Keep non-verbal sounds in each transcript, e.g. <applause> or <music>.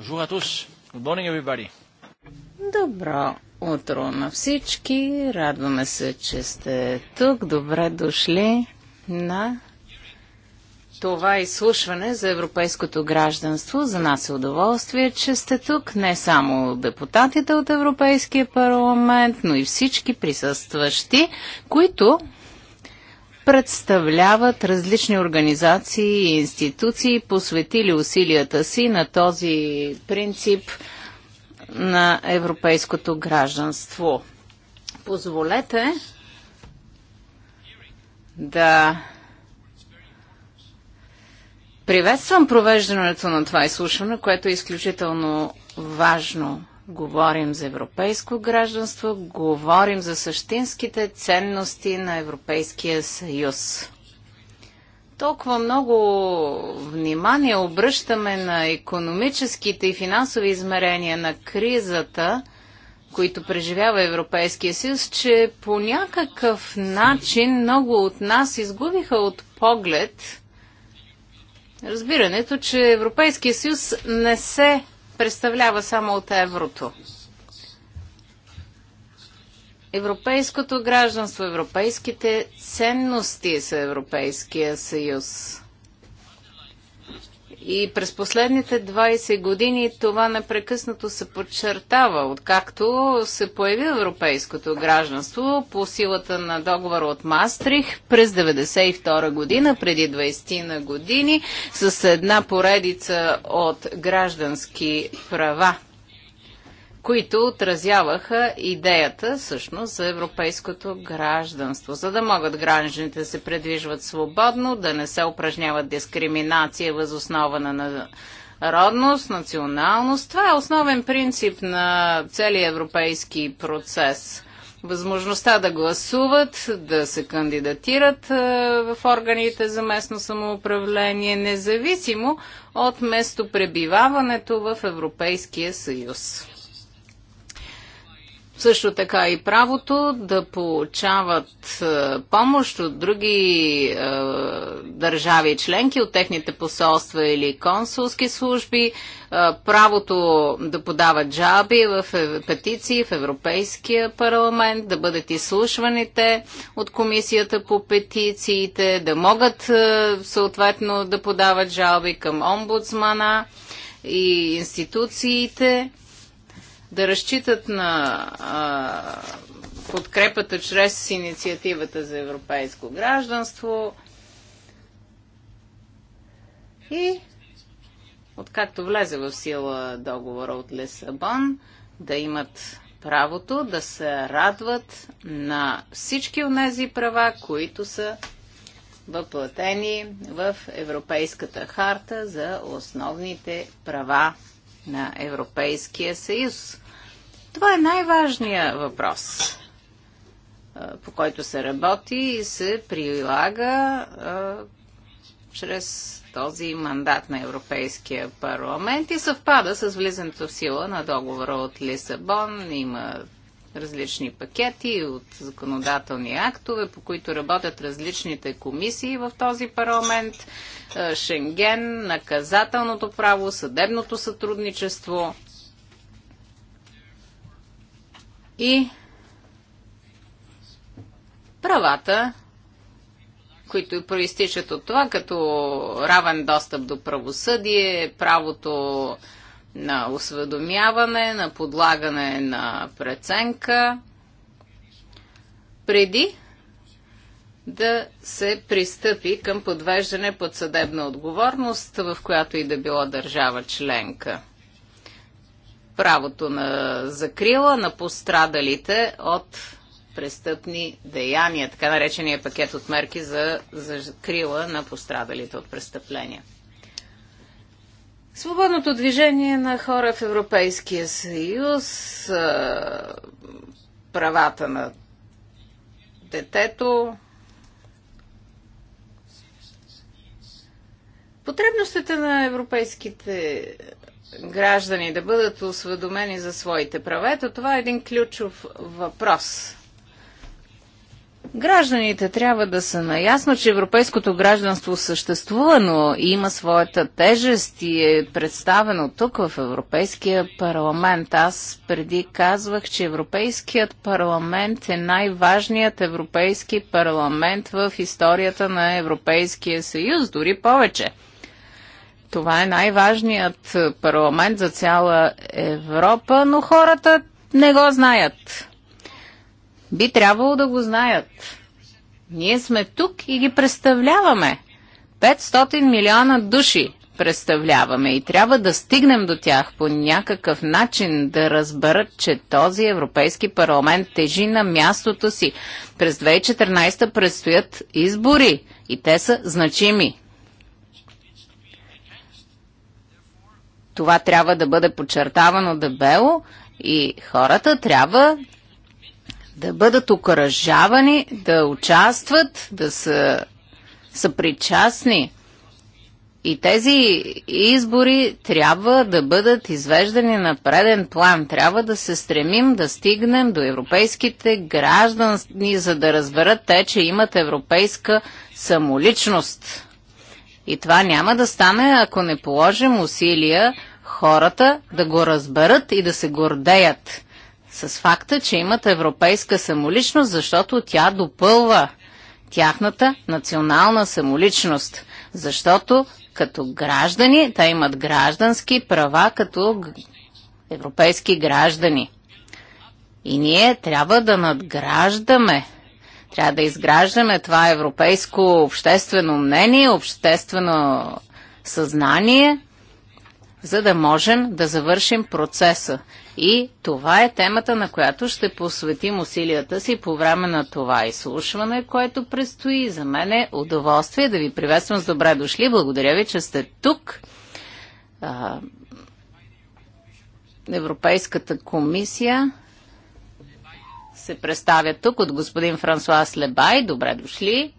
Bonjour à tous. Good morning, everybody. Добро утро на всички. Радваме се, че сте тук. Добре дошли на това изслушване за европейското гражданство. За нас е удоволствие, че сте тук. Не само депутатите от Европейския парламент, но и всички присъстващи, които представляват различни организации и институции, посветили усилията си на този принцип на европейското гражданство. Позволете да приветствам провеждането на това изслушване, което е изключително важно Говорим за европейско гражданство, говорим за същинските ценности на Европейския съюз. Толкова много внимание обръщаме на економическите и финансови измерения на кризата – които преживява Европейския съюз, че по някакъв начин много от нас изгубиха от поглед разбирането, че Европейския съюз не се представлява само от еврото. Европейското гражданство, европейските ценности са Европейския съюз. И през последните 20 години това непрекъснато се подчертава, откакто се появи европейското гражданство по силата на договор от Мастрих през 1992 година, преди 20 на години, с една поредица от граждански права които отразяваха идеята всъщност за европейското гражданство, за да могат гражданите да се предвижват свободно, да не се упражняват дискриминация възоснова на родност, националност. Това е основен принцип на целия европейски процес. Възможността да гласуват, да се кандидатират е, в органите за местно самоуправление, независимо от местопребиваването в Европейския съюз също така и правото да получават е, помощ от други е, държави членки, от техните посолства или консулски служби, е, правото да подават жалби в е, петиции в Европейския парламент, да бъдат изслушваните от комисията по петициите, да могат е, съответно да подават жалби към омбудсмана и институциите да разчитат на а, подкрепата чрез инициативата за европейско гражданство. И откакто влезе в сила договора от Лисабон, да имат правото да се радват на всички от тези права, които са въплатени в Европейската харта за основните права на Европейския съюз. Това е най-важният въпрос, по който се работи и се прилага а, чрез този мандат на Европейския парламент и съвпада с влизането в сила на договора от Лисабон. Има различни пакети от законодателни актове, по които работят различните комисии в този парламент, е, Шенген, наказателното право, съдебното сътрудничество. И правата, които проистичат от това, като равен достъп до правосъдие, правото на осведомяване, на подлагане на преценка, преди да се пристъпи към подвеждане под съдебна отговорност, в която и да било държава членка. Правото на закрила на пострадалите от престъпни деяния, така наречения пакет от мерки за закрила на пострадалите от престъпления. Свободното движение на хора в Европейския съюз, правата на детето, потребностите на европейските граждани да бъдат осведомени за своите права, ето това е един ключов въпрос. Гражданите трябва да са наясно, че европейското гражданство съществува, но има своята тежест и е представено тук в Европейския парламент. Аз преди казвах, че Европейският парламент е най-важният европейски парламент в историята на Европейския съюз, дори повече. Това е най-важният парламент за цяла Европа, но хората не го знаят. Би трябвало да го знаят. Ние сме тук и ги представляваме. 500 милиона души представляваме и трябва да стигнем до тях по някакъв начин да разберат, че този Европейски парламент тежи на мястото си. През 2014 предстоят избори и те са значими. Това трябва да бъде подчертавано дебело и хората трябва да бъдат окоръжавани, да участват, да са, са причастни. И тези избори трябва да бъдат извеждани на преден план. Трябва да се стремим да стигнем до европейските граждани, за да разберат те, че имат европейска самоличност. И това няма да стане, ако не положим усилия хората да го разберат и да се гордеят с факта, че имат европейска самоличност, защото тя допълва тяхната национална самоличност. Защото като граждани, те имат граждански права като европейски граждани. И ние трябва да надграждаме, трябва да изграждаме това европейско обществено мнение, обществено съзнание, за да можем да завършим процеса. И това е темата, на която ще посветим усилията си по време на това изслушване, което предстои. За мен е удоволствие да ви приветствам с добре дошли. Благодаря ви, че сте тук. Европейската комисия се представя тук от господин Франсуас Лебай. Добре дошли.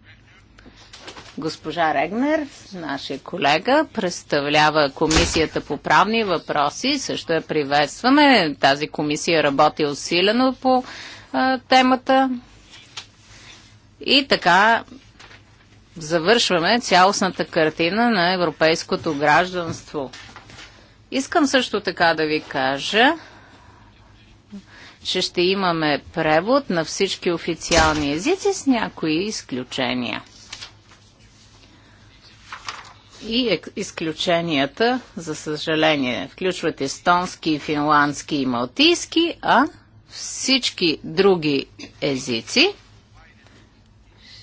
Госпожа Регнер, нашия колега, представлява Комисията по правни въпроси. Също я приветстваме. Тази комисия работи усилено по а, темата. И така завършваме цялостната картина на европейското гражданство. Искам също така да ви кажа, че ще имаме превод на всички официални езици с някои изключения. И изключенията, за съжаление, включват естонски, финландски и малтийски, а всички други езици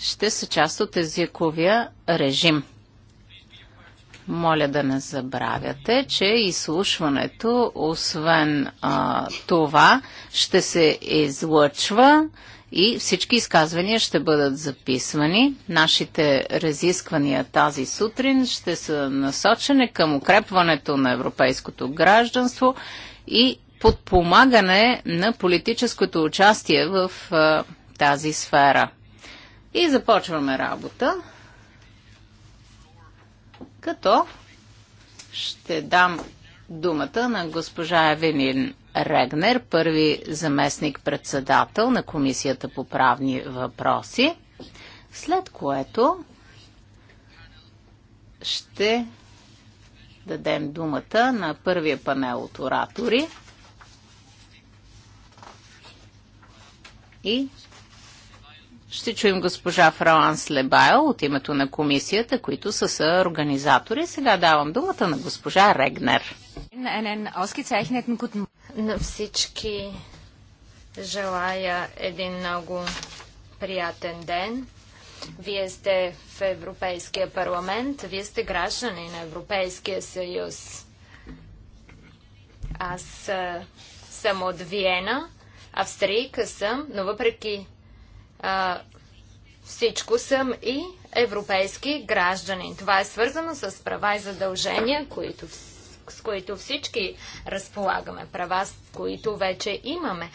ще са част от езиковия режим. Моля да не забравяте, че изслушването, освен а, това, ще се излъчва и всички изказвания ще бъдат записвани. Нашите разисквания тази сутрин ще са насочени към укрепването на европейското гражданство и подпомагане на политическото участие в а, тази сфера. И започваме работа, като ще дам думата на госпожа Евелин Регнер, първи заместник-председател на Комисията по правни въпроси, след което ще дадем думата на първия панел от оратори и ще чуем госпожа Фрауанс Лебайл от името на комисията, които са съорганизатори. Сега давам думата на госпожа Регнер. На всички желая един много приятен ден. Вие сте в Европейския парламент, вие сте граждани на Европейския съюз. Аз съм от Виена, австрийка съм, но въпреки а, всичко съм и европейски гражданин. Това е свързано с права и задължения, които, с които всички разполагаме, права, които вече имаме.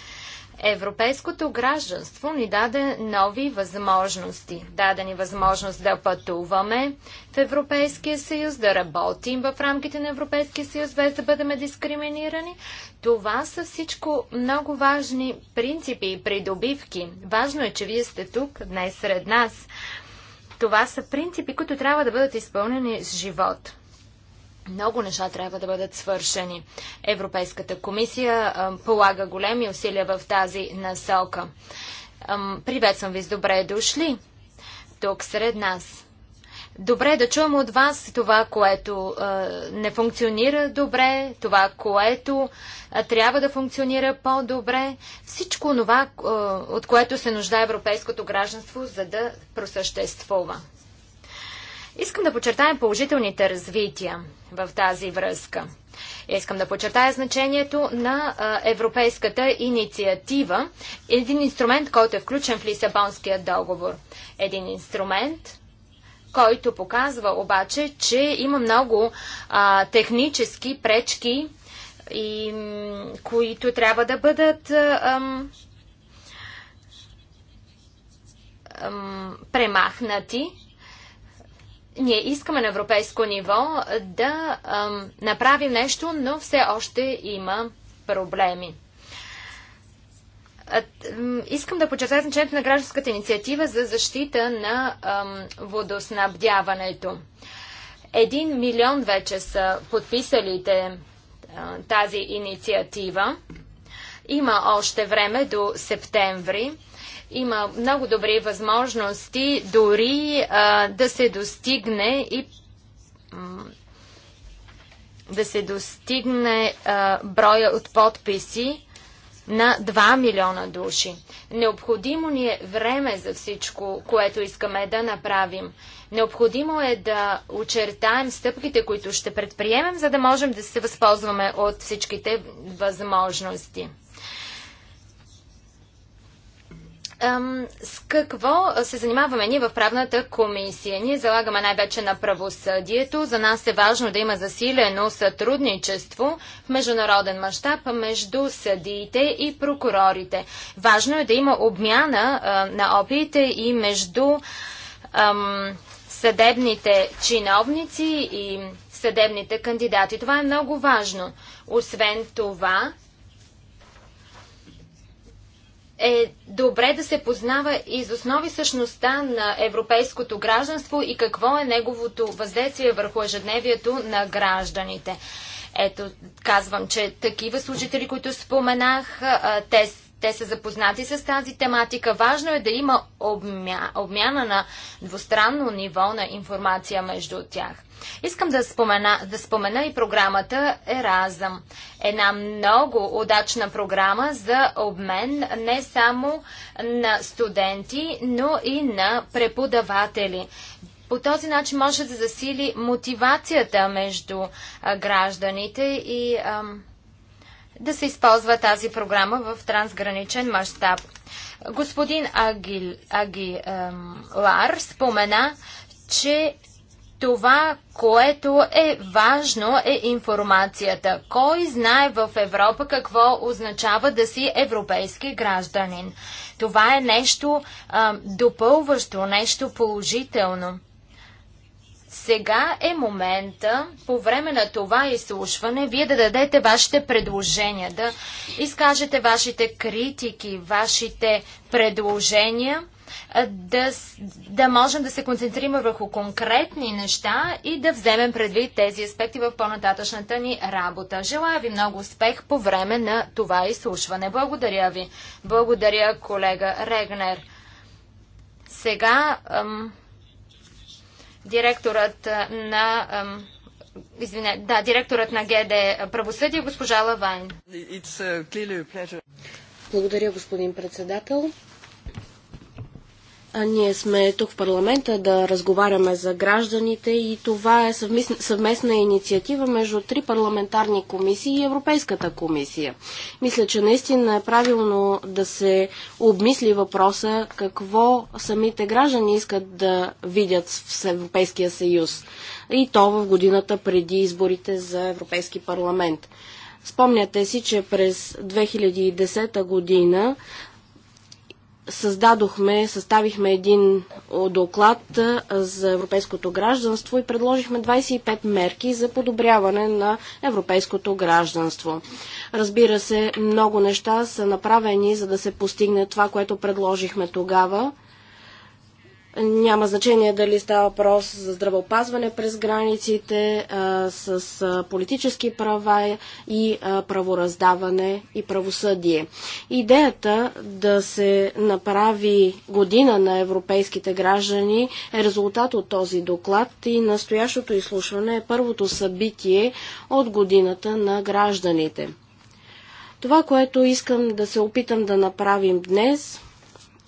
Европейското гражданство ни даде нови възможности. Даде ни възможност да пътуваме в Европейския съюз, да работим в рамките на Европейския съюз, без да бъдем дискриминирани. Това са всичко много важни принципи и придобивки. Важно е, че вие сте тук днес сред нас. Това са принципи, които трябва да бъдат изпълнени с живот. Много неща трябва да бъдат свършени. Европейската комисия полага големи усилия в тази насока. приветствам ви с добре дошли тук сред нас. Добре е да чуем от вас това, което не функционира добре, това, което трябва да функционира по-добре, всичко това, от което се нуждае европейското гражданство, за да просъществува. Искам да подчертаем положителните развития в тази връзка. Искам да подчертая значението на Европейската инициатива, един инструмент, който е включен в Лисабонския договор. Един инструмент, който показва обаче, че има много а, технически пречки, и, които трябва да бъдат ам, ам, премахнати ние искаме на европейско ниво да ам, направим нещо, но все още има проблеми. Искам да подчертая значението на гражданската инициатива за защита на ам, водоснабдяването. Един милион вече са подписалите а, тази инициатива. Има още време до септември. Има много добри възможности дори а, да се достигне и да се достигне а, броя от подписи на 2 милиона души. Необходимо ни е време за всичко, което искаме да направим. Необходимо е да очертаем стъпките, които ще предприемем, за да можем да се възползваме от всичките възможности. с какво се занимаваме ние в правната комисия? Ние залагаме най-вече на правосъдието. За нас е важно да има засилено сътрудничество в международен мащаб между съдиите и прокурорите. Важно е да има обмяна на опиите и между съдебните чиновници и съдебните кандидати. Това е много важно. Освен това, е добре да се познава из основи същността на европейското гражданство и какво е неговото въздействие върху ежедневието на гражданите. Ето, казвам, че такива служители, които споменах, те те са запознати с тази тематика. Важно е да има обмя... обмяна на двустранно ниво на информация между тях. Искам да спомена, да спомена и програмата Еразъм. Една много удачна програма за обмен не само на студенти, но и на преподаватели. По този начин може да засили мотивацията между гражданите и ам, да се използва тази програма в трансграничен мащаб. Господин Агил, Аги Лар спомена, че това, което е важно е информацията. Кой знае в Европа какво означава да си европейски гражданин? Това е нещо а, допълващо, нещо положително. Сега е момента, по време на това изслушване, вие да дадете вашите предложения, да изкажете вашите критики, вашите предложения, да, да можем да се концентрираме върху конкретни неща и да вземем предвид тези аспекти в по-нататъчната ни работа. Желая ви много успех по време на това изслушване. Благодаря ви. Благодаря, колега Регнер. Сега. Ам директорът на Извине, да, директорът на ГД Правосъдие, госпожа Лавайн. Благодаря, господин председател. А ние сме тук в парламента да разговаряме за гражданите и това е съвместна, съвместна инициатива между три парламентарни комисии и Европейската комисия. Мисля, че наистина е правилно да се обмисли въпроса какво самите граждани искат да видят в Европейския съюз. И то в годината преди изборите за Европейски парламент. Спомняте си, че през 2010 година създадохме, съставихме един доклад за европейското гражданство и предложихме 25 мерки за подобряване на европейското гражданство. Разбира се, много неща са направени, за да се постигне това, което предложихме тогава. Няма значение дали става въпрос за здравеопазване през границите, а, с а, политически права и а, правораздаване и правосъдие. Идеята да се направи година на европейските граждани е резултат от този доклад и настоящото изслушване е първото събитие от годината на гражданите. Това, което искам да се опитам да направим днес –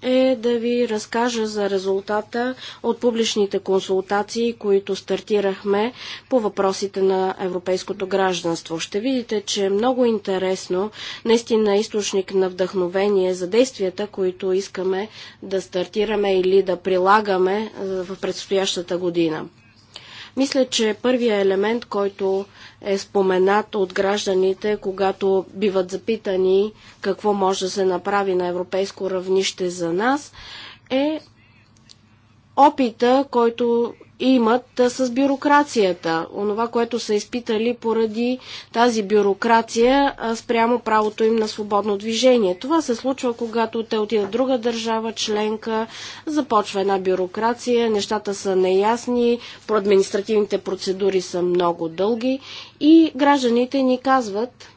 е да ви разкажа за резултата от публичните консултации, които стартирахме по въпросите на европейското гражданство. Ще видите, че е много интересно, наистина е източник на вдъхновение за действията, които искаме да стартираме или да прилагаме в предстоящата година. Мисля, че първият елемент, който е споменат от гражданите, когато биват запитани какво може да се направи на европейско равнище за нас, е опита, който имат с бюрокрацията. Онова, което са изпитали поради тази бюрокрация спрямо правото им на свободно движение. Това се случва, когато те отидат в друга държава, членка, започва една бюрокрация, нещата са неясни, административните процедури са много дълги и гражданите ни казват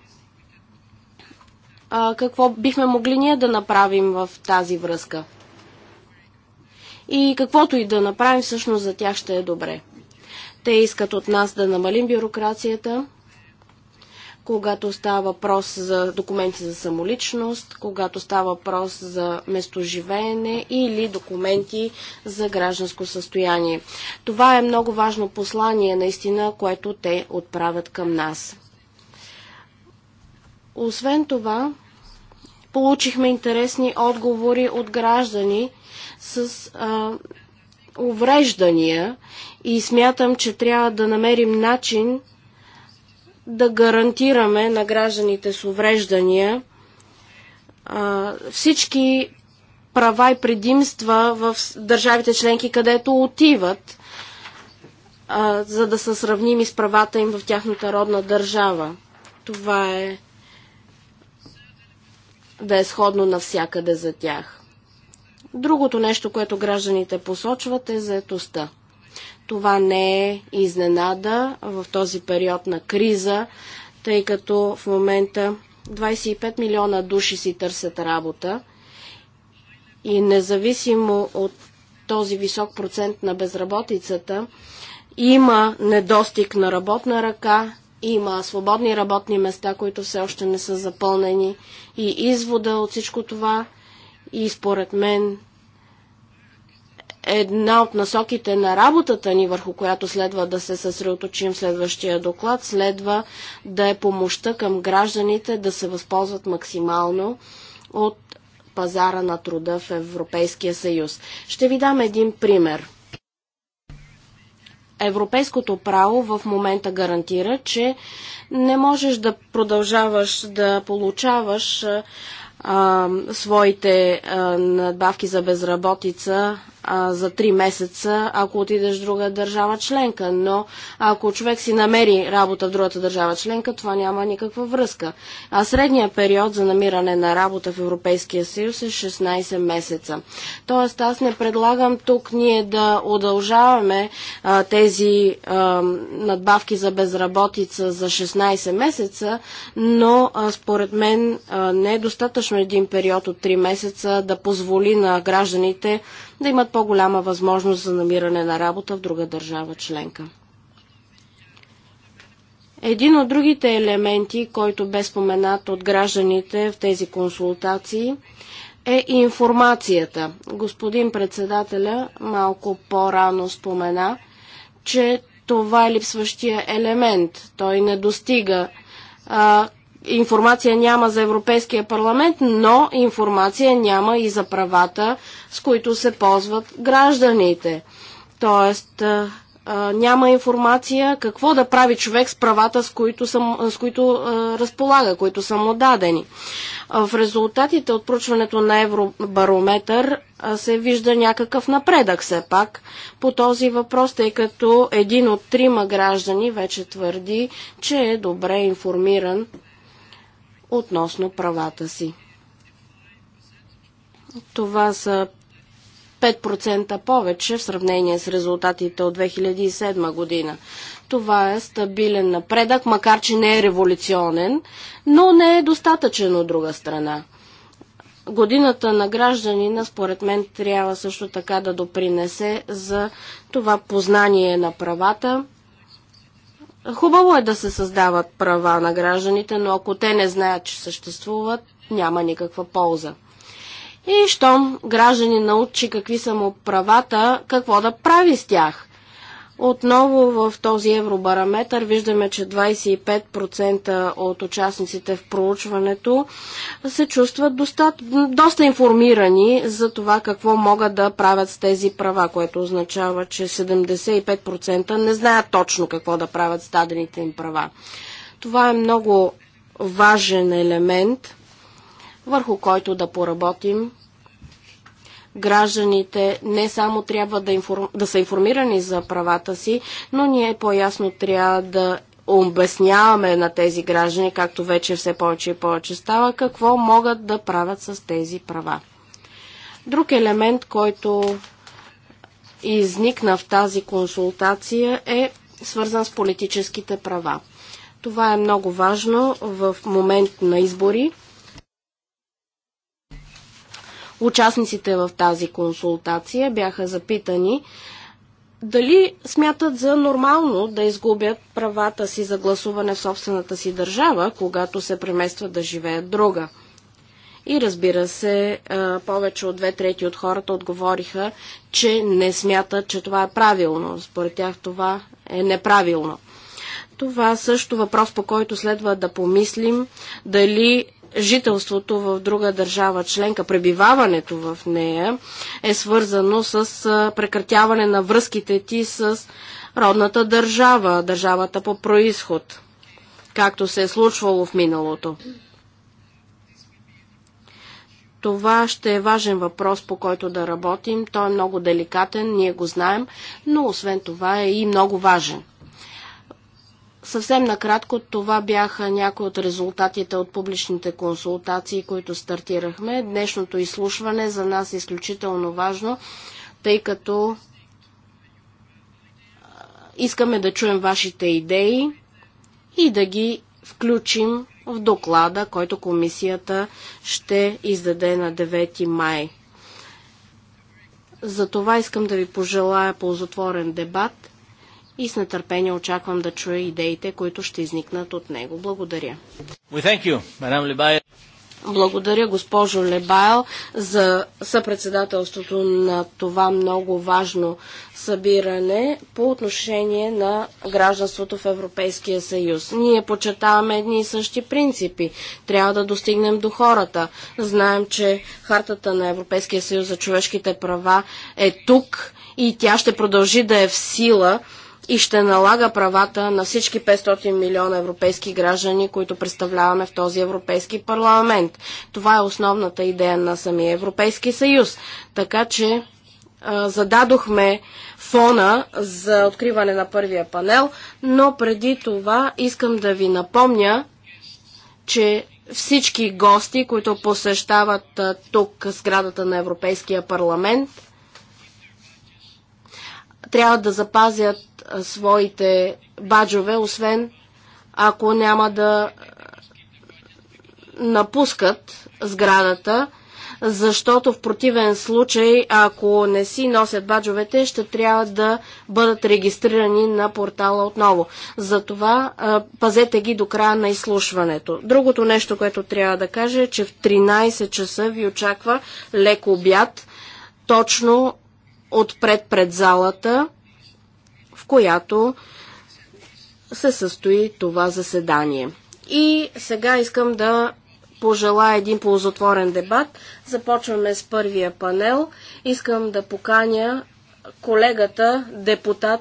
какво бихме могли ние да направим в тази връзка и каквото и да направим, всъщност за тях ще е добре. Те искат от нас да намалим бюрокрацията, когато става въпрос за документи за самоличност, когато става въпрос за местоживеене или документи за гражданско състояние. Това е много важно послание, наистина, което те отправят към нас. Освен това, получихме интересни отговори от граждани, с а, увреждания и смятам, че трябва да намерим начин да гарантираме на гражданите с увреждания а, всички права и предимства в държавите членки, където отиват, а, за да са сравними с правата им в тяхната родна държава. Това е да е сходно навсякъде за тях. Другото нещо, което гражданите посочват е заетостта. Това не е изненада в този период на криза, тъй като в момента 25 милиона души си търсят работа и независимо от този висок процент на безработицата, има недостиг на работна ръка, има свободни работни места, които все още не са запълнени. И извода от всичко това и според мен една от насоките на работата ни, върху която следва да се съсредоточим в следващия доклад, следва да е помощта към гражданите да се възползват максимално от пазара на труда в Европейския съюз. Ще ви дам един пример. Европейското право в момента гарантира, че не можеш да продължаваш да получаваш а, своите а, надбавки за безработица а, за 3 месеца, ако отидеш в друга държава членка. Но ако човек си намери работа в другата държава членка, това няма никаква връзка. А средният период за намиране на работа в Европейския съюз е 16 месеца. Тоест аз не предлагам тук ние да удължаваме а, тези а, надбавки за безработица за 16 месеца, но а, според мен а, не е достатъчно достатъчно един период от 3 месеца да позволи на гражданите да имат по-голяма възможност за намиране на работа в друга държава членка. Един от другите елементи, който бе споменат от гражданите в тези консултации, е информацията. Господин председателя малко по-рано спомена, че това е липсващия елемент. Той не достига информация няма за Европейския парламент, но информация няма и за правата, с които се ползват гражданите. Тоест, няма информация какво да прави човек с правата, с които, съм, с които разполага, които са му дадени. В резултатите от проучването на Евробарометър се вижда някакъв напредък все пак по този въпрос, тъй като един от трима граждани вече твърди, че е добре информиран относно правата си. Това са 5% повече в сравнение с резултатите от 2007 година. Това е стабилен напредък, макар че не е революционен, но не е достатъчен от друга страна. Годината на гражданина, според мен, трябва също така да допринесе за това познание на правата, Хубаво е да се създават права на гражданите, но ако те не знаят, че съществуват, няма никаква полза. И щом граждани научи какви са му правата, какво да прави с тях. Отново в този евробараметър виждаме, че 25% от участниците в проучването се чувстват доста, доста информирани за това какво могат да правят с тези права, което означава, че 75% не знаят точно какво да правят с дадените им права. Това е много важен елемент, върху който да поработим гражданите не само трябва да, информ... да са информирани за правата си, но ние по-ясно трябва да обясняваме на тези граждани, както вече все повече и повече става, какво могат да правят с тези права. Друг елемент, който изникна в тази консултация е свързан с политическите права. Това е много важно в момент на избори Участниците в тази консултация бяха запитани дали смятат за нормално да изгубят правата си за гласуване в собствената си държава, когато се преместват да живеят друга. И разбира се, повече от две трети от хората отговориха, че не смятат, че това е правилно. Според тях това е неправилно. Това също въпрос, по който следва да помислим дали жителството в друга държава членка, пребиваването в нея е свързано с прекратяване на връзките ти с родната държава, държавата по происход, както се е случвало в миналото. Това ще е важен въпрос, по който да работим. Той е много деликатен, ние го знаем, но освен това е и много важен. Съвсем накратко това бяха някои от резултатите от публичните консултации, които стартирахме. Днешното изслушване за нас е изключително важно, тъй като искаме да чуем вашите идеи и да ги включим в доклада, който комисията ще издаде на 9 май. За това искам да ви пожелая ползотворен дебат – и с нетърпение очаквам да чуя идеите, които ще изникнат от него. Благодаря. You, Благодаря, госпожо Лебайл, за съпредседателството на това много важно събиране по отношение на гражданството в Европейския съюз. Ние почетаваме едни и същи принципи. Трябва да достигнем до хората. Знаем, че хартата на Европейския съюз за човешките права е тук и тя ще продължи да е в сила и ще налага правата на всички 500 милиона европейски граждани, които представляваме в този Европейски парламент. Това е основната идея на самия Европейски съюз. Така че зададохме фона за откриване на първия панел, но преди това искам да ви напомня, че всички гости, които посещават тук сградата на Европейския парламент, трябва да запазят своите баджове, освен ако няма да напускат сградата, защото в противен случай, ако не си носят баджовете, ще трябва да бъдат регистрирани на портала отново. Затова пазете ги до края на изслушването. Другото нещо, което трябва да кажа е, че в 13 часа ви очаква лек обяд, точно отпред пред залата, в която се състои това заседание. И сега искам да пожелая един ползотворен дебат. Започваме с първия панел. Искам да поканя колегата, депутат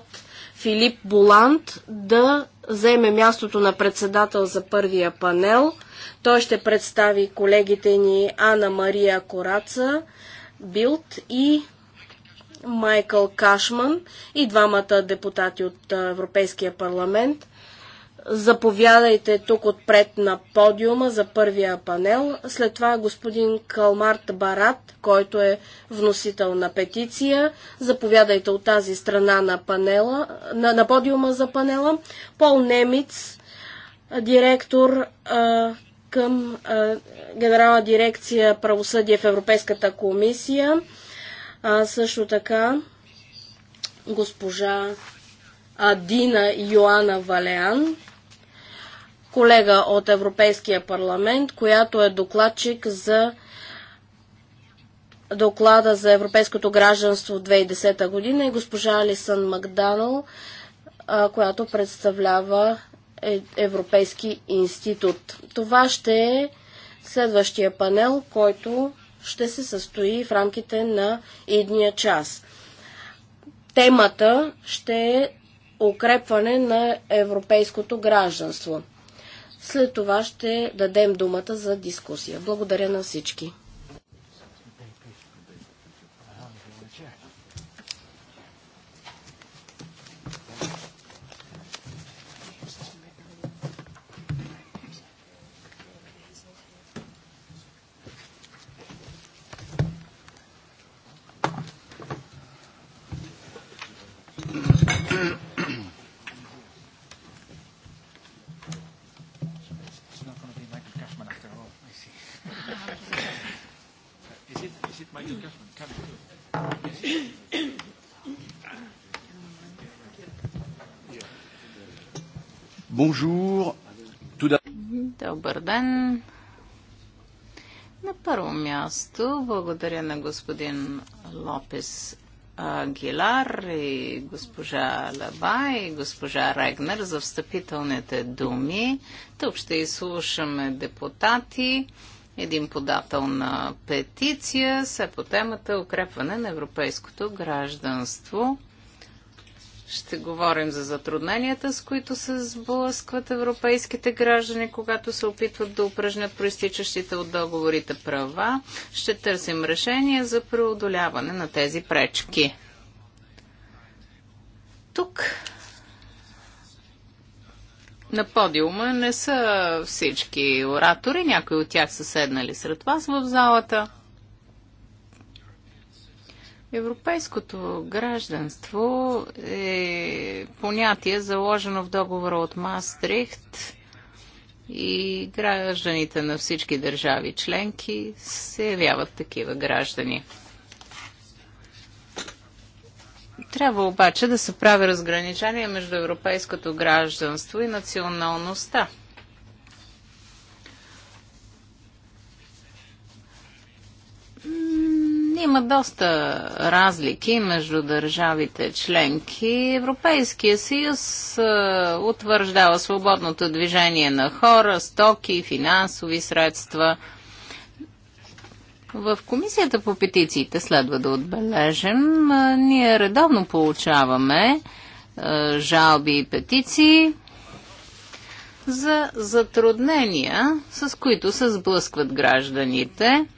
Филип Боланд, да вземе мястото на председател за първия панел. Той ще представи колегите ни Ана Мария Кораца, Билт и Майкъл Кашман и двамата депутати от Европейския парламент. Заповядайте тук отпред на подиума за първия панел. След това господин Калмарт Барат, който е вносител на петиция. Заповядайте от тази страна на, панела, на, на подиума за панела. Пол Немиц, директор а, към а, Генерална дирекция правосъдие в Европейската комисия. А също така госпожа Адина Йоана Валеан, колега от Европейския парламент, която е докладчик за доклада за европейското гражданство в 2010 година и госпожа Алисън Макданал, която представлява е, Европейски институт. Това ще е следващия панел, който ще се състои в рамките на едния час. Темата ще е укрепване на европейското гражданство. След това ще дадем думата за дискусия. Благодаря на всички. Bonjour. Добър ден. На първо място благодаря на господин Лопес Агилар и госпожа Лаба и госпожа Регнер за встъпителните думи. Тук ще изслушаме депутати, един подател на петиция, се по темата укрепване на европейското гражданство. Ще говорим за затрудненията, с които се сблъскват европейските граждани, когато се опитват да упражнят проистичащите от договорите права. Ще търсим решение за преодоляване на тези пречки. Тук на подиума не са всички оратори, някои от тях са седнали сред вас в залата. Европейското гражданство е понятие заложено в договора от Мастрихт и гражданите на всички държави членки се явяват такива граждани. Трябва обаче да се прави разграничение между европейското гражданство и националността. Има доста разлики между държавите членки. Европейския съюз утвърждава свободното движение на хора, стоки, финансови средства. В Комисията по петициите следва да отбележим, ние редовно получаваме жалби и петиции за затруднения, с които се сблъскват гражданите –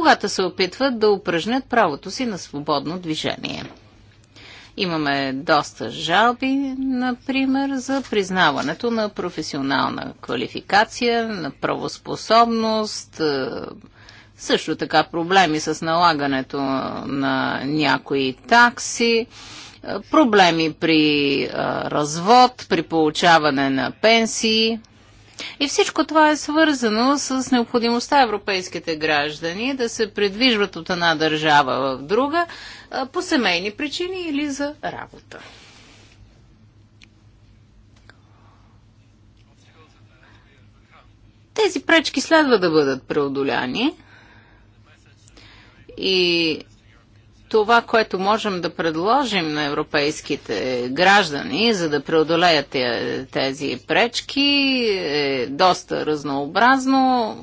когато се опитват да упражнят правото си на свободно движение. Имаме доста жалби, например, за признаването на професионална квалификация, на правоспособност, е, също така проблеми с налагането на някои такси, е, проблеми при е, развод, при получаване на пенсии – и всичко това е свързано с необходимостта европейските граждани да се предвижват от една държава в друга по семейни причини или за работа. Тези пречки следва да бъдат преодоляни и това, което можем да предложим на европейските граждани, за да преодолеят тези пречки, е доста разнообразно.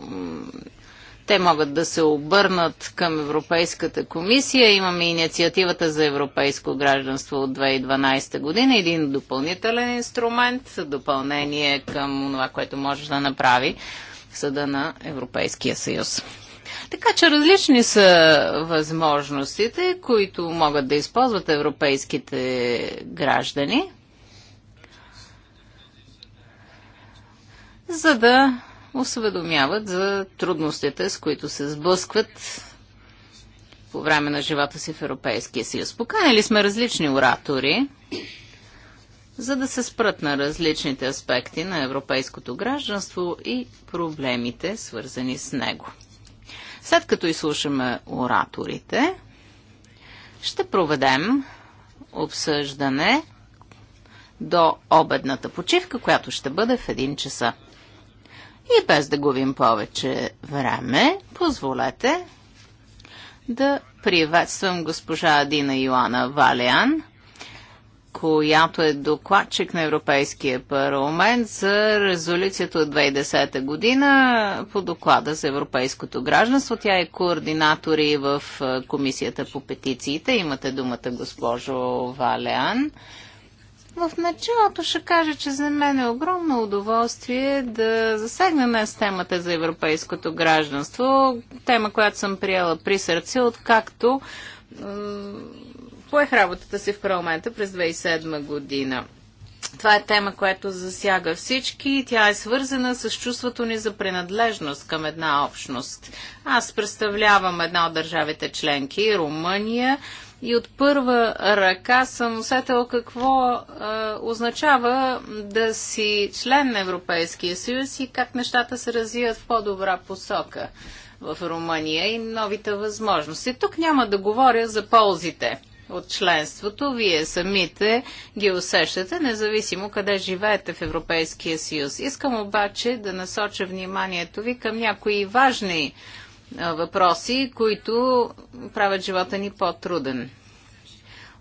Те могат да се обърнат към Европейската комисия. Имаме инициативата за европейско гражданство от 2012 година, един допълнителен инструмент, допълнение към това, което може да направи Съда на Европейския съюз. Така че различни са възможностите, които могат да използват европейските граждани, за да осведомяват за трудностите, с които се сблъскват по време на живота си в Европейския съюз. Поканили сме различни оратори, за да се спрат на различните аспекти на европейското гражданство и проблемите, свързани с него. След като изслушаме ораторите, ще проведем обсъждане до обедната почивка, която ще бъде в 1 часа. И без да губим повече време, позволете да приветствам госпожа Адина Йоана Валиан, която е докладчик на Европейския парламент за резолюцията от 2010 година по доклада за европейското гражданство. Тя е координатор и в Комисията по петициите. Имате думата, госпожо Валеан. В началото ще кажа, че за мен е огромно удоволствие да засегна днес темата за европейското гражданство, тема, която съм приела при сърце, откакто поех работата си в парламента през 2007 година. Това е тема, която засяга всички. Тя е свързана с чувството ни за принадлежност към една общност. Аз представлявам една от държавите членки, Румъния, и от първа ръка съм усетила какво е, означава да си член на Европейския съюз и как нещата се развиват в по-добра посока в Румъния и новите възможности. Тук няма да говоря за ползите от членството. Вие самите ги усещате, независимо къде живеете в Европейския съюз. Искам обаче да насоча вниманието ви към някои важни въпроси, които правят живота ни по-труден.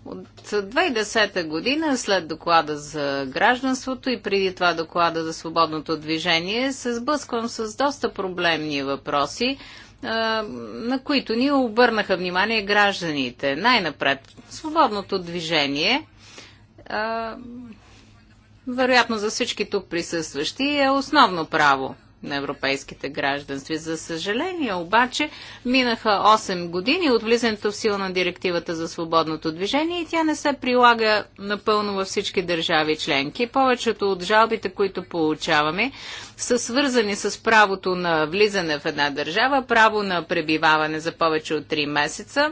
От 2010 година, след доклада за гражданството и преди това доклада за свободното движение, се сблъсквам с доста проблемни въпроси, на които ни обърнаха внимание гражданите. Най-напред, свободното движение, вероятно за всички тук присъстващи, е основно право на европейските гражданства. За съжаление обаче минаха 8 години от влизането в сила на директивата за свободното движение и тя не се прилага напълно във всички държави членки. Повечето от жалбите, които получаваме, са свързани с правото на влизане в една държава, право на пребиваване за повече от 3 месеца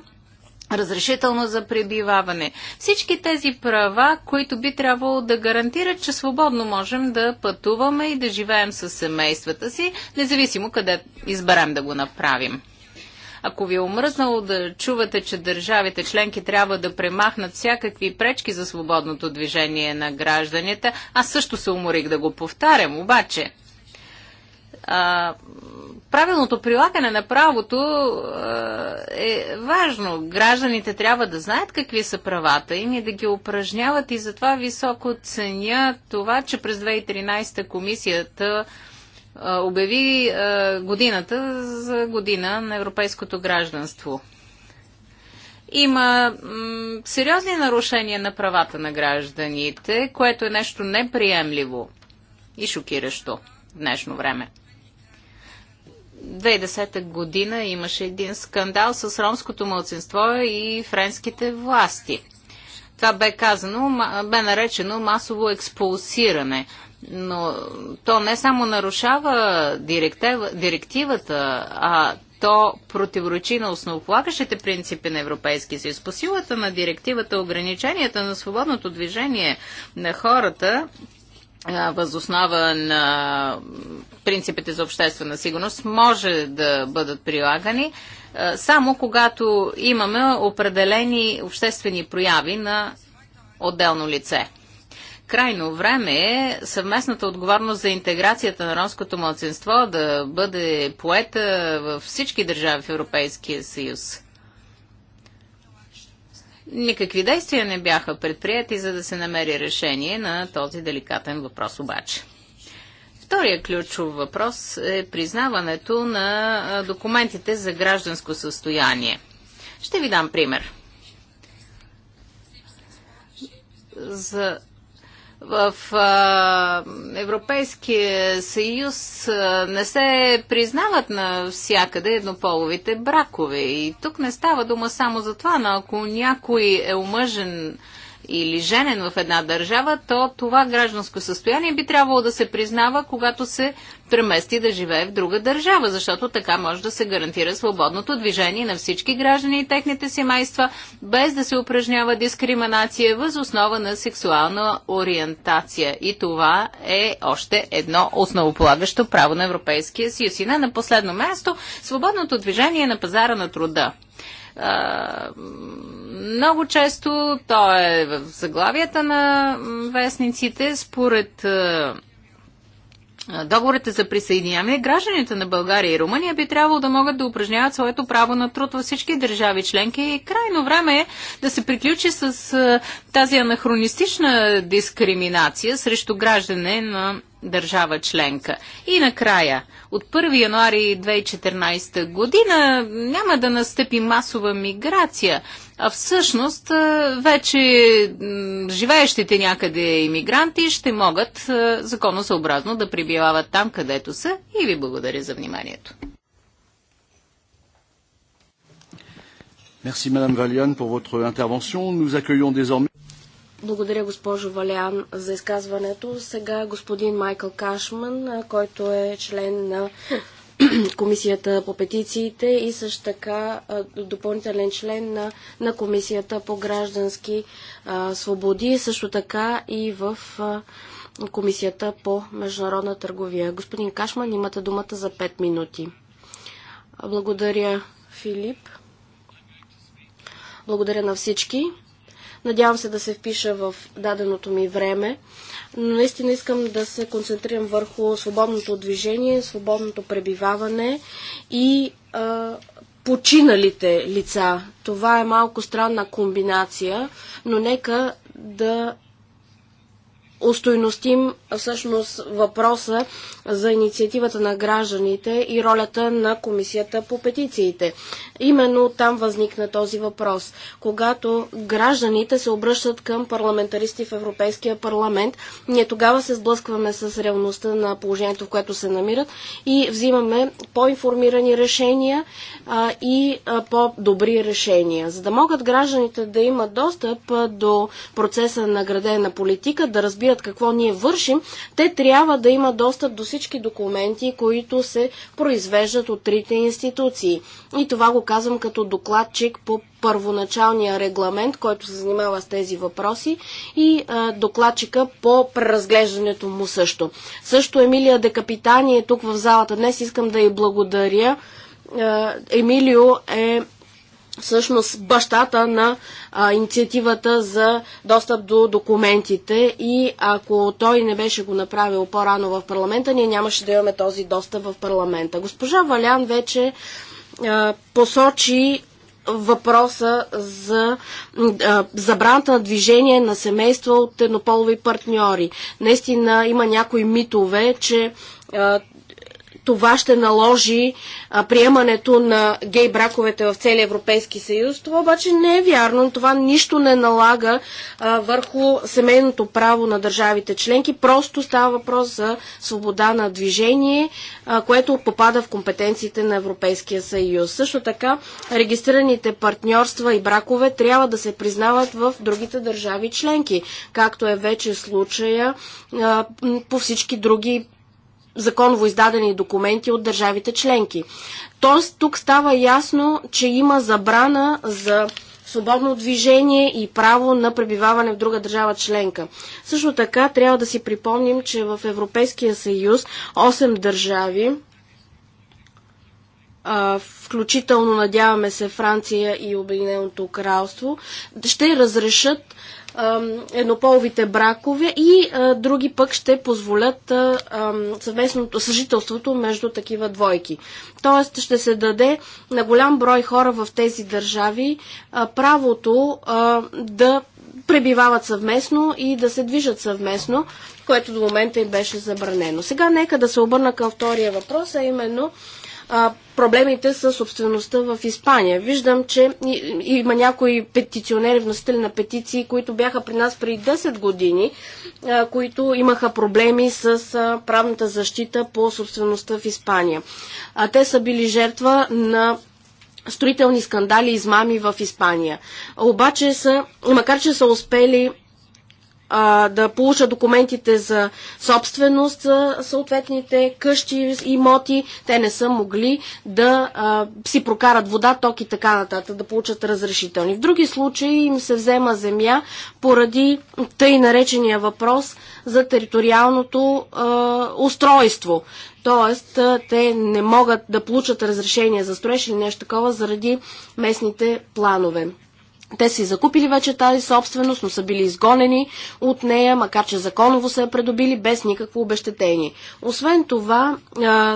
разрешително за пребиваване. Всички тези права, които би трябвало да гарантират, че свободно можем да пътуваме и да живеем с семействата си, независимо къде изберем да го направим. Ако ви е омръзнало да чувате, че държавите членки трябва да премахнат всякакви пречки за свободното движение на гражданите, аз също се уморих да го повтарям, обаче а, правилното прилагане на правото е, е важно. Гражданите трябва да знаят какви са правата им и да ги упражняват и затова високо ценя това, че през 2013 комисията е, обяви е, годината за година на европейското гражданство. Има сериозни нарушения на правата на гражданите, което е нещо неприемливо и шокиращо в днешно време. 2010 година имаше един скандал с ромското младсинство и френските власти. Това бе казано, бе наречено масово експулсиране. Но то не само нарушава директивата, а то противоречи на основополагащите принципи на Европейския съюз. По силата на директивата ограниченията на свободното движение на хората възоснова на принципите за обществена сигурност може да бъдат прилагани само когато имаме определени обществени прояви на отделно лице. Крайно време е съвместната отговорност за интеграцията на ромското младсинство да бъде поета във всички държави в Европейския съюз. Никакви действия не бяха предприяти, за да се намери решение на този деликатен въпрос обаче. Втория ключов въпрос е признаването на документите за гражданско състояние. Ще ви дам пример. За в а, Европейския съюз а, не се признават навсякъде еднополовите бракове. И тук не става дума само за това, но ако някой е омъжен или женен в една държава, то това гражданско състояние би трябвало да се признава, когато се премести да живее в друга държава, защото така може да се гарантира свободното движение на всички граждани и техните семейства, без да се упражнява дискриминация въз основа на сексуална ориентация. И това е още едно основополагащо право на Европейския съюз. И не на последно място, свободното движение на пазара на труда много често то е в заглавията на вестниците. Според договорите за присъединяване, гражданите на България и Румъния би трябвало да могат да упражняват своето право на труд във всички държави членки и крайно време е да се приключи с тази анахронистична дискриминация срещу граждане на държава членка. И накрая, от 1 януари 2014 година няма да настъпи масова миграция, а всъщност вече живеещите някъде иммигранти ще могат законосъобразно да прибивават там, където са. И ви благодаря за вниманието. Merci Madame Valian pour votre intervention. Nous accueillons désormais благодаря, госпожо Валян, за изказването. Сега господин Майкъл Кашман, който е член на <clears throat> Комисията по петициите и също така допълнителен член на, на Комисията по граждански а, свободи, също така и в а, Комисията по международна търговия. Господин Кашман, имате думата за 5 минути. Благодаря, Филип. Благодаря на всички. Надявам се да се впиша в даденото ми време, но наистина искам да се концентрирам върху свободното движение, свободното пребиваване и а, починалите лица. Това е малко странна комбинация, но нека да устойностим всъщност въпроса за инициативата на гражданите и ролята на комисията по петициите. Именно там възникна този въпрос. Когато гражданите се обръщат към парламентаристи в Европейския парламент, ние тогава се сблъскваме с реалността на положението, в което се намират и взимаме по-информирани решения а, и по-добри решения. За да могат гражданите да имат достъп а, до процеса на градена политика, да разбират открият какво ние вършим, те трябва да имат достъп до всички документи, които се произвеждат от трите институции. И това го казвам като докладчик по първоначалния регламент, който се занимава с тези въпроси и а, докладчика по преразглеждането му също. Също Емилия Декапитани е тук в залата днес. Искам да й благодаря. Емилио е всъщност бащата на а, инициативата за достъп до документите и ако той не беше го направил по-рано в парламента, ние нямаше да имаме този достъп в парламента. Госпожа Валян вече а, посочи въпроса за а, забраната на движение на семейства от еднополови партньори. Наистина има някои митове, че това ще наложи а, приемането на гей браковете в целия Европейски съюз. Това обаче не е вярно. Това нищо не налага а, върху семейното право на държавите членки. Просто става въпрос за свобода на движение, а, което попада в компетенциите на Европейския съюз. Също така, регистрираните партньорства и бракове трябва да се признават в другите държави членки, както е вече случая а, по всички други законово издадени документи от държавите членки. Тоест тук става ясно, че има забрана за свободно движение и право на пребиваване в друга държава членка. Също така трябва да си припомним, че в Европейския съюз 8 държави, включително надяваме се Франция и Обединеното кралство, ще разрешат еднополовите бракове и други пък ще позволят съвместното съжителството между такива двойки. Тоест ще се даде на голям брой хора в тези държави правото да пребивават съвместно и да се движат съвместно, което до момента им беше забранено. Сега нека да се обърна към втория въпрос, а именно а, проблемите с собствеността в Испания. Виждам, че има някои петиционери, вносители на петиции, които бяха при нас преди 10 години, а, които имаха проблеми с а, правната защита по собствеността в Испания. А те са били жертва на строителни скандали и измами в Испания. Обаче са, макар че са успели а, да получа документите за собственост за съответните къщи, и имоти. Те не са могли да а, си прокарат вода, ток и така нататък, да получат разрешителни. В други случаи им се взема земя поради тъй наречения въпрос за териториалното а, устройство. Тоест, те не могат да получат разрешение за строеж или нещо такова заради местните планове. Те са закупили вече тази собственост, но са били изгонени от нея, макар че законово са я предобили без никакво обещетение. Освен това,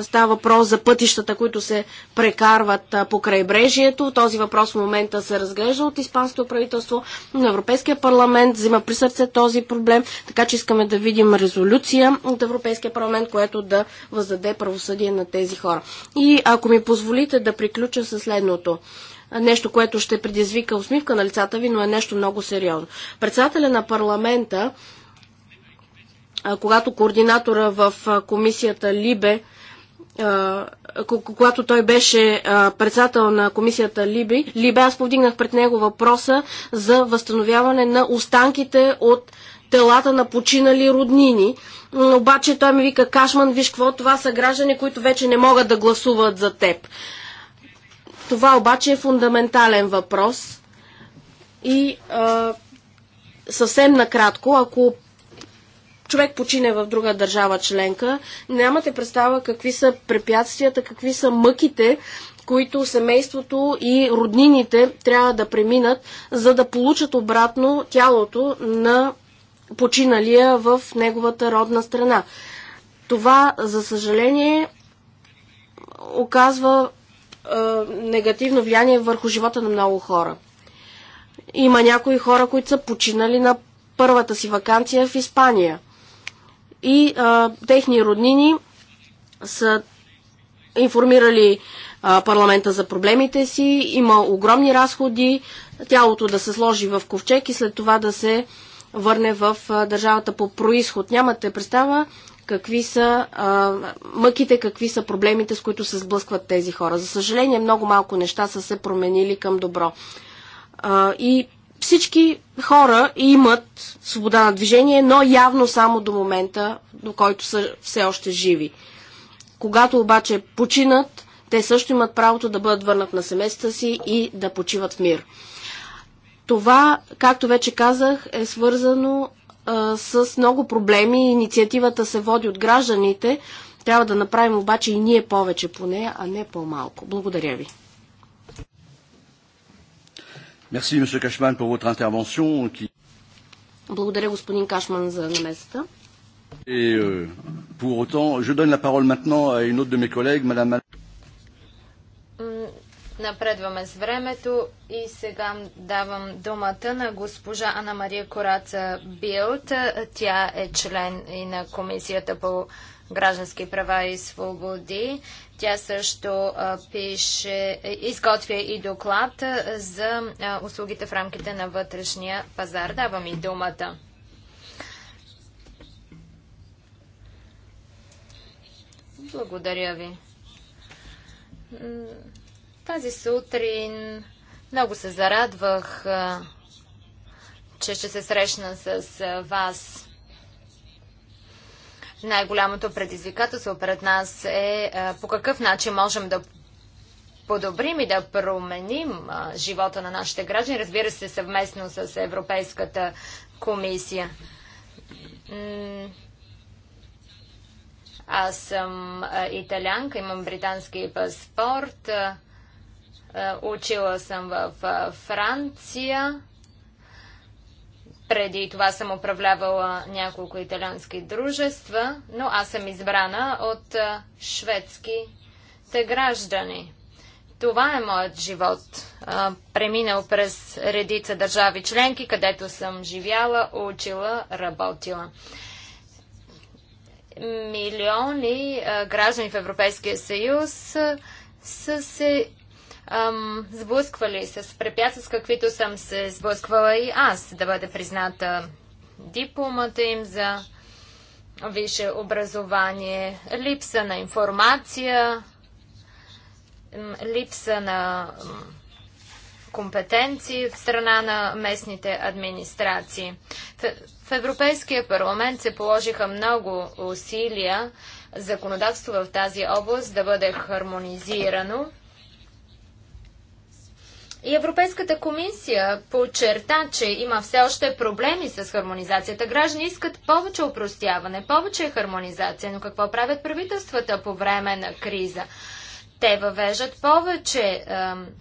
става въпрос за пътищата, които се прекарват по крайбрежието. Този въпрос в момента се разглежда от Испанското правителство, на Европейския парламент взима при сърце този проблем, така че искаме да видим резолюция от Европейския парламент, което да въздаде правосъдие на тези хора. И ако ми позволите да приключа със следното нещо, което ще предизвика усмивка на лицата ви, но е нещо много сериозно. Председателя на парламента, когато координатора в комисията Либе, когато той беше председател на комисията Либе, Либе, аз повдигнах пред него въпроса за възстановяване на останките от телата на починали роднини. Обаче той ми вика, Кашман, виж какво, това са граждани, които вече не могат да гласуват за теб. Това обаче е фундаментален въпрос и а, съвсем накратко, ако човек почине в друга държава членка, нямате представа какви са препятствията, какви са мъките, които семейството и роднините трябва да преминат, за да получат обратно тялото на починалия в неговата родна страна. Това, за съжаление, оказва негативно влияние върху живота на много хора. Има някои хора, които са починали на първата си вакансия в Испания. И а, техни роднини са информирали а, парламента за проблемите си, има огромни разходи, тялото да се сложи в ковчег и след това да се върне в а, държавата по происход. Нямате представа какви са а, мъките, какви са проблемите, с които се сблъскват тези хора. За съжаление, много малко неща са се променили към добро. А, и всички хора имат свобода на движение, но явно само до момента, до който са все още живи. Когато обаче починат, те също имат правото да бъдат върнат на семейства си и да почиват в мир. Това, както вече казах, е свързано а, с много проблеми. Инициативата се води от гражданите. Трябва да направим обаче и ние повече по нея, а не по-малко. Благодаря ви. Merci, monsieur Cashman, pour votre intervention. Qui... Благодаря, господин Кашман, за намесата. Et euh, pour autant, je donne la parole maintenant à une autre de mes collègues, madame Напредваме с времето и сега давам думата на госпожа Анна Мария Кораца Билт. Тя е член и на Комисията по граждански права и свободи. Тя също пише, изготвя и доклад за услугите в рамките на вътрешния пазар. Давам и думата. Благодаря ви. Тази сутрин много се зарадвах, че ще се срещна с вас. Най-голямото предизвикателство пред нас е по какъв начин можем да подобрим и да променим живота на нашите граждани, разбира се, съвместно с Европейската комисия. Аз съм италянка, имам британски паспорт. Е, учила съм в Франция. Преди това съм управлявала няколко италиански дружества, но аз съм избрана от е, шведските граждани. Това е моят живот. Е, преминал през редица държави членки, където съм живяла, учила, работила. Милиони граждани в Европейския съюз са се ам, сблъсквали с препятствия, с каквито съм се сблъсквала и аз, да бъде призната дипломата им за висше образование, липса на информация, липса на компетенции от страна на местните администрации. В Европейския парламент се положиха много усилия законодателство в тази област да бъде хармонизирано и Европейската комисия подчерта, че има все още проблеми с хармонизацията. Граждани искат повече упростяване, повече хармонизация, но какво правят правителствата по време на криза? Те въвеждат повече е,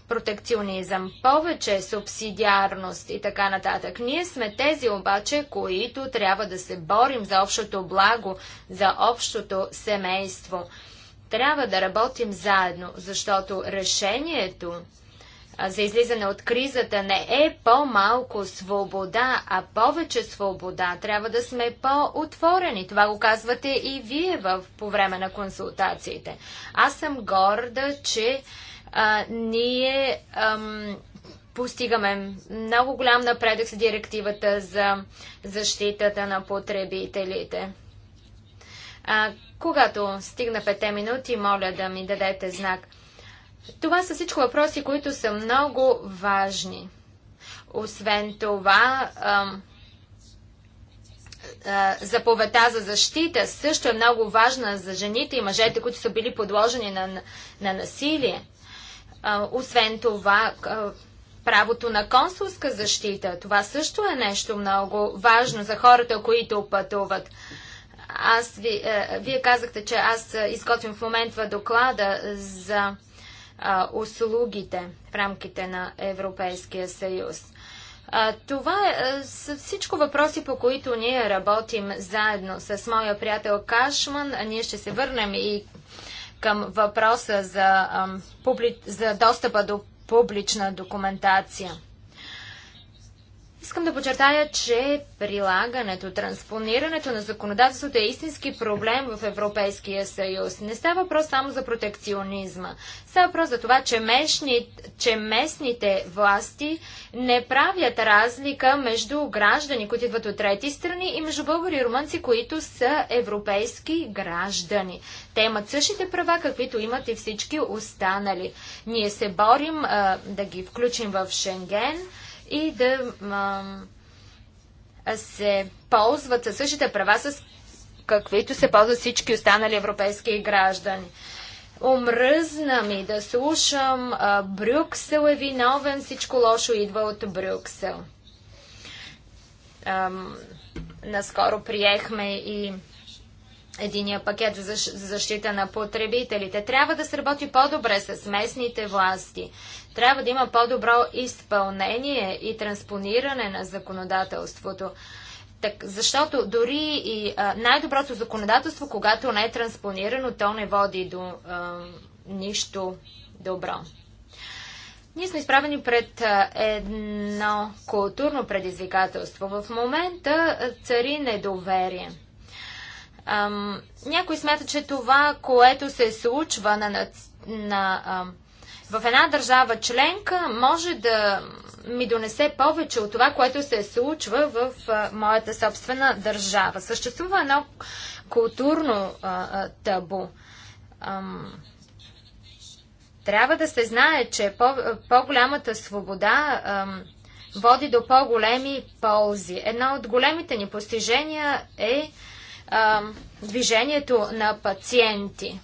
протекционизъм, повече субсидиарност и така нататък. Ние сме тези обаче, които трябва да се борим за общото благо, за общото семейство. Трябва да работим заедно, защото решението за излизане от кризата не е по-малко свобода, а повече свобода. Трябва да сме по-отворени. Това го казвате и вие в, по време на консултациите. Аз съм горда, че а, ние ам, постигаме много голям напредък с директивата за защитата на потребителите. А, когато стигна 5 минути, моля да ми дадете знак – това са всичко въпроси, които са много важни. Освен това, заповедта за защита също е много важна за жените и мъжете, които са били подложени на, на насилие. Освен това, правото на консулска защита, това също е нещо много важно за хората, които пътуват. Аз ви, е, вие казахте, че аз е, изготвим в момента доклада за услугите в рамките на Европейския съюз. това е, са всичко въпроси, по които ние работим заедно с моя приятел Кашман. Ние ще се върнем и към въпроса за, за достъпа до публична документация. Искам да подчертая, че прилагането, транспонирането на законодателството е истински проблем в Европейския съюз. Не става въпрос само за протекционизма. Става въпрос за това, че, мешни, че местните власти не правят разлика между граждани, които идват от трети страни и между българи и румънци, които са европейски граждани. Те имат същите права, каквито имат и всички останали. Ние се борим а, да ги включим в Шенген и да а, се ползват със същите права, с каквито се ползват всички останали европейски граждани. Омръзна ми да слушам а, Брюксел е виновен, всичко лошо идва от Брюксел. Ам, наскоро приехме и единия пакет за защита на потребителите. Трябва да се работи по-добре с местните власти. Трябва да има по-добро изпълнение и транспониране на законодателството. Так, защото дори и най-доброто законодателство, когато не е транспонирано, то не води до а, нищо добро. Ние сме изправени пред едно културно предизвикателство. В момента цари недоверие. Ам, някой смята, че това, което се случва на, на, на ам, в една държава членка може да ми донесе повече от това, което се случва в моята собствена държава. Съществува едно културно а, табу. Ам... Трябва да се знае, че по, по-голямата свобода ам, води до по-големи ползи. Едно от големите ни постижения е ам, движението на пациенти.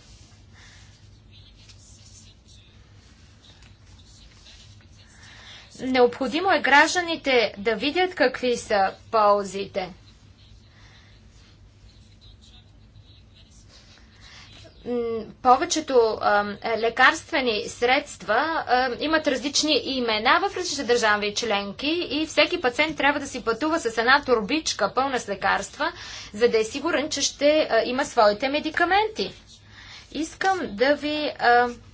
Необходимо е гражданите да видят какви са ползите. повечето а, лекарствени средства а, имат различни имена в различните държави членки и всеки пациент трябва да си пътува с една турбичка пълна с лекарства, за да е сигурен, че ще а, има своите медикаменти. Искам да ви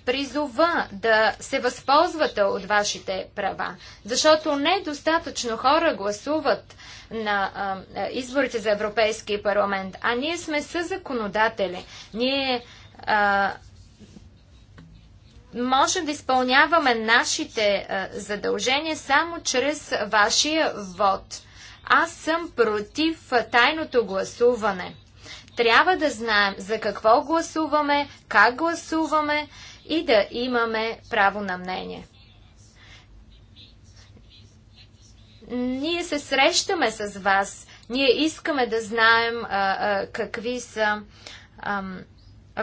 призова да се възползвате от вашите права, защото недостатъчно хора гласуват на а, изборите за Европейски парламент, а ние сме съзаконодатели. Ние а, можем да изпълняваме нашите а, задължения само чрез вашия вод. Аз съм против тайното гласуване. Трябва да знаем за какво гласуваме, как гласуваме и да имаме право на мнение. Ние се срещаме с вас. Ние искаме да знаем а, а, какви са а,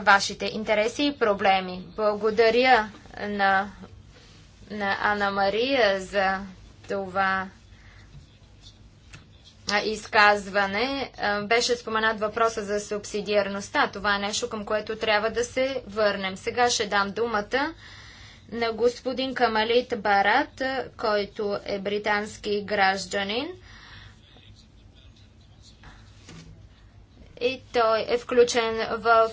вашите интереси и проблеми. Благодаря на, на Анна Мария за това изказване беше споменат въпроса за субсидиарността. Това е нещо, към което трябва да се върнем. Сега ще дам думата на господин Камалит Барат, който е британски гражданин. И той е включен в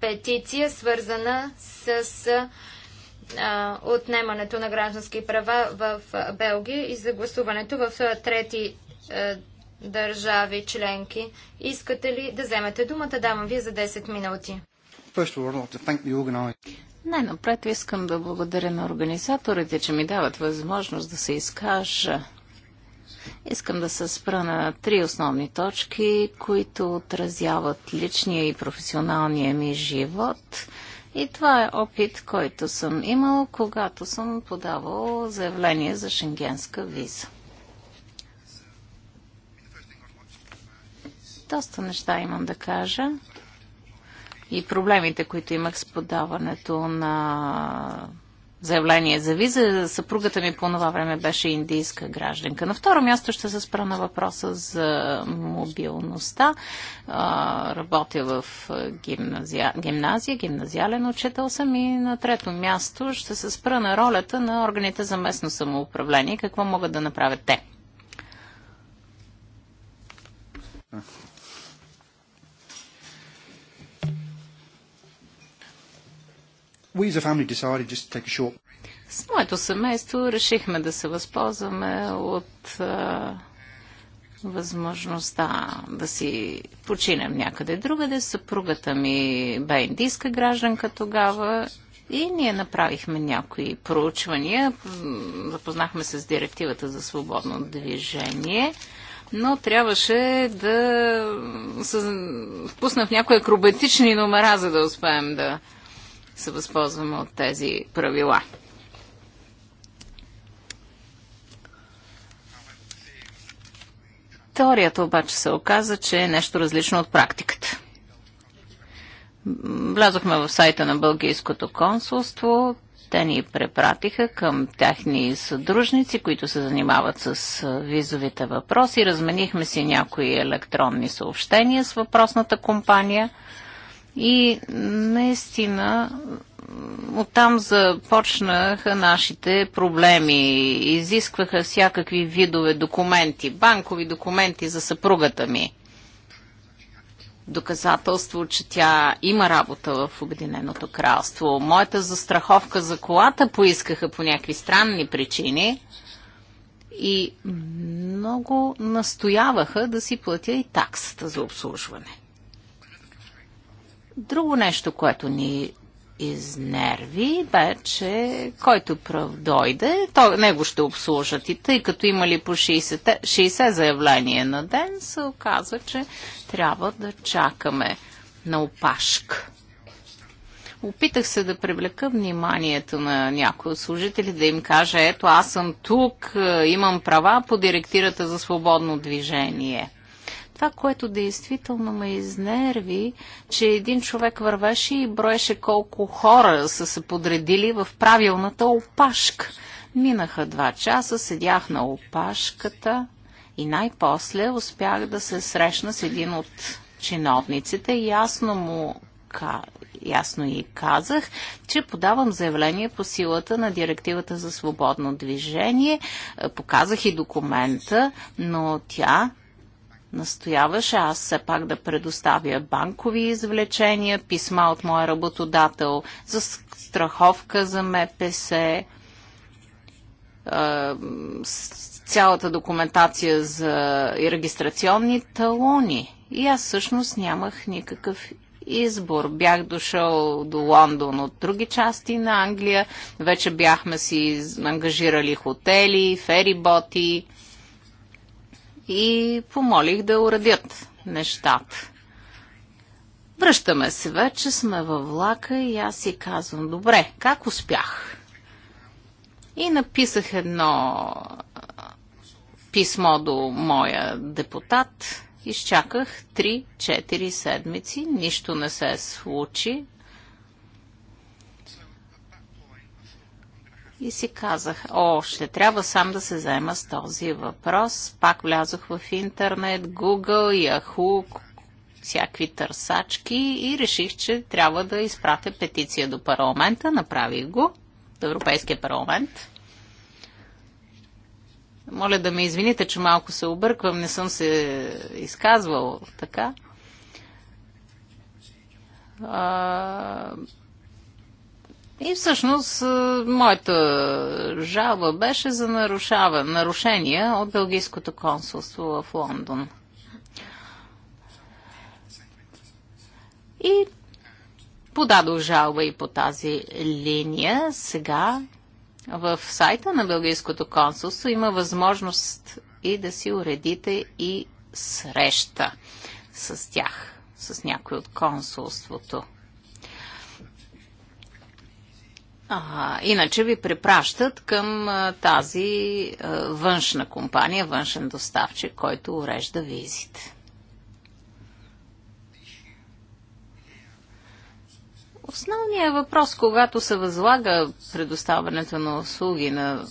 петиция, свързана с отнемането на граждански права в Белгия и за гласуването в трети е, държави членки. Искате ли да вземете думата? Давам ви за 10 минути. Най-напред искам да благодаря на организаторите, че ми дават възможност да се изкажа. Искам да се спра на три основни точки, които отразяват личния и професионалния ми живот. И това е опит, който съм имал, когато съм подавал заявление за шенгенска виза. Доста неща имам да кажа. И проблемите, които имах с подаването на заявление за виза. Съпругата ми по това време беше индийска гражданка. На второ място ще се спра на въпроса за мобилността. работя в гимназия, гимназия, гимназиален учител съм и на трето място ще се спра на ролята на органите за местно самоуправление. Какво могат да направят те? Short... С моето семейство решихме да се възползваме от възможността да си починем някъде другаде. Съпругата ми бе индийска гражданка тогава и ние направихме някои проучвания. Запознахме се с директивата за свободно движение но трябваше да се впусна в някои акробатични номера, за да успеем да се възползваме от тези правила. Теорията обаче се оказа, че е нещо различно от практиката. Влязохме в сайта на Бългийското консулство. Те ни препратиха към тяхни съдружници, които се занимават с визовите въпроси. Разменихме си някои електронни съобщения с въпросната компания – и наистина оттам започнаха нашите проблеми. Изискваха всякакви видове документи, банкови документи за съпругата ми. Доказателство, че тя има работа в Обединеното кралство. Моята застраховка за колата поискаха по някакви странни причини и много настояваха да си платя и таксата за обслужване. Друго нещо, което ни изнерви, бе, че който прав дойде, то, него ще обслужат. И тъй като имали по 60, 60 заявления на ден, се оказва, че трябва да чакаме на опашка. Опитах се да привлека вниманието на някои от служители, да им кажа, ето аз съм тук, имам права по директирата за свободно движение – това, което действително ме изнерви, че един човек вървеше и броеше колко хора са се подредили в правилната опашка. Минаха два часа, седях на опашката и най-после успях да се срещна с един от чиновниците и ясно му ясно и казах, че подавам заявление по силата на директивата за свободно движение. Е, показах и документа, но тя настояваше аз все пак да предоставя банкови извлечения, писма от моя работодател за страховка за МПС, е, цялата документация за и регистрационни талони. И аз всъщност нямах никакъв избор. Бях дошъл до Лондон от други части на Англия. Вече бяхме си ангажирали хотели, фериботи и помолих да уредят нещата. Връщаме се вече, сме във влака и аз си казвам, добре, как успях? И написах едно писмо до моя депутат. Изчаках 3-4 седмици, нищо не се случи. и си казах, о, ще трябва сам да се заема с този въпрос. Пак влязох в интернет, Google, Yahoo, всякакви търсачки и реших, че трябва да изпратя петиция до парламента. Направих го, до Европейския парламент. Моля да ме извините, че малко се обърквам, не съм се изказвал така. А, и всъщност моята жалба беше за нарушения от Белгийското консулство в Лондон. И подадох жалба и по тази линия. Сега в сайта на Белгийското консулство има възможност и да си уредите и среща с тях, с някой от консулството. А, иначе ви препращат към а, тази а, външна компания, външен доставчик, който урежда визите. Основният въпрос, когато се възлага предоставянето на услуги на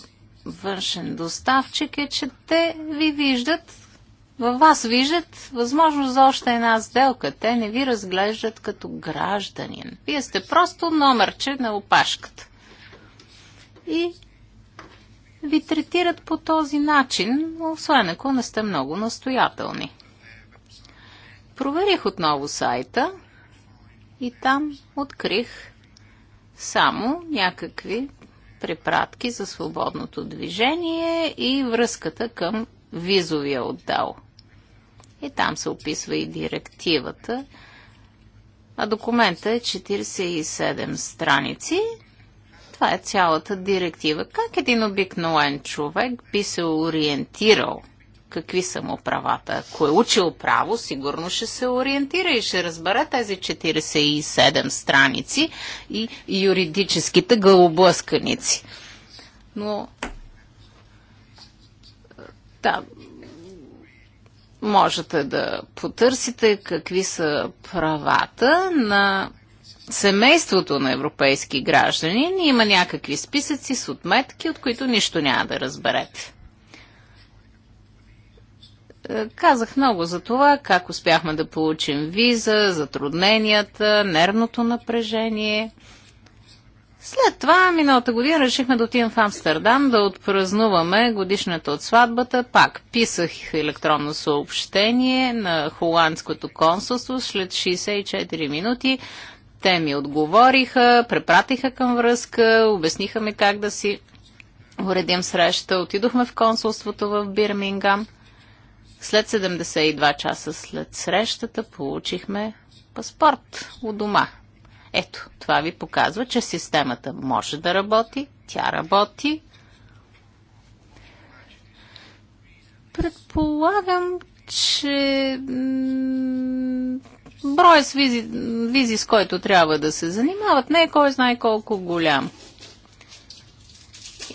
външен доставчик е, че те ви виждат, във вас виждат възможност за още една сделка. Те не ви разглеждат като гражданин. Вие сте просто номерче на опашката и ви третират по този начин, освен ако не сте много настоятелни. Проверих отново сайта и там открих само някакви препратки за свободното движение и връзката към визовия отдел. И там се описва и директивата. А документа е 47 страници това е цялата директива. Как един обикновен човек би се ориентирал какви са му правата? Ако е учил право, сигурно ще се ориентира и ще разбере тези 47 страници и юридическите гълоблъсканици. Но да, можете да потърсите какви са правата на семейството на европейски граждани има някакви списъци с отметки, от които нищо няма да разберете. Е, казах много за това, как успяхме да получим виза, затрудненията, нервното напрежение. След това, миналата година, решихме да отидем в Амстердам да отпразнуваме годишната от сватбата. Пак писах електронно съобщение на холандското консулство след 64 минути. Те ми отговориха, препратиха към връзка, обясниха ми как да си уредим среща. Отидохме в консулството в Бирмингам. След 72 часа след срещата получихме паспорт у дома. Ето, това ви показва, че системата може да работи, тя работи. Предполагам, че Брой с визи, визи, с който трябва да се занимават, не е кой знае колко голям.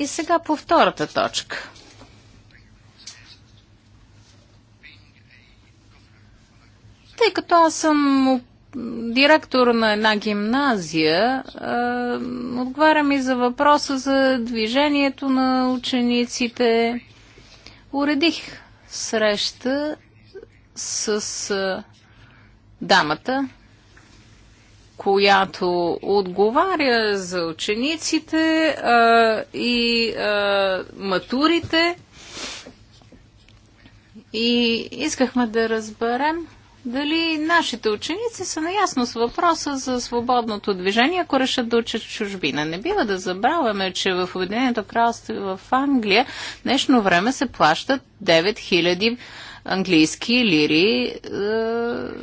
И сега по втората точка. Тъй като аз съм директор на една гимназия, отговарям и за въпроса за движението на учениците. Уредих среща с дамата, която отговаря за учениците а, и а, матурите. И искахме да разберем дали нашите ученици са наясно с въпроса за свободното движение, ако решат да учат чужбина. Не бива да забравяме, че в Обединеното кралство и в Англия днешно време се плащат 9000 английски лири е,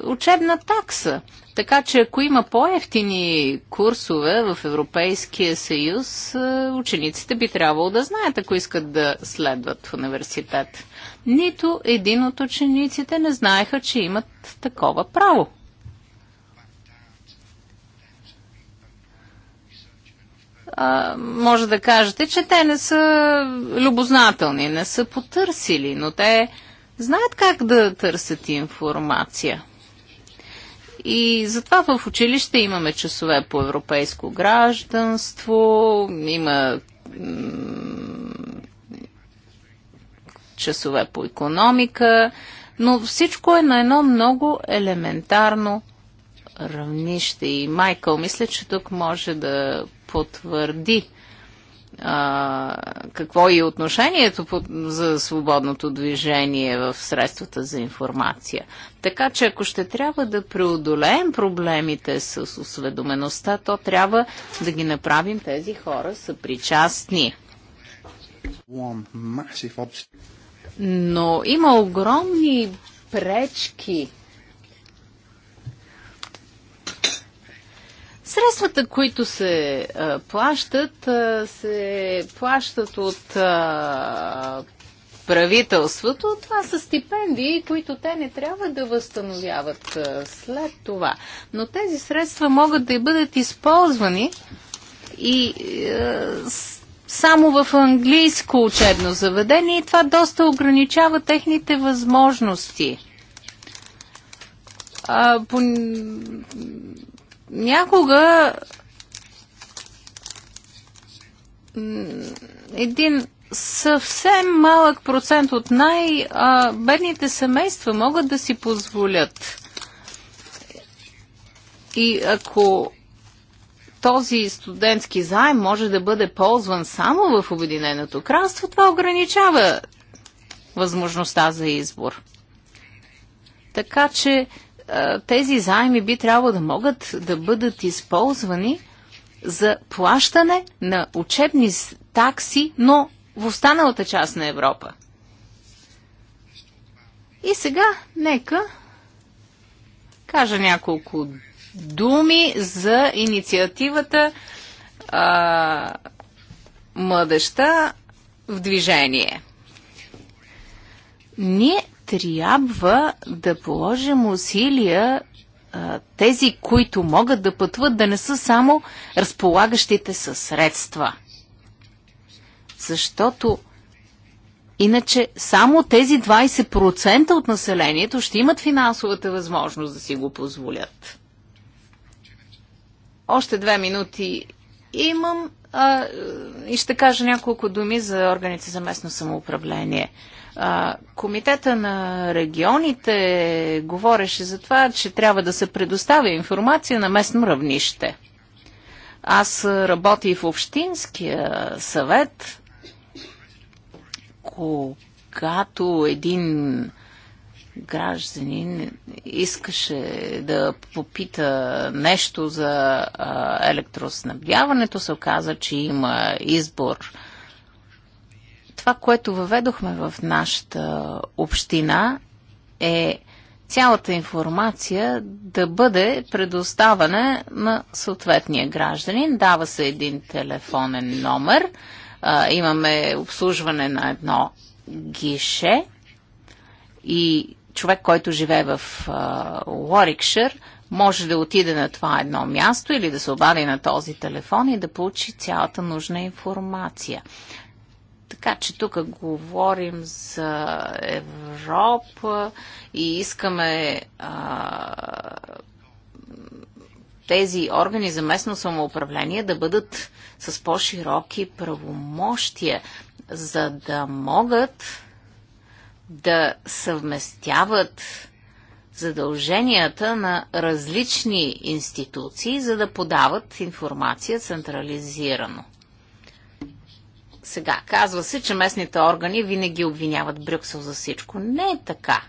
учебна такса. Така че ако има по-ефтини курсове в Европейския съюз, е, учениците би трябвало да знаят, ако искат да следват в университет. Нито един от учениците не знаеха, че имат такова право. а, може да кажете, че те не са любознателни, не са потърсили, но те знаят как да търсят информация. И затова в училище имаме часове по европейско гражданство, има часове по економика, но всичко е на едно много елементарно равнище. И Майкъл, мисля, че тук може да потвърди а, какво е отношението по, за свободното движение в средствата за информация. Така че ако ще трябва да преодолеем проблемите с осведомеността, то трябва да ги направим тези хора съпричастни. Но има огромни пречки Средствата, които се а, плащат, а, се плащат от а, правителството. Това са стипендии, които те не трябва да възстановяват а, след това. Но тези средства могат да и бъдат използвани и а, само в английско учебно заведение и това доста ограничава техните възможности. А, по някога един съвсем малък процент от най-бедните семейства могат да си позволят. И ако този студентски заем може да бъде ползван само в Обединеното кралство, това ограничава възможността за избор. Така че тези заеми би трябвало да могат да бъдат използвани за плащане на учебни такси, но в останалата част на Европа. И сега нека кажа няколко думи за инициативата а, Младеща в движение. Ние трябва да положим усилия тези, които могат да пътват, да не са само разполагащите със средства. Защото иначе само тези 20% от населението ще имат финансовата възможност да си го позволят. Още две минути имам а, и ще кажа няколко думи за органите за местно самоуправление. А, комитета на регионите говореше за това, че трябва да се предоставя информация на местно равнище. Аз работя и в Общинския съвет, когато един гражданин искаше да попита нещо за електроснабдяването, се оказа, че има избор това, което въведохме в нашата община е цялата информация да бъде предоставена на съответния гражданин. Дава се един телефонен номер, а, имаме обслужване на едно гише и човек, който живее в Лорикшир, Уорикшир, може да отиде на това едно място или да се обади на този телефон и да получи цялата нужна информация. Така че тук говорим за Европа и искаме а, тези органи за местно самоуправление да бъдат с по-широки правомощия, за да могат да съвместяват задълженията на различни институции, за да подават информация централизирано. Сега, казва се, че местните органи винаги обвиняват Брюксел за всичко. Не е така.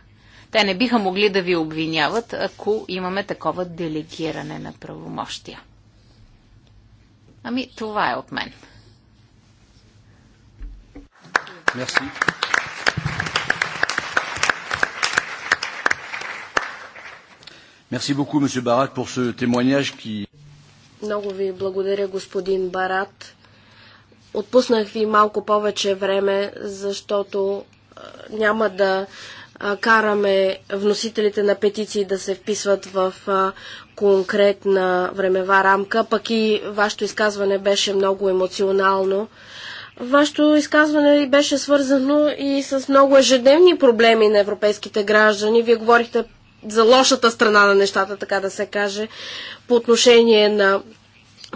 Те не биха могли да ви обвиняват, ако имаме такова делегиране на правомощия. Ами, това е от мен. Мерси. Мерси beaucoup, Monsieur Barat, pour ce témoignage qui... Много ви благодаря, господин Барат, Отпуснах ви малко повече време, защото няма да караме вносителите на петиции да се вписват в конкретна времева рамка, пък и вашето изказване беше много емоционално. Вашето изказване беше свързано и с много ежедневни проблеми на европейските граждани. Вие говорихте за лошата страна на нещата, така да се каже, по отношение на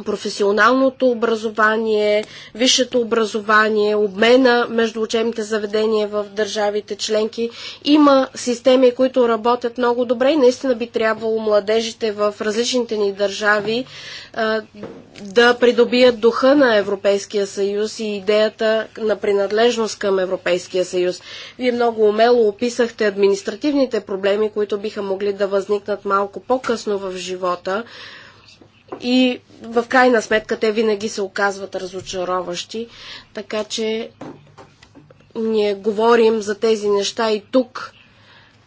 професионалното образование, висшето образование, обмена между учебните заведения в държавите членки. Има системи, които работят много добре и наистина би трябвало младежите в различните ни държави а, да придобият духа на Европейския съюз и идеята на принадлежност към Европейския съюз. Вие много умело описахте административните проблеми, които биха могли да възникнат малко по-късно в живота и в крайна сметка те винаги се оказват разочароващи, така че ние говорим за тези неща и тук.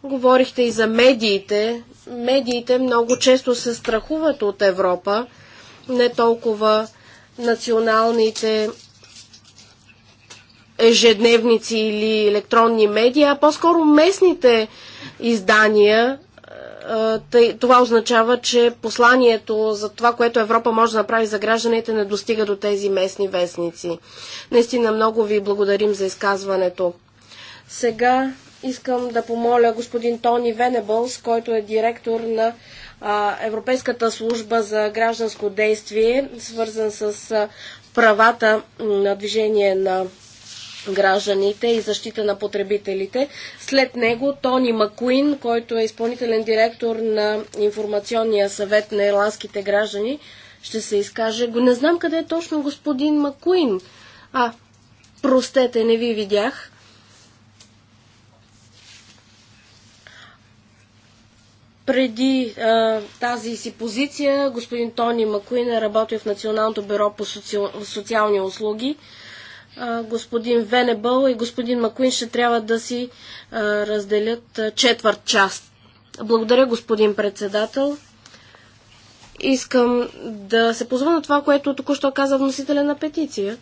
Говорихте и за медиите. Медиите много често се страхуват от Европа, не толкова националните ежедневници или електронни медии, а по-скоро местните издания е, тъй, това означава, че посланието за това, което Европа може да направи за гражданите, не достига до тези местни вестници. Наистина много ви благодарим за изказването. Сега искам да помоля господин Тони Венебълс, който е директор на а, Европейската служба за гражданско действие, свързан с а, правата на движение на гражданите и защита на потребителите. След него Тони Макуин, който е изпълнителен директор на информационния съвет на ирландските граждани, ще се изкаже. Не знам къде е точно господин Макуин. А, простете, не ви видях. преди а, тази си позиция господин Тони Макуин е работил в Националното бюро по социал... социални услуги господин Венебъл и господин Макуин ще трябва да си разделят четвърт част. Благодаря, господин председател. Искам да се позва на това, което току-що каза вносителя на петиция.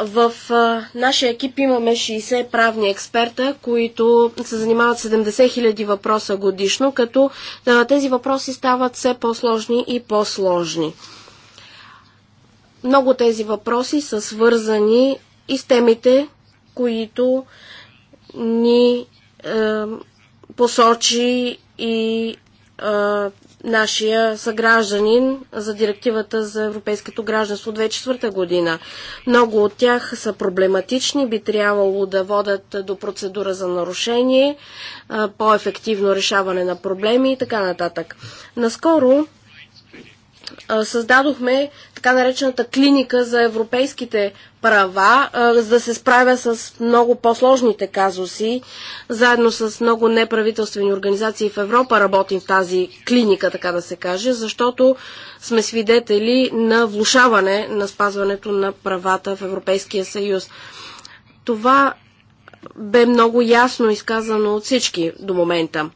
В а, нашия екип имаме 60 правни експерта, които се занимават 70 000 въпроса годишно, като а, тези въпроси стават все по-сложни и по-сложни. Много тези въпроси са свързани и с темите, които ни е, посочи и е, нашия съгражданин за директивата за европейското гражданство 2004 година. Много от тях са проблематични, би трябвало да водят до процедура за нарушение, е, по-ефективно решаване на проблеми и така нататък. Наскоро е, създадохме така наречената клиника за европейските права, за да се справя с много по-сложните казуси. Заедно с много неправителствени организации в Европа работим в тази клиника, така да се каже, защото сме свидетели на влушаване на спазването на правата в Европейския съюз. Това бе много ясно изказано от всички до момента.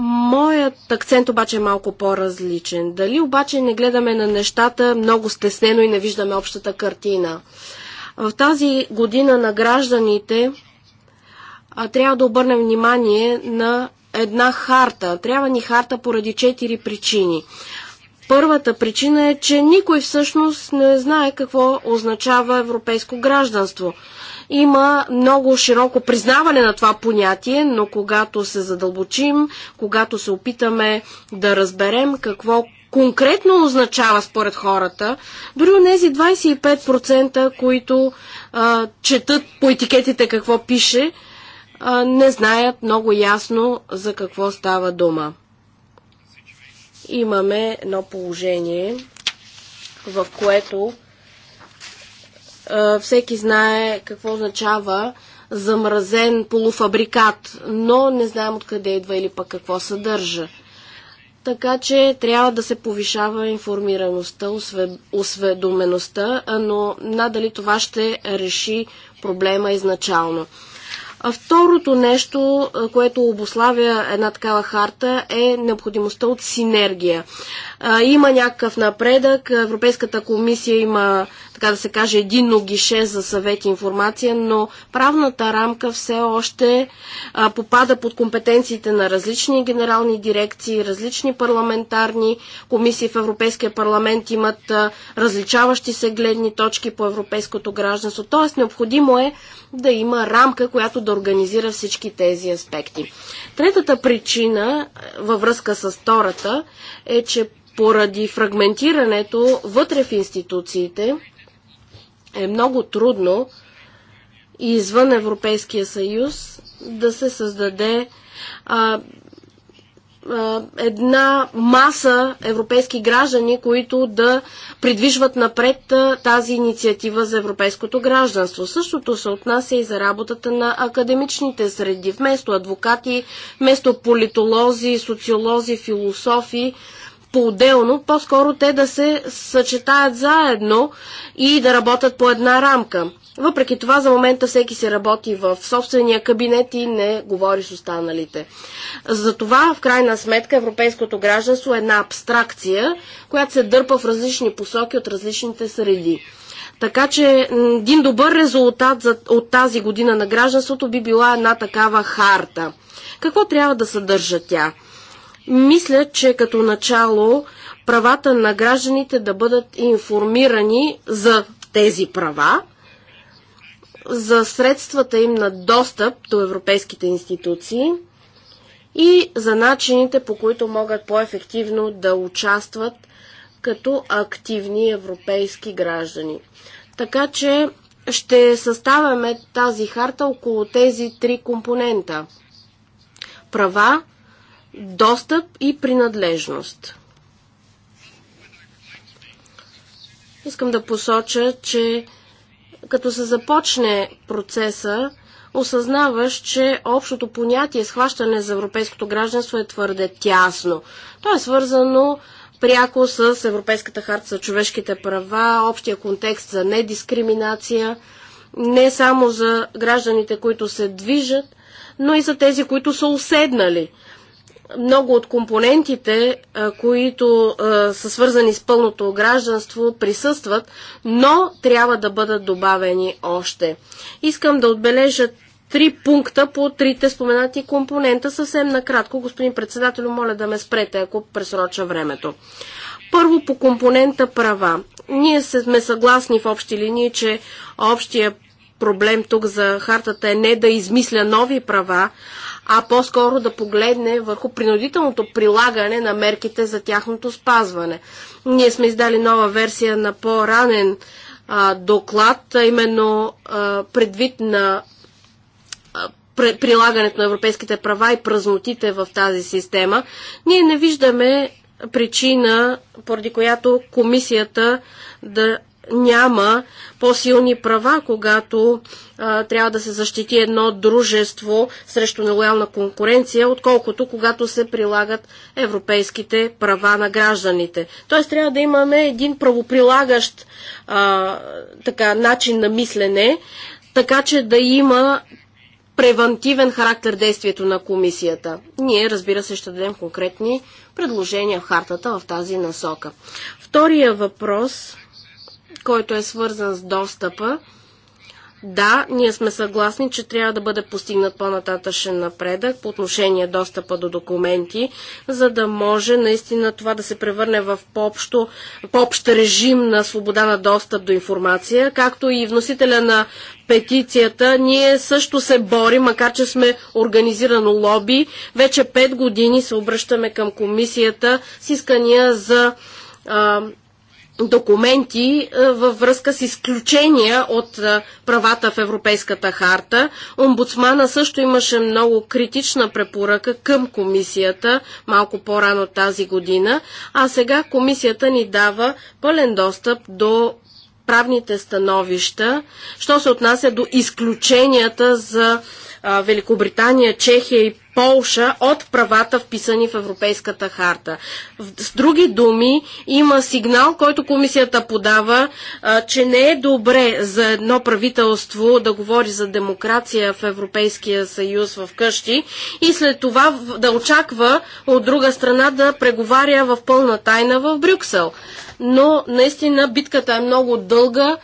Моят акцент обаче е малко по-различен. Дали обаче не гледаме на нещата много стеснено и не виждаме общата картина? В тази година на гражданите а, трябва да обърнем внимание на една харта. Трябва ни харта поради четири причини. Първата причина е, че никой всъщност не знае какво означава европейско гражданство – има много широко признаване на това понятие, но когато се задълбочим, когато се опитаме да разберем какво конкретно означава според хората, дори у нези 25%, които а, четат по етикетите какво пише, а, не знаят много ясно за какво става дума. Имаме едно положение, в което е, всеки знае какво означава замразен полуфабрикат, но не знаем откъде идва или пък какво съдържа. Така че трябва да се повишава информираността, осведомеността, но надали това ще реши проблема изначално. А второто нещо, е, което обославя една такава харта е необходимостта от синергия има някакъв напредък. Европейската комисия има, така да се каже, единно гише за съвет и информация, но правната рамка все още а, попада под компетенциите на различни генерални дирекции, различни парламентарни комисии в Европейския парламент имат а, различаващи се гледни точки по европейското гражданство. Тоест, необходимо е да има рамка, която да организира всички тези аспекти. Третата причина във връзка с втората е, че поради фрагментирането вътре в институциите е много трудно и извън Европейския съюз да се създаде а, а, една маса европейски граждани, които да придвижват напред тази инициатива за европейското гражданство. Същото се отнася и за работата на академичните среди. Вместо адвокати, вместо политолози, социолози, философи, по-отделно, по-скоро те да се съчетаят заедно и да работят по една рамка. Въпреки това, за момента всеки се работи в собствения кабинет и не говори с останалите. Затова, в крайна сметка, европейското гражданство е една абстракция, която се дърпа в различни посоки от различните среди. Така че един добър резултат от тази година на гражданството би била една такава харта. Какво трябва да съдържа тя? Мисля, че като начало правата на гражданите да бъдат информирани за тези права, за средствата им на достъп до европейските институции и за начините по които могат по-ефективно да участват като активни европейски граждани. Така че ще съставяме тази харта около тези три компонента. Права, достъп и принадлежност. Искам да посоча, че като се започне процеса, осъзнаваш, че общото понятие схващане за европейското гражданство е твърде тясно. То е свързано пряко с Европейската харта за човешките права, общия контекст за недискриминация, не само за гражданите, които се движат, но и за тези, които са уседнали много от компонентите, които са свързани с пълното гражданство, присъстват, но трябва да бъдат добавени още. Искам да отбележа три пункта по трите споменати компонента. Съвсем накратко, господин председател, моля да ме спрете, ако пресроча времето. Първо по компонента права. Ние сме съгласни в общи линии, че общия проблем тук за хартата е не да измисля нови права, а по-скоро да погледне върху принудителното прилагане на мерките за тяхното спазване. Ние сме издали нова версия на по-ранен доклад, а именно а, предвид на а, прилагането на европейските права и празнотите в тази система, ние не виждаме причина, поради която комисията да няма по-силни права, когато а, трябва да се защити едно дружество срещу нелоялна конкуренция, отколкото когато се прилагат европейските права на гражданите. Тоест трябва да имаме един правоприлагащ а, така, начин на мислене, така че да има превантивен характер действието на комисията. Ние, разбира се, ще дадем конкретни предложения в хартата в тази насока. Втория въпрос който е свързан с достъпа, да, ние сме съгласни, че трябва да бъде постигнат по-нататъчен напредък по отношение достъпа до документи, за да може наистина това да се превърне в по по-общ режим на свобода на достъп до информация, както и вносителя на петицията. Ние също се борим, макар че сме организирано лоби. Вече 5 години се обръщаме към комисията с искания за а, документи е, във връзка с изключения от е, правата в Европейската харта. Омбудсмана също имаше много критична препоръка към комисията малко по-рано тази година, а сега комисията ни дава пълен достъп до правните становища, що се отнася до изключенията за Великобритания, Чехия и Полша от правата вписани в Европейската харта. С други думи, има сигнал, който комисията подава, че не е добре за едно правителство да говори за демокрация в Европейския съюз в къщи и след това да очаква от друга страна да преговаря в пълна тайна в Брюксел. Но наистина битката е много дълга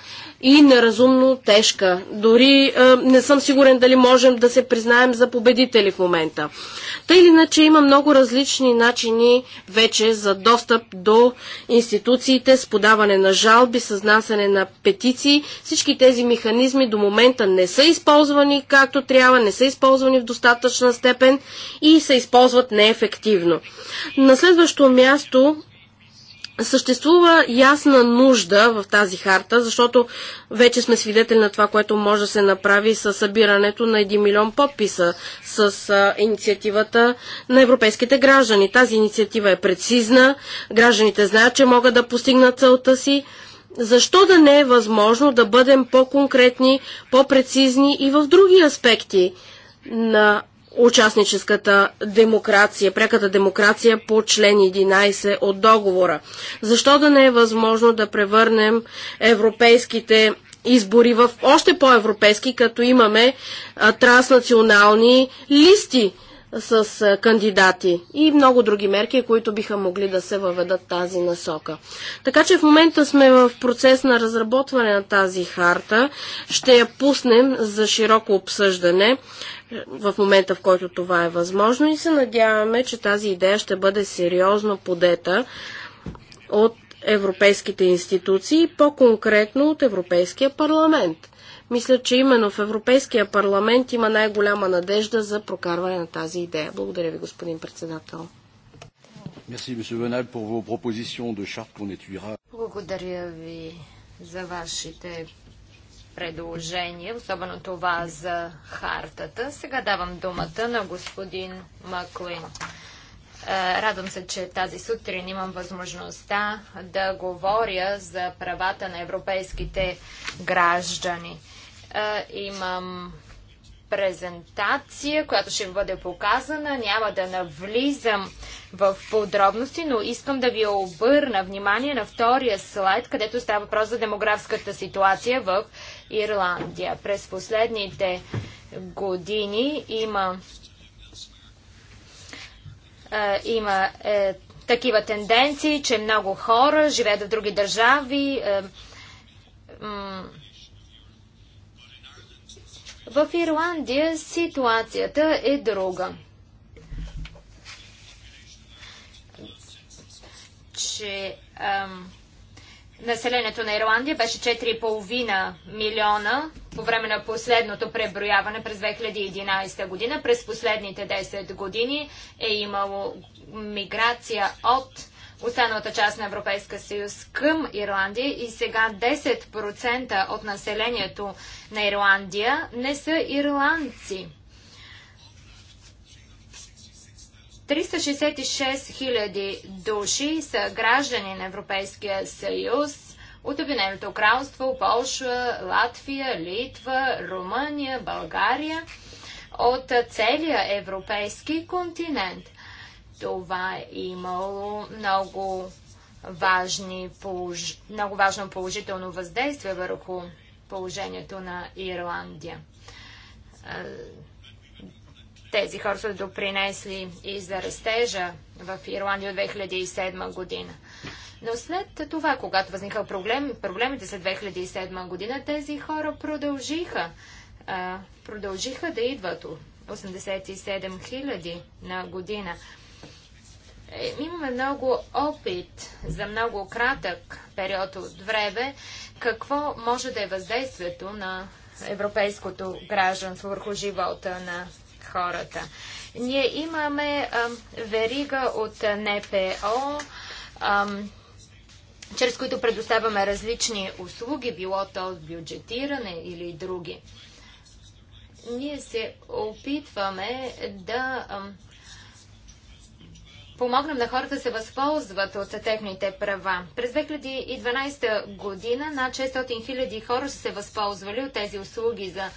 и неразумно тежка. Дори е, не съм сигурен дали можем да се признаем за победители в момента. Та, или иначе има много различни начини вече за достъп до институциите с подаване на жалби, съзнасене на петиции. Всички тези механизми до момента не са използвани както трябва, не са използвани в достатъчна степен и се използват неефективно. На следващо място Съществува ясна нужда в тази харта, защото вече сме свидетели на това, което може да се направи с събирането на 1 милион подписа с а, инициативата на европейските граждани. Тази инициатива е прецизна, гражданите знаят, че могат да постигнат целта си. Защо да не е възможно да бъдем по-конкретни, по-прецизни и в други аспекти на участническата демокрация, преката демокрация по член 11 от договора. Защо да не е възможно да превърнем европейските избори в още по-европейски, като имаме а, транснационални листи с кандидати и много други мерки, които биха могли да се въведат тази насока. Така че в момента сме в процес на разработване на тази харта. Ще я пуснем за широко обсъждане е, в момента, в който това е възможно и се надяваме, че тази идея ще бъде сериозно подета от европейските институции, по-конкретно от Европейския парламент. Мисля, че именно в Европейския парламент има най-голяма надежда за прокарване на тази идея. Благодаря ви, господин председател. Благодаря ви за вашите предложения, особено това за хартата. Сега давам думата на господин Маклин. Е, радвам се, че тази сутрин имам възможността да говоря за правата на европейските граждани имам презентация, която ще ви бъде показана. Няма да навлизам в подробности, но искам да ви обърна внимание на втория слайд, където става въпрос за демографската ситуация в Ирландия. През последните години има, има е, такива тенденции, че много хора живеят в други държави. Е, в Ирландия ситуацията е друга. Че ам, населението на Ирландия беше 4,5 милиона по време на последното преброяване през 2011 година. През последните 10 години е имало миграция от останалата част на Европейска съюз към Ирландия и сега 10% от населението на Ирландия не са ирландци. 366 хиляди души са граждани на Европейския съюз от Обединеното кралство, Полша, Латвия, Литва, Румъния, България, от целия европейски континент това е имало много, важни, много важно положително въздействие върху положението на Ирландия. Тези хора са допринесли и за растежа в Ирландия от 2007 година. Но след това, когато възниха проблем, проблемите след 2007 година, тези хора продължиха, продължиха да идват 87 хиляди на година. Е, имаме много опит за много кратък период от време. Какво може да е въздействието на европейското гражданство върху живота на хората? Ние имаме верига от НПО, чрез които предоставяме различни услуги, било то бюджетиране или други. Ние се опитваме да помогнем на хората да се възползват от техните права. През 2012 година над 600 хиляди хора са се възползвали от тези услуги за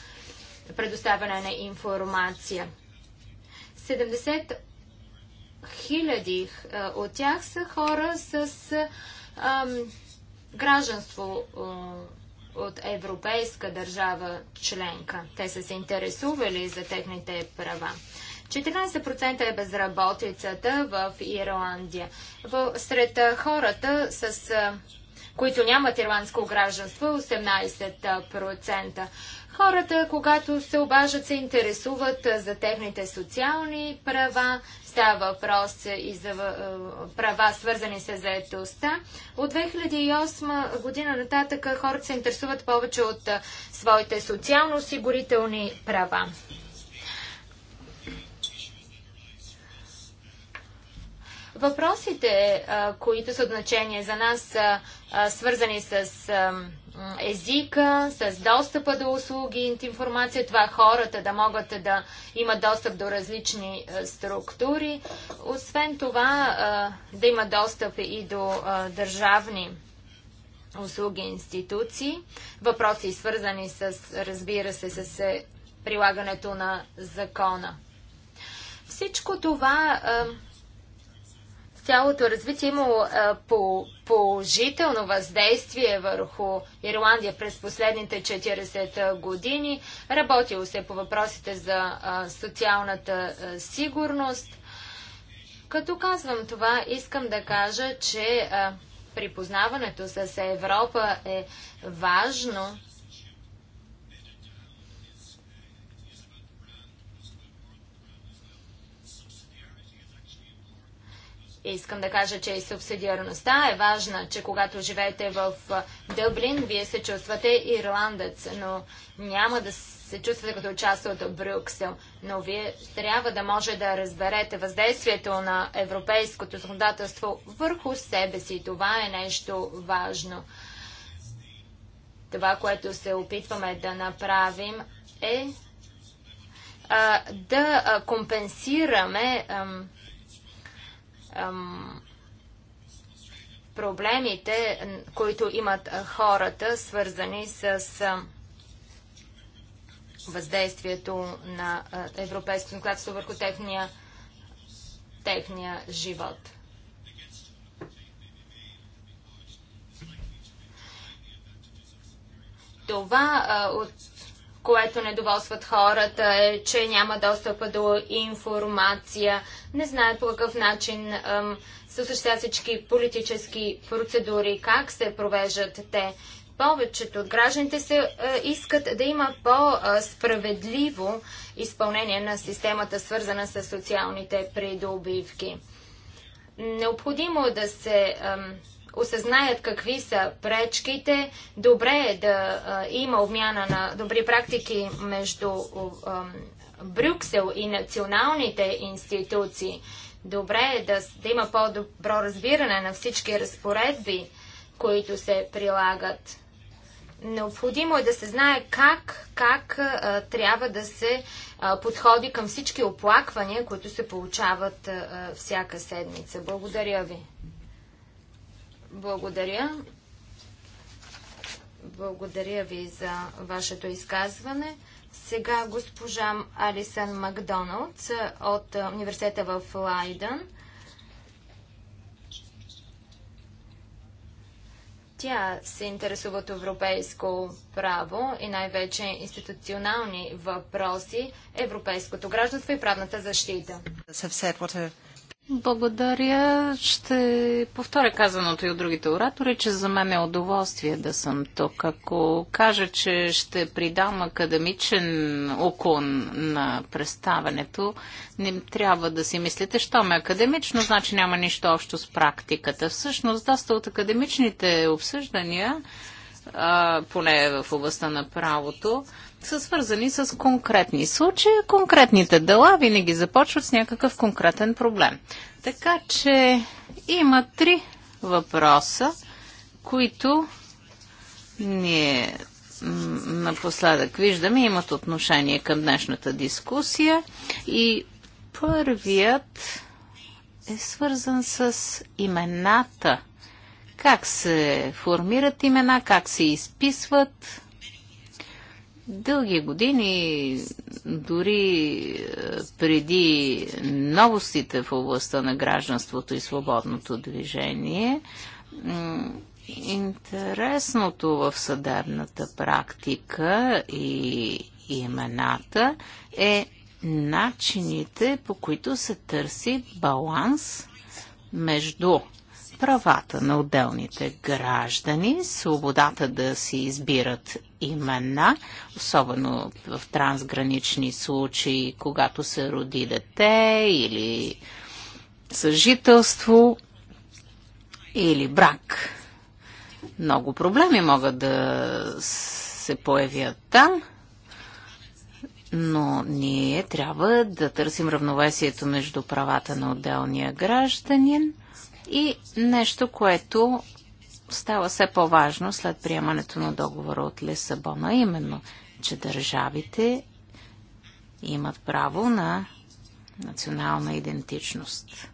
предоставяне на информация. 70 хиляди е, от тях са хора с ам, гражданство е, от европейска държава членка. Те са се интересували за техните права. 14% е безработицата в Ирландия. В, сред хората с които нямат ирландско гражданство, 18%. Хората, когато се обажат, се интересуват за техните социални права. Става въпрос и за права, свързани с заедостта. От 2008 година нататък хората се интересуват повече от своите социално-осигурителни права. Въпросите, които са значение за нас, са свързани с езика, с достъпа до услуги, информация, това е хората да могат да имат достъп до различни структури. Освен това, да има достъп и до държавни услуги, институции. Въпроси свързани с, разбира се, с е, прилагането на закона. Всичко това цялото развитие е имало а, по, положително въздействие върху Ирландия през последните 40 години. Работило се по въпросите за а, социалната а, сигурност. Като казвам това, искам да кажа, че припознаването с Европа е важно Искам да кажа, че и субсидиарността е важна, че когато живеете в Дъблин, вие се чувствате ирландец, но няма да се чувствате като част от Брюксел. Но вие трябва да може да разберете въздействието на европейското законодателство върху себе си. Това е нещо важно. Това, което се опитваме да направим е а, да компенсираме ам, проблемите, които имат хората, свързани с въздействието на европейското законодателство върху техния, техния живот. Това от което недоволстват хората е, че няма достъп до информация, не знаят по какъв начин ем, се осъществяват всички политически процедури, как се провеждат те. Повечето от гражданите се е, искат да има по-справедливо изпълнение на системата, свързана с социалните придобивки. Необходимо е да се ем, осъзнаят какви са пречките. Добре е да има обмяна на добри практики между Брюксел и националните институции. Добре е да, да има по-добро разбиране на всички разпоредби, които се прилагат. Необходимо е да се знае как, как а, трябва да се а, подходи към всички оплаквания, които се получават а, всяка седмица. Благодаря ви. Благодаря. Благодаря ви за вашето изказване. Сега госпожа Алисън Макдоналдс от университета в Лайдън. Тя се интересува от европейско право и най-вече институционални въпроси, европейското гражданство и правната защита. Благодаря. Ще повторя казаното и от другите оратори, че за мен е удоволствие да съм тук. Ако кажа, че ще придам академичен окон на представенето, не трябва да си мислите, що ме академично, значи няма нищо общо с практиката. Всъщност, доста от академичните обсъждания, поне в областта на правото, са свързани с конкретни случаи. Конкретните дела винаги започват с някакъв конкретен проблем. Така че има три въпроса, които ние напоследък виждаме, имат отношение към днешната дискусия. И първият е свързан с имената. Как се формират имена, как се изписват, дълги години, дори е, преди новостите в областта на гражданството и свободното движение, интересното в съдебната практика и имената е начините, по които се търси баланс между правата на отделните граждани, свободата да си избират имена, особено в трансгранични случаи, когато се роди дете или съжителство или брак. Много проблеми могат да се появят там, но ние трябва да търсим равновесието между правата на отделния гражданин и нещо, което става все по-важно след приемането на договора от Лисабона, именно, че държавите имат право на национална идентичност.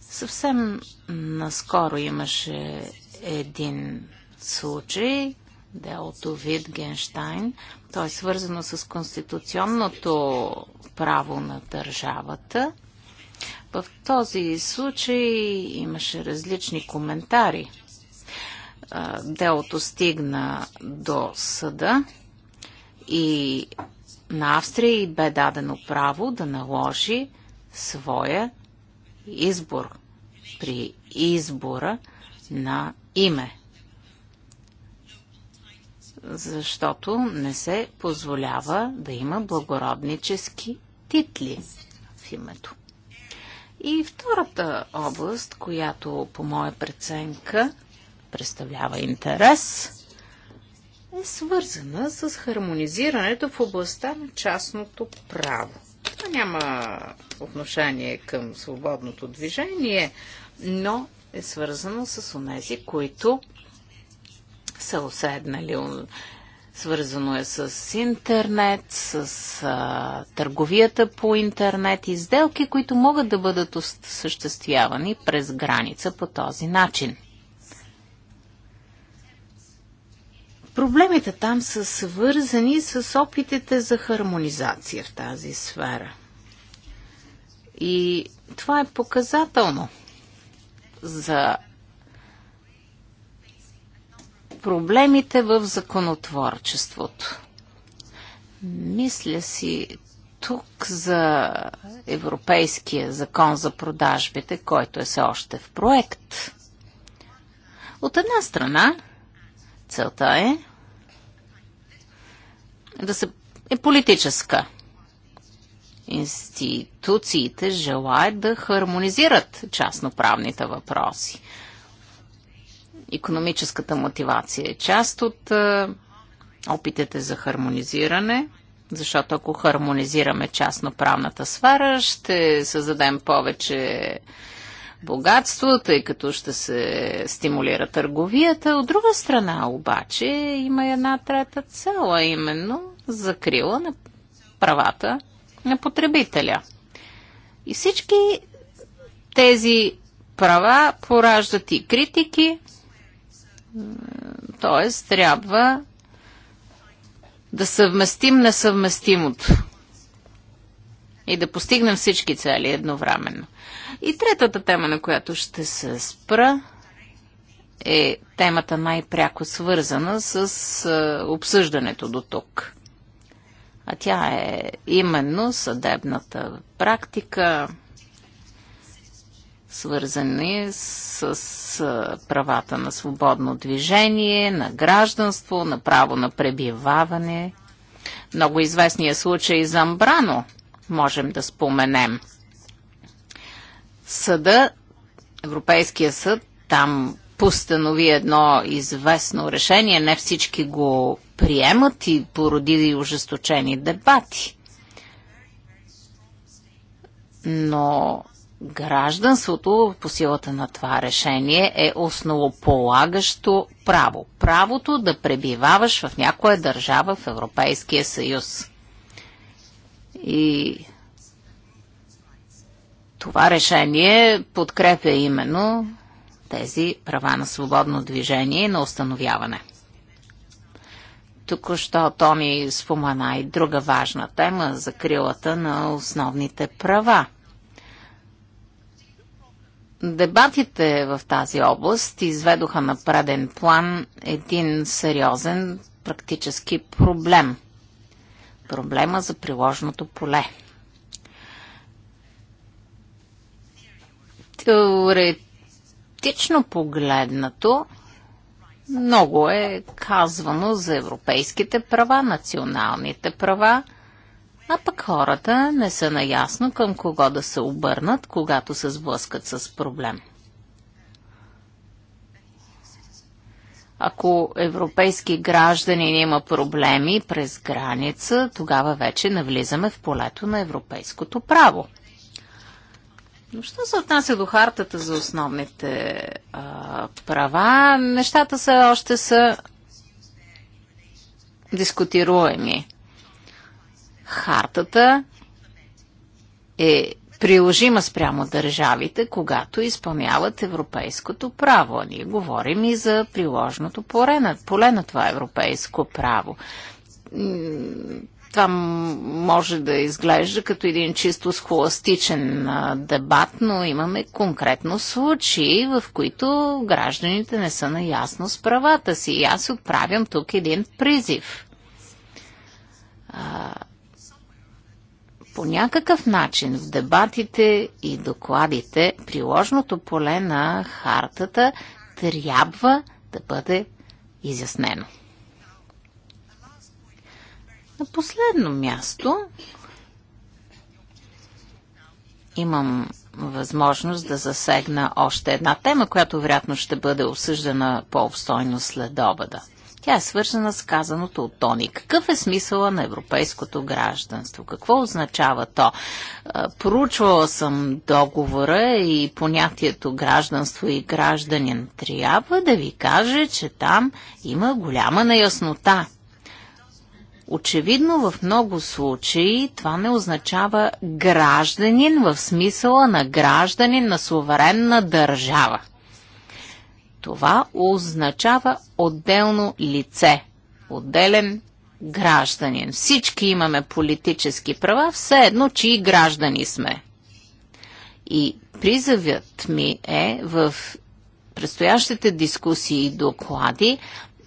Съвсем наскоро имаше един случай, делото Витгенштайн. То е свързано с конституционното право на държавата – в този случай имаше различни коментари. Делото стигна до съда и на Австрия и бе дадено право да наложи своя избор при избора на име. Защото не се позволява да има благороднически титли в името. И втората област, която по моя преценка представлява интерес, е свързана с хармонизирането в областта на частното право. Това няма отношение към свободното движение, но е свързано с онези, които са уседнали Свързано е с интернет, с а, търговията по интернет и сделки, които могат да бъдат осъществявани през граница по този начин. Проблемите там са свързани с опитите за хармонизация в тази сфера. И това е показателно за проблемите в законотворчеството. Мисля си тук за Европейския закон за продажбите, който е все още в проект. От една страна, целта е да се е политическа. Институциите желаят да хармонизират частноправните въпроси. Економическата мотивация е част от е, опитите за хармонизиране, защото ако хармонизираме частно-правната сфера, ще създадем повече богатство, тъй като ще се стимулира търговията. От друга страна обаче има една трета цел, а именно закрила на правата на потребителя. И всички тези права пораждат и критики, Тоест, трябва да съвместим несъвместимото и да постигнем всички цели едновременно. И третата тема, на която ще се спра, е темата най-пряко свързана с обсъждането до тук. А тя е именно съдебната практика, свързани с, с правата на свободно движение, на гражданство, на право на пребиваване. Много известният е случай за Амбрано можем да споменем. Съда, Европейския съд, там постанови едно известно решение, не всички го приемат и породи ожесточени дебати. Но Гражданството по силата на това решение е основополагащо право. Правото да пребиваваш в някоя държава в Европейския съюз. И това решение подкрепя именно тези права на свободно движение и на установяване. Току-що Томи спомена и друга важна тема за крилата на основните права – Дебатите в тази област изведоха на преден план един сериозен практически проблем. Проблема за приложното поле. Теоретично погледнато, много е казвано за европейските права, националните права – а пък хората не са наясно към кого да се обърнат, когато се сблъскат с проблем. Ако европейски граждани има проблеми през граница, тогава вече навлизаме в полето на европейското право. Но що се отнася до хартата за основните а, права, нещата са още са дискутируеми Хартата е приложима спрямо държавите, когато изпълняват европейското право. Ние говорим и за приложното поле на, поле на това европейско право. Това може да изглежда като един чисто схоластичен дебат, но имаме конкретно случаи, в които гражданите не са наясно с правата си. И аз отправям тук един призив по някакъв начин в дебатите и докладите приложното поле на хартата трябва да бъде изяснено. На последно място имам възможност да засегна още една тема, която вероятно ще бъде осъждана по-обстойно след обеда – тя е свързана с казаното от Тони. Какъв е смисъла на европейското гражданство? Какво означава то? Проучвала съм договора и понятието гражданство и гражданин. Трябва да ви кажа, че там има голяма неяснота. Очевидно в много случаи това не означава гражданин в смисъла на гражданин на суверенна държава. Това означава отделно лице, отделен гражданин. Всички имаме политически права, все едно, че и граждани сме. И призъвят ми е в предстоящите дискусии и доклади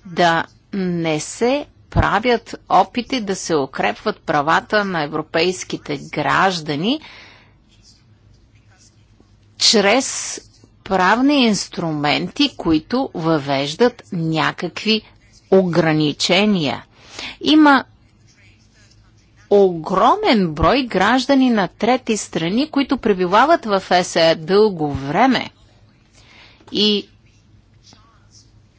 да не се правят опити да се укрепват правата на европейските граждани чрез правни инструменти, които въвеждат някакви ограничения. Има огромен брой граждани на трети страни, които пребивават в ЕСЕ дълго време. И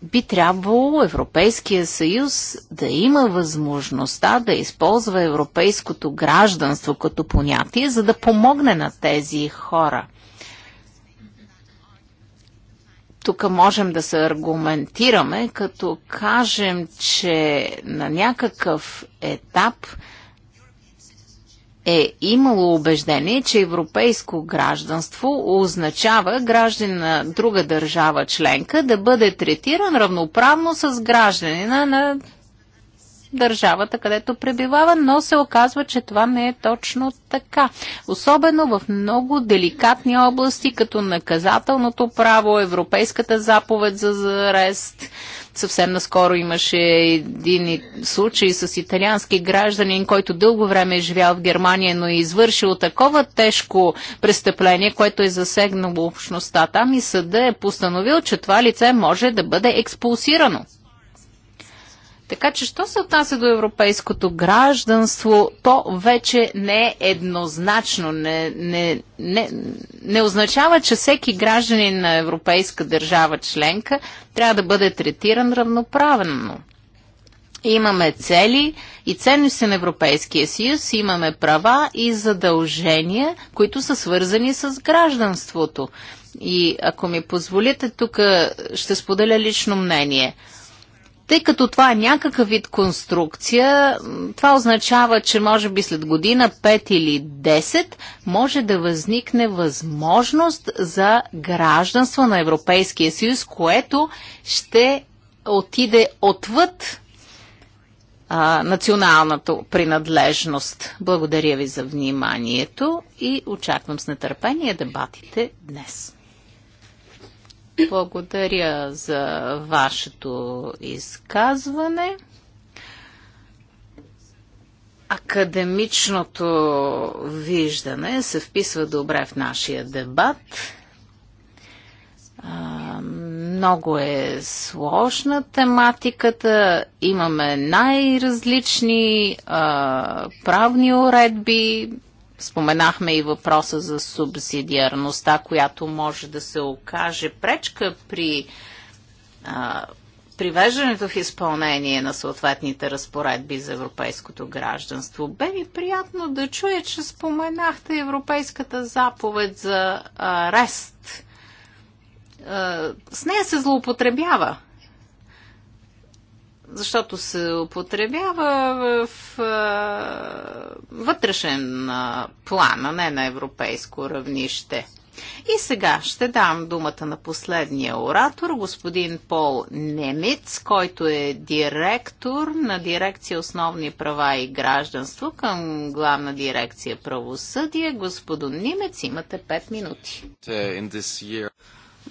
би трябвало Европейския съюз да има възможността да използва европейското гражданство като понятие, за да помогне на тези хора. тук можем да се аргументираме, като кажем, че на някакъв етап е имало убеждение, че европейско гражданство означава граждан на друга държава членка да бъде третиран равноправно с гражданина на държавата, където пребивава, но се оказва, че това не е точно така. Особено в много деликатни области, като наказателното право, Европейската заповед за арест. Съвсем наскоро имаше един случай с италиански гражданин, който дълго време е живял в Германия, но е извършил такова тежко престъпление, което е засегнало общността там и съда е постановил, че това лице може да бъде експулсирано. Така че, що се отнася до европейското гражданство, то вече не е еднозначно. Не, не, не, не означава, че всеки гражданин на европейска държава членка трябва да бъде третиран равноправенно. Имаме цели и ценности на Европейския съюз, имаме права и задължения, които са свързани с гражданството. И ако ми позволите, тук ще споделя лично мнение – тъй като това е някакъв вид конструкция, това означава, че може би след година, 5 или 10, може да възникне възможност за гражданство на Европейския съюз, което ще отиде отвъд а, националната принадлежност. Благодаря ви за вниманието и очаквам с нетърпение дебатите днес. Благодаря за вашето изказване. Академичното виждане се вписва добре в нашия дебат. Много е сложна тематиката. Имаме най-различни правни уредби, Споменахме и въпроса за субсидиарността, която може да се окаже пречка при а, привеждането в изпълнение на съответните разпоредби за европейското гражданство. Бе ми приятно да чуя, че споменахте Европейската заповед за арест. А, с нея се злоупотребява защото се употребява в вътрешен план, а не на европейско равнище. И сега ще дам думата на последния оратор, господин Пол Немец, който е директор на дирекция Основни права и гражданство към главна дирекция Правосъдие. Господин Немец, имате 5 минути.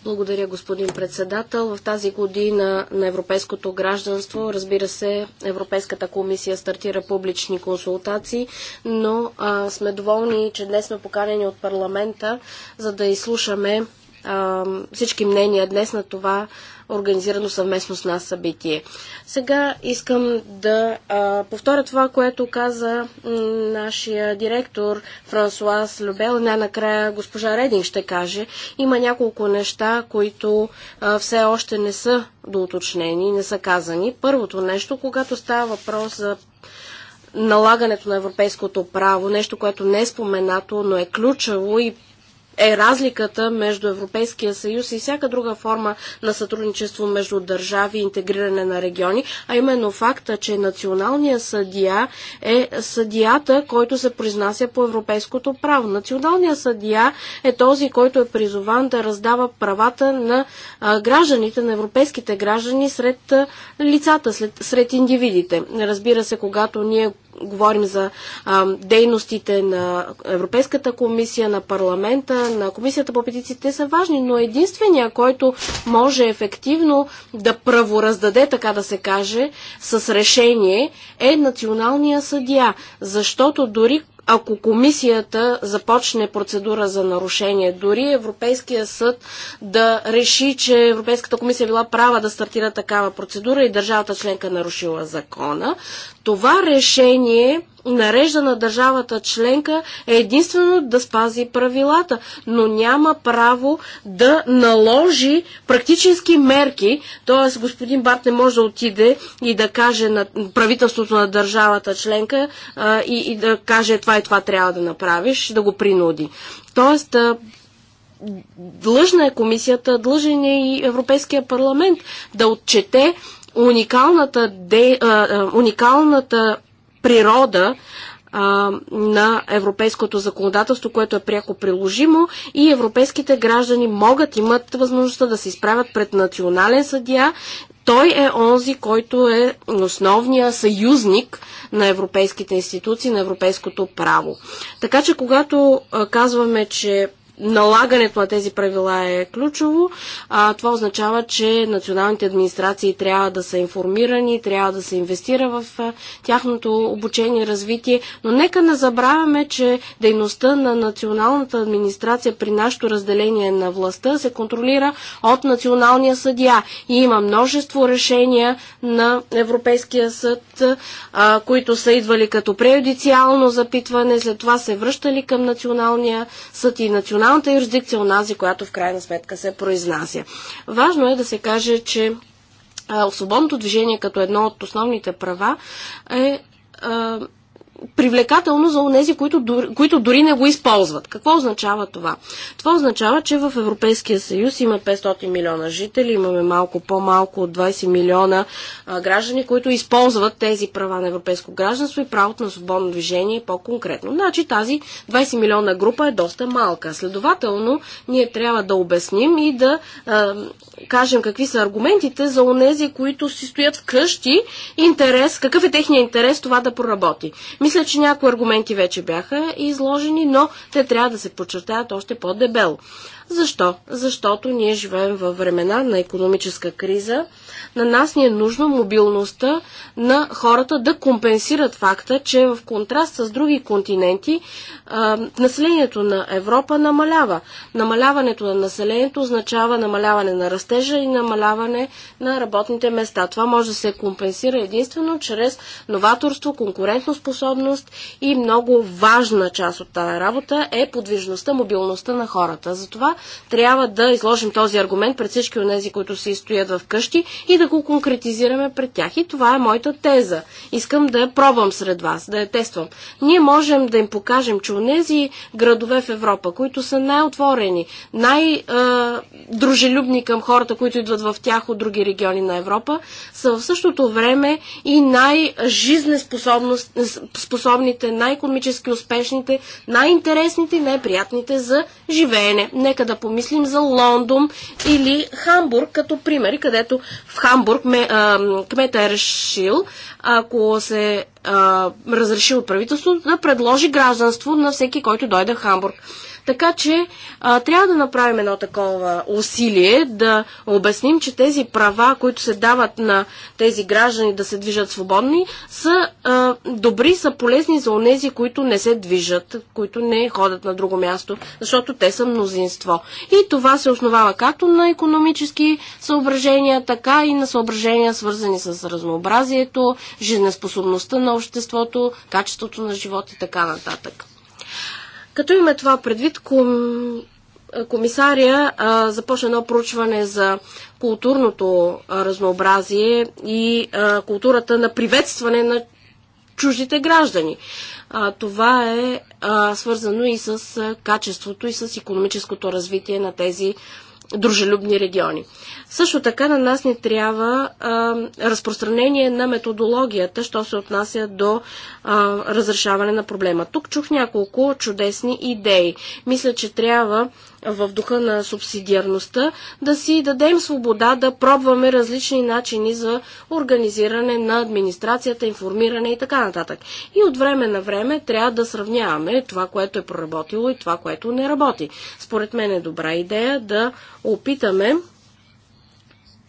Благодаря, господин председател. В тази година на европейското гражданство, разбира се, Европейската комисия стартира публични консултации, но а, сме доволни, че днес сме поканени от парламента, за да изслушаме всички мнения днес на това организирано съвместно с нас събитие. Сега искам да а, повторя това, което каза нашия директор Франсуаз Любел. Най-накрая госпожа Редин ще каже. Има няколко неща, които а, все още не са доуточнени, не са казани. Първото нещо, когато става въпрос за налагането на европейското право, нещо, което не е споменато, но е ключово и е разликата между Европейския съюз и всяка друга форма на сътрудничество между държави и интегриране на региони, а именно факта, че националният съдия е съдията, който се произнася по европейското право. Националният съдия е този, който е призован да раздава правата на гражданите, на европейските граждани сред лицата, сред, сред индивидите. Разбира се, когато ние говорим за а, дейностите на Европейската комисия, на парламента, на комисията по петициите, са важни, но единствения, който може ефективно да правораздаде, така да се каже, с решение, е националния съдия. Защото дори ако комисията започне процедура за нарушение, дори Европейския съд да реши, че Европейската комисия е била права да стартира такава процедура и държавата членка нарушила закона, това решение нарежда на държавата членка е единствено да спази правилата, но няма право да наложи практически мерки, т.е. господин Барт не може да отиде и да каже на правителството на държавата членка а, и, и да каже това и това трябва да направиш, да го принуди. Тоест, длъжна е комисията, длъжен е и Европейския парламент да отчете уникалната, де, а, уникалната природа а, на европейското законодателство, което е пряко приложимо и европейските граждани могат, имат възможността да се изправят пред национален съдия. Той е онзи, който е основния съюзник на европейските институции, на европейското право. Така че когато а, казваме, че налагането на тези правила е ключово. А, това означава, че националните администрации трябва да са информирани, трябва да се инвестира в а, тяхното обучение и развитие. Но нека не забравяме, че дейността на националната администрация при нашето разделение на властта се контролира от националния съдия. И има множество решения на Европейския съд, а, които са идвали като преюдициално запитване, след това се връщали към националния съд и национал националната юрисдикция, онази, която в крайна сметка се произнася. Важно е да се каже, че свободното движение като едно от основните права е привлекателно за онези, които, които дори не го използват. Какво означава това? Това означава, че в Европейския съюз има 500 милиона жители, имаме малко по-малко от 20 милиона а, граждани, които използват тези права на европейско гражданство и правото на свободно движение по-конкретно. Значи тази 20 милиона група е доста малка. Следователно, ние трябва да обясним и да а, кажем какви са аргументите за онези, които си стоят вкъщи, интерес, какъв е техният интерес това да проработи. Мисля, мисля, че някои аргументи вече бяха изложени, но те трябва да се подчертаят още по-дебело. Защо? Защото ние живеем във времена на економическа криза. На нас ни е нужно мобилността на хората да компенсират факта, че в контраст с други континенти населението на Европа намалява. Намаляването на населението означава намаляване на растежа и намаляване на работните места. Това може да се компенсира единствено чрез новаторство, конкурентоспособност и много важна част от тази работа е подвижността, мобилността на хората. Затова трябва да изложим този аргумент пред всички от тези, които се стоят в къщи и да го конкретизираме пред тях. И това е моята теза. Искам да я пробвам сред вас, да я тествам. Ние можем да им покажем, че от тези градове в Европа, които са най-отворени, най-дружелюбни към хората, които идват в тях от други региони на Европа, са в същото време и най-жизнеспособните, най-економически успешните, най-интересните и най-приятните за живеене. Нека Нека да помислим за Лондон или Хамбург, като примери, където в Хамбург ме, а, кмета е решил, ако се а, разреши от правителството, да предложи гражданство на всеки, който дойде в Хамбург. Така че а, трябва да направим едно такова усилие да обясним, че тези права, които се дават на тези граждани да се движат свободни, са а, добри, са полезни за онези, които не се движат, които не ходят на друго място, защото те са мнозинство. И това се основава както на економически съображения, така и на съображения, свързани с разнообразието, жизнеспособността на обществото, качеството на живот и така нататък. Като имаме това предвид, ком... комисария а, започна едно проучване за културното а, разнообразие и а, културата на приветстване на чуждите граждани. А, това е а, свързано и с качеството и с економическото развитие на тези дружелюбни региони. Също така на нас не трябва а, разпространение на методологията, що се отнася до а, разрешаване на проблема. Тук чух няколко чудесни идеи. Мисля, че трябва в духа на субсидиарността, да си дадем свобода да пробваме различни начини за организиране на администрацията, информиране и така нататък. И от време на време трябва да сравняваме това, което е проработило и това, което не работи. Според мен е добра идея да опитаме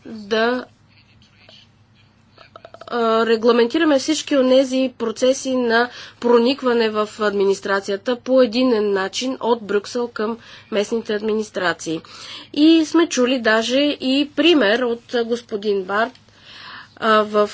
да регламентираме всички от тези процеси на проникване в администрацията по единен начин от Брюксел към местните администрации. И сме чули даже и пример от господин Барт в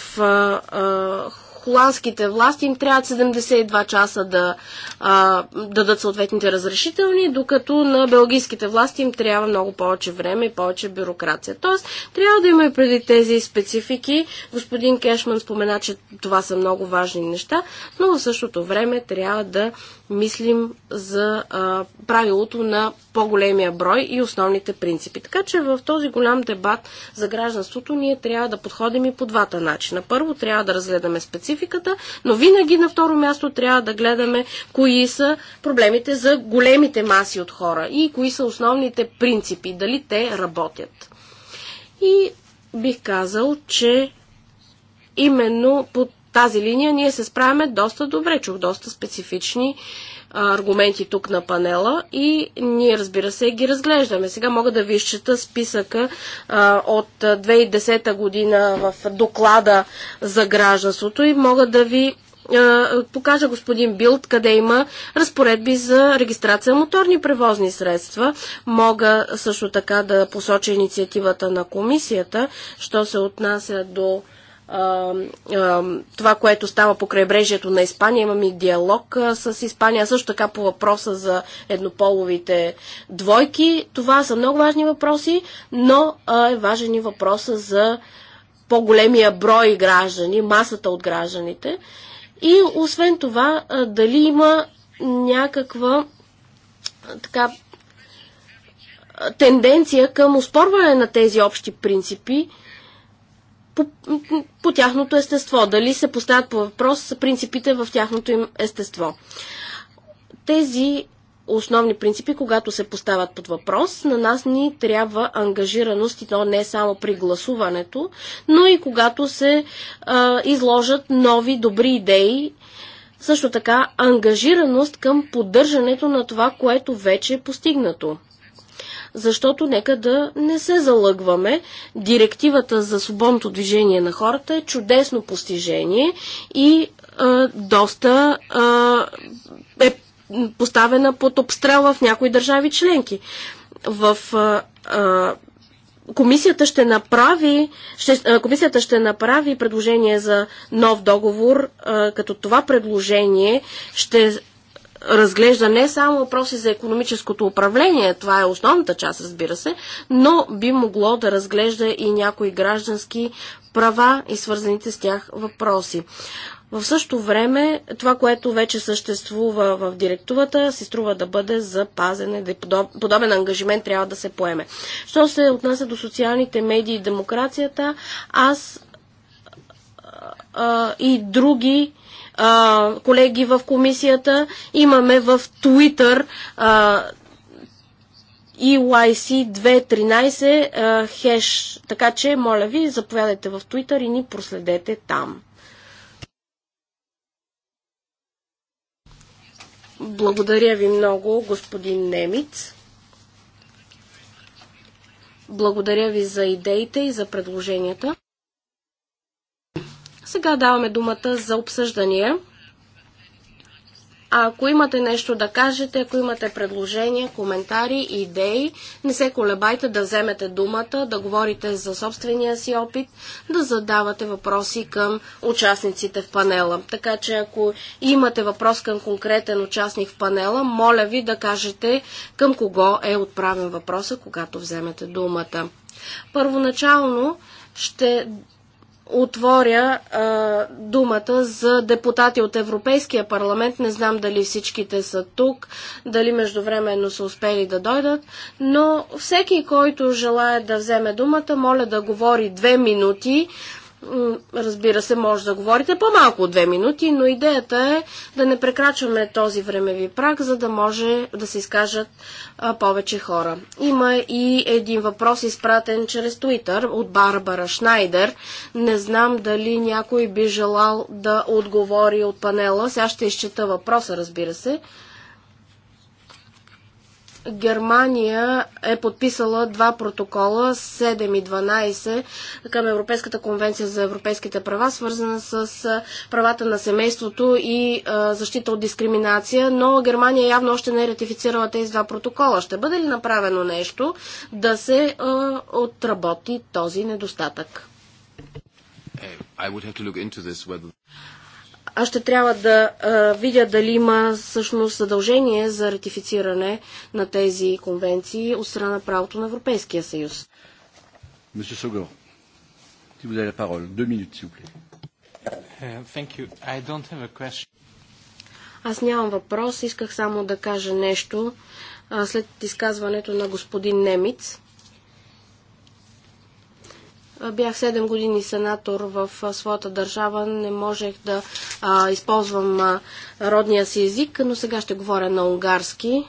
холандските власти им трябва 72 часа да а, дадат съответните разрешителни, докато на белгийските власти им трябва много повече време и повече бюрокрация. Тоест, трябва да има и преди тези специфики. Господин Кешман спомена, че това са много важни неща, но в същото време трябва да мислим за а, правилото на по-големия брой и основните принципи. Така че в този голям дебат за гражданството ние трябва да подходим и по двата начина. Първо трябва да разгледаме спецификата, но винаги на второ място трябва да гледаме кои са проблемите за големите маси от хора и кои са основните принципи, дали те работят. И бих казал, че именно под тази линия ние се справяме доста добре. Чух доста специфични а, аргументи тук на панела и ние, разбира се, ги разглеждаме. Сега мога да ви изчета списъка а, от 2010 година в доклада за гражданството и мога да ви покажа господин Билд, къде има разпоредби за регистрация на моторни превозни средства. Мога също така да посоча инициативата на комисията, що се отнася до а, а, това, което става по крайбрежието на Испания. Имам и диалог а, с Испания, също така по въпроса за еднополовите двойки. Това са много важни въпроси, но а, е важен и въпроса за по-големия брой граждани, масата от гражданите. И освен това, а, дали има някаква а, така тенденция към успорване на тези общи принципи по, по тяхното естество. Дали се поставят по въпрос с принципите в тяхното им естество. Тези основни принципи, когато се поставят под въпрос, на нас ни трябва ангажираност и то не само при гласуването, но и когато се а, изложат нови добри идеи, също така ангажираност към поддържането на това, което вече е постигнато защото нека да не се залъгваме. Директивата за свободното движение на хората е чудесно постижение и а, доста а, е поставена под обстрел в някои държави членки. В а, а, комисията ще направи, ще, комисията ще направи предложение за нов договор, като това предложение ще разглежда не само въпроси за економическото управление, това е основната част, разбира се, но би могло да разглежда и някои граждански права и свързаните с тях въпроси. В същото време, това, което вече съществува в директувата, си струва да бъде запазен и е подобен ангажимент трябва да се поеме. Що се отнася до социалните медии и демокрацията, аз а, и други а, колеги в комисията. Имаме в Twitter а, EYC213 хеш. Така че, моля ви, заповядайте в Twitter и ни проследете там. Благодаря ви много, господин Немиц. Благодаря ви за идеите и за предложенията. Сега даваме думата за обсъждания. А ако имате нещо да кажете, ако имате предложения, коментари, идеи, не се колебайте да вземете думата, да говорите за собствения си опит, да задавате въпроси към участниците в панела. Така че ако имате въпрос към конкретен участник в панела, моля ви да кажете към кого е отправен въпроса, когато вземете думата. Първоначално ще отворя а, думата за депутати от Европейския парламент. Не знам дали всичките са тук, дали междувременно са успели да дойдат, но всеки, който желая да вземе думата, моля да говори две минути, Разбира се, може да говорите по-малко от две минути, но идеята е да не прекрачваме този времеви прак, за да може да се изкажат а, повече хора. Има и един въпрос, изпратен чрез Туитър от Барбара Шнайдер. Не знам дали някой би желал да отговори от панела. Сега ще изчета въпроса, разбира се. Германия е подписала два протокола 7 и 12 към Европейската конвенция за европейските права, свързана с правата на семейството и защита от дискриминация, но Германия явно още не е ратифицирала тези два протокола. Ще бъде ли направено нещо да се отработи този недостатък? This, whether аз ще трябва да а, видя дали има всъщност задължение за ратифициране на тези конвенции от страна на правото на Европейския съюз. Monsieur Sogor, ти бъде avez парол. Две минути, си s'il е, thank you. I don't have a question. Аз нямам въпрос, исках само да кажа нещо а, след изказването на господин Немиц. Бях 7 години сенатор в своята държава, не можех да а, използвам а, родния си език, но сега ще говоря на унгарски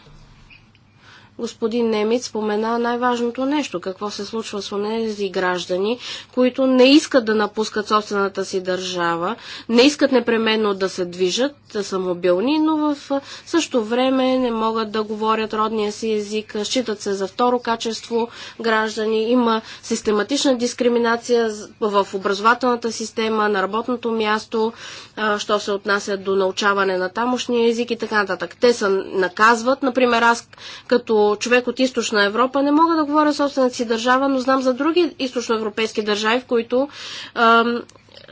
господин Немец спомена най-важното нещо, какво се случва с онези граждани, които не искат да напускат собствената си държава, не искат непременно да се движат, да са мобилни, но в същото време не могат да говорят родния си език, считат се за второ качество граждани, има систематична дискриминация в образователната система, на работното място, що се отнася до научаване на тамошния език и така нататък. Те се наказват, например аз като човек от източна Европа не мога да говоря собствената си държава, но знам за други източноевропейски държави, в които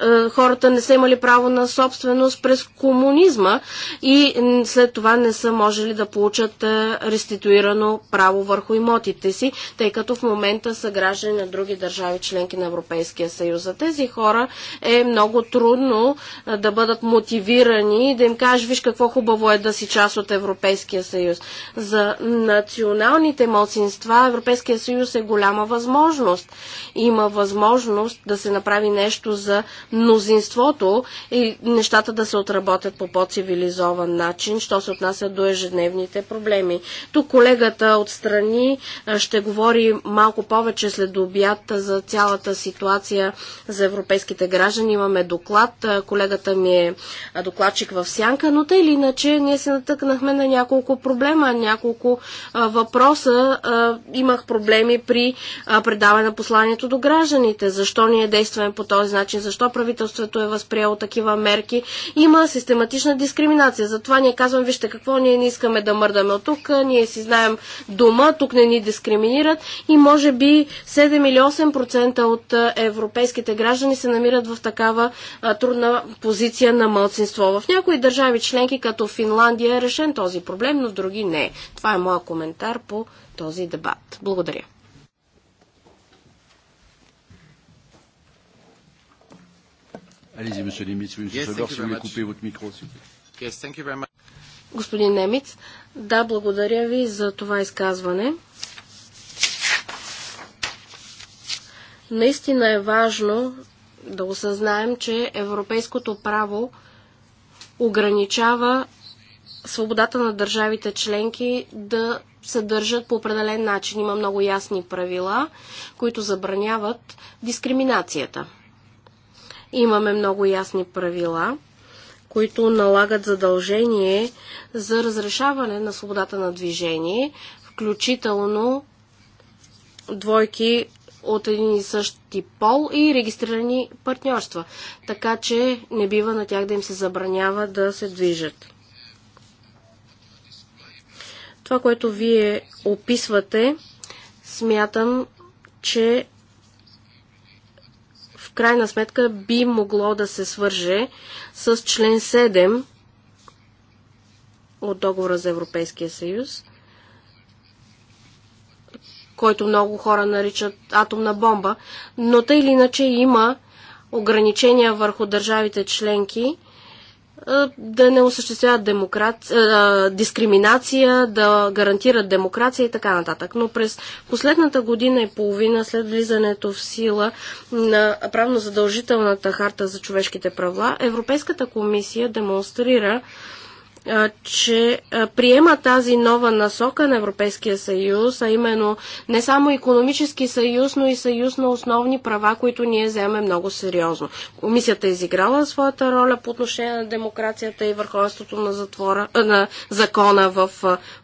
е, хората не са имали право на собственост през комунизма и след това не са можели да получат е, реституирано право върху имотите си, тъй като в момента са граждани на други държави, членки на Европейския съюз. За тези хора е много трудно е, да бъдат мотивирани и да им кажеш, виж какво хубаво е да си част от Европейския съюз. За националните младсинства Европейския съюз е голяма възможност. Има възможност да се направи нещо за мнозинството и нещата да се отработят по по-цивилизован начин, що се отнася до ежедневните проблеми. Тук колегата отстрани ще говори малко повече след обяд за цялата ситуация за европейските граждани. Имаме доклад. Колегата ми е докладчик в сянка, но тъй или иначе ние се натъкнахме на няколко проблема, няколко въпроса. имах проблеми при предаване на посланието до гражданите. Защо ние действаме по този начин? Защо правителството е възприело такива мерки. Има систематична дискриминация. Затова ние казвам, вижте какво ние не искаме да мърдаме от тук, ние си знаем дума, тук не ни дискриминират и може би 7 или 8% от европейските граждани се намират в такава трудна позиция на мълцинство. В някои държави членки, като Финландия, е решен този проблем, но в други не. Това е моят коментар по този дебат. Благодаря. Allez-y, monsieur Nimitz, oui, yes, ми si vous voulez couper votre micro, s'il Господин Немиц, да, благодаря ви за това изказване. Наистина е важно да осъзнаем, че европейското право ограничава свободата на държавите членки да се държат по определен начин. Има много ясни правила, които забраняват дискриминацията. Имаме много ясни правила, които налагат задължение за разрешаване на свободата на движение, включително двойки от един и същи пол и регистрирани партньорства. Така че не бива на тях да им се забранява да се движат. Това, което вие описвате, смятам, че крайна сметка би могло да се свърже с член 7 от договора за Европейския съюз, който много хора наричат атомна бомба, но тъй или иначе има ограничения върху държавите членки – да не осъществяват демокраци... дискриминация, да гарантират демокрация и така нататък. Но през последната година и половина след влизането в сила на правно задължителната харта за човешките права, Европейската комисия демонстрира че приема тази нова насока на Европейския съюз, а именно не само економически съюз, но и съюз на основни права, които ние вземем много сериозно. Комисията е изиграла своята роля по отношение на демокрацията и върховенството на, затвора, на закона в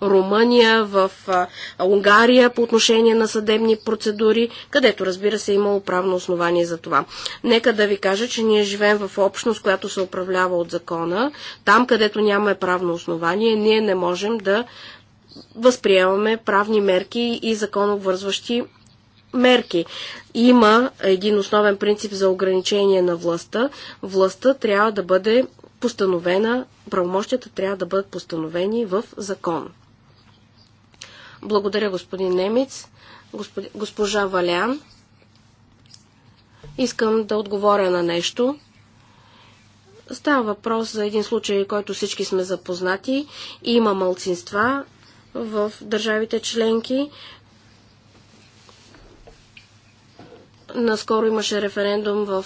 Румъния, в Унгария по отношение на съдебни процедури, където разбира се имало правно основание за това. Нека да ви кажа, че ние живеем в общност, която се управлява от закона. Там, където нямаме правно основание, ние не можем да възприемаме правни мерки и законовързващи мерки. Има един основен принцип за ограничение на властта. Властта трябва да бъде постановена, правомощията трябва да бъдат постановени в закон. Благодаря, господин Немец. Госпожа Валян, искам да отговоря на нещо. Става въпрос за един случай, който всички сме запознати. Има мълцинства в държавите членки. Наскоро имаше референдум в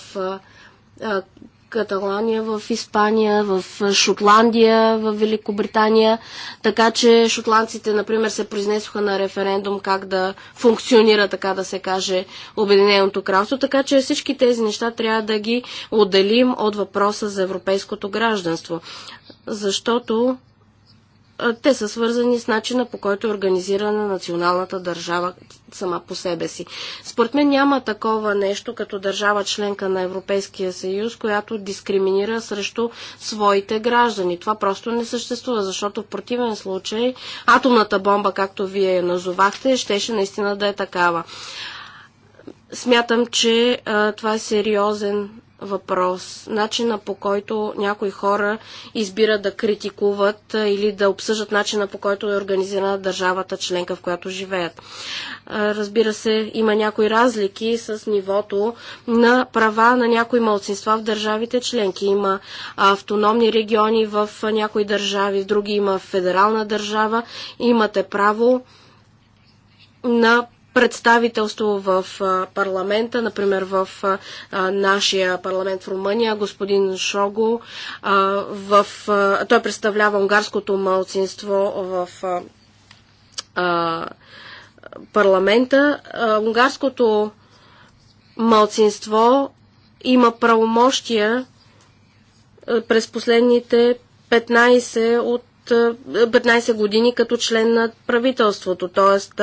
Каталания, в Испания, в Шотландия, в Великобритания. Така че шотландците, например, се произнесоха на референдум как да функционира, така да се каже, Обединеното кралство. Така че всички тези неща трябва да ги отделим от въпроса за европейското гражданство. Защото те са свързани с начина по който е организирана националната държава сама по себе си. Според мен няма такова нещо като държава членка на Европейския съюз, която дискриминира срещу своите граждани. Това просто не съществува, защото в противен случай атомната бомба, както вие я назовахте, щеше наистина да е такава. Смятам, че а, това е сериозен въпрос. Начина по който някои хора избират да критикуват или да обсъждат начина по който е организирана държавата членка, в която живеят. Разбира се, има някои разлики с нивото на права на някои малцинства в държавите членки. Има автономни региони в някои държави, в други има федерална държава. Имате право на представителство в парламента, например в нашия парламент в Румъния, господин Шого, в, той представлява унгарското малцинство в парламента. Унгарското малцинство има правомощия през последните 15 от 15 години като член на правителството. Тоест,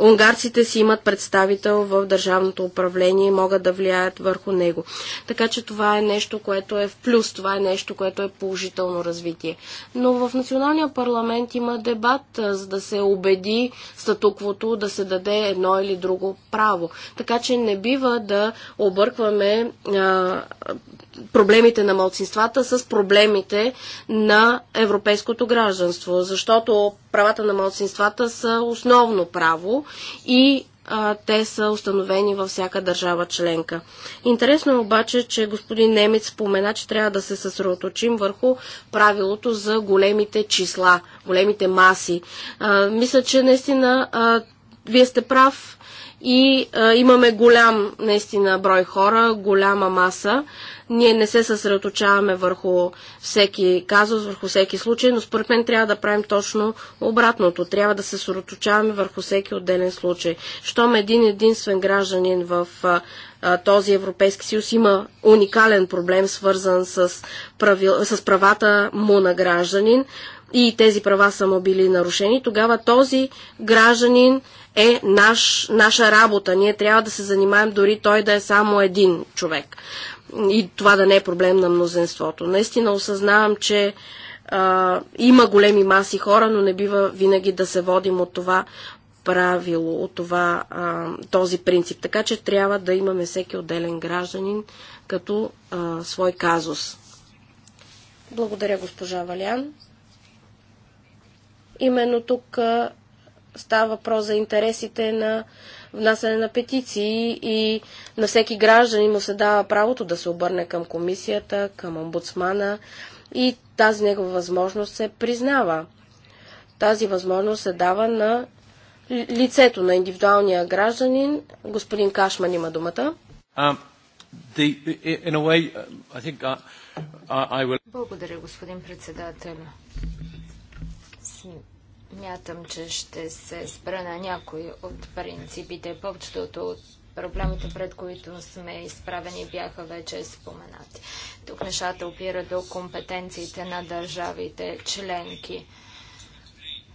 унгарците си имат представител в държавното управление и могат да влияят върху него. Така че това е нещо, което е в плюс, това е нещо, което е положително развитие. Но в националния парламент има дебат, за да се убеди статуквото да се даде едно или друго право. Така че не бива да объркваме проблемите на малцинствата с проблемите на европейското гражданство, защото правата на малцинствата са основно право и а, те са установени във всяка държава членка. Интересно е обаче, че господин Немец спомена, че трябва да се съсредоточим върху правилото за големите числа, големите маси. А, мисля, че наистина а, вие сте прав и а, имаме голям наистина брой хора, голяма маса. Ние не се съсредоточаваме върху всеки казус, върху всеки случай, но според мен трябва да правим точно обратното. Трябва да се съсредоточаваме върху всеки отделен случай. Щом един единствен гражданин в а, този Европейски съюз има уникален проблем, свързан с, правил, с правата му на гражданин и тези права са му били нарушени, тогава този гражданин е наш, наша работа. Ние трябва да се занимаем дори той да е само един човек. И това да не е проблем на мнозинството. Наистина осъзнавам, че а, има големи маси хора, но не бива винаги да се водим от това правило, от това, а, този принцип. Така че трябва да имаме всеки отделен гражданин като а, свой казус. Благодаря, госпожа Валян. Именно тук става въпрос за интересите на внасяне на петиции и на всеки гражданин му се дава правото да се обърне към комисията, към омбудсмана и тази негова възможност се признава. Тази възможност се дава на лицето на индивидуалния гражданин. Господин Кашман има думата. Um, uh, Благодаря, господин председател Мятам, че ще се спра на някои от принципите. Повечето от проблемите, пред които сме изправени, бяха вече споменати. Тук нещата опира до компетенциите на държавите членки.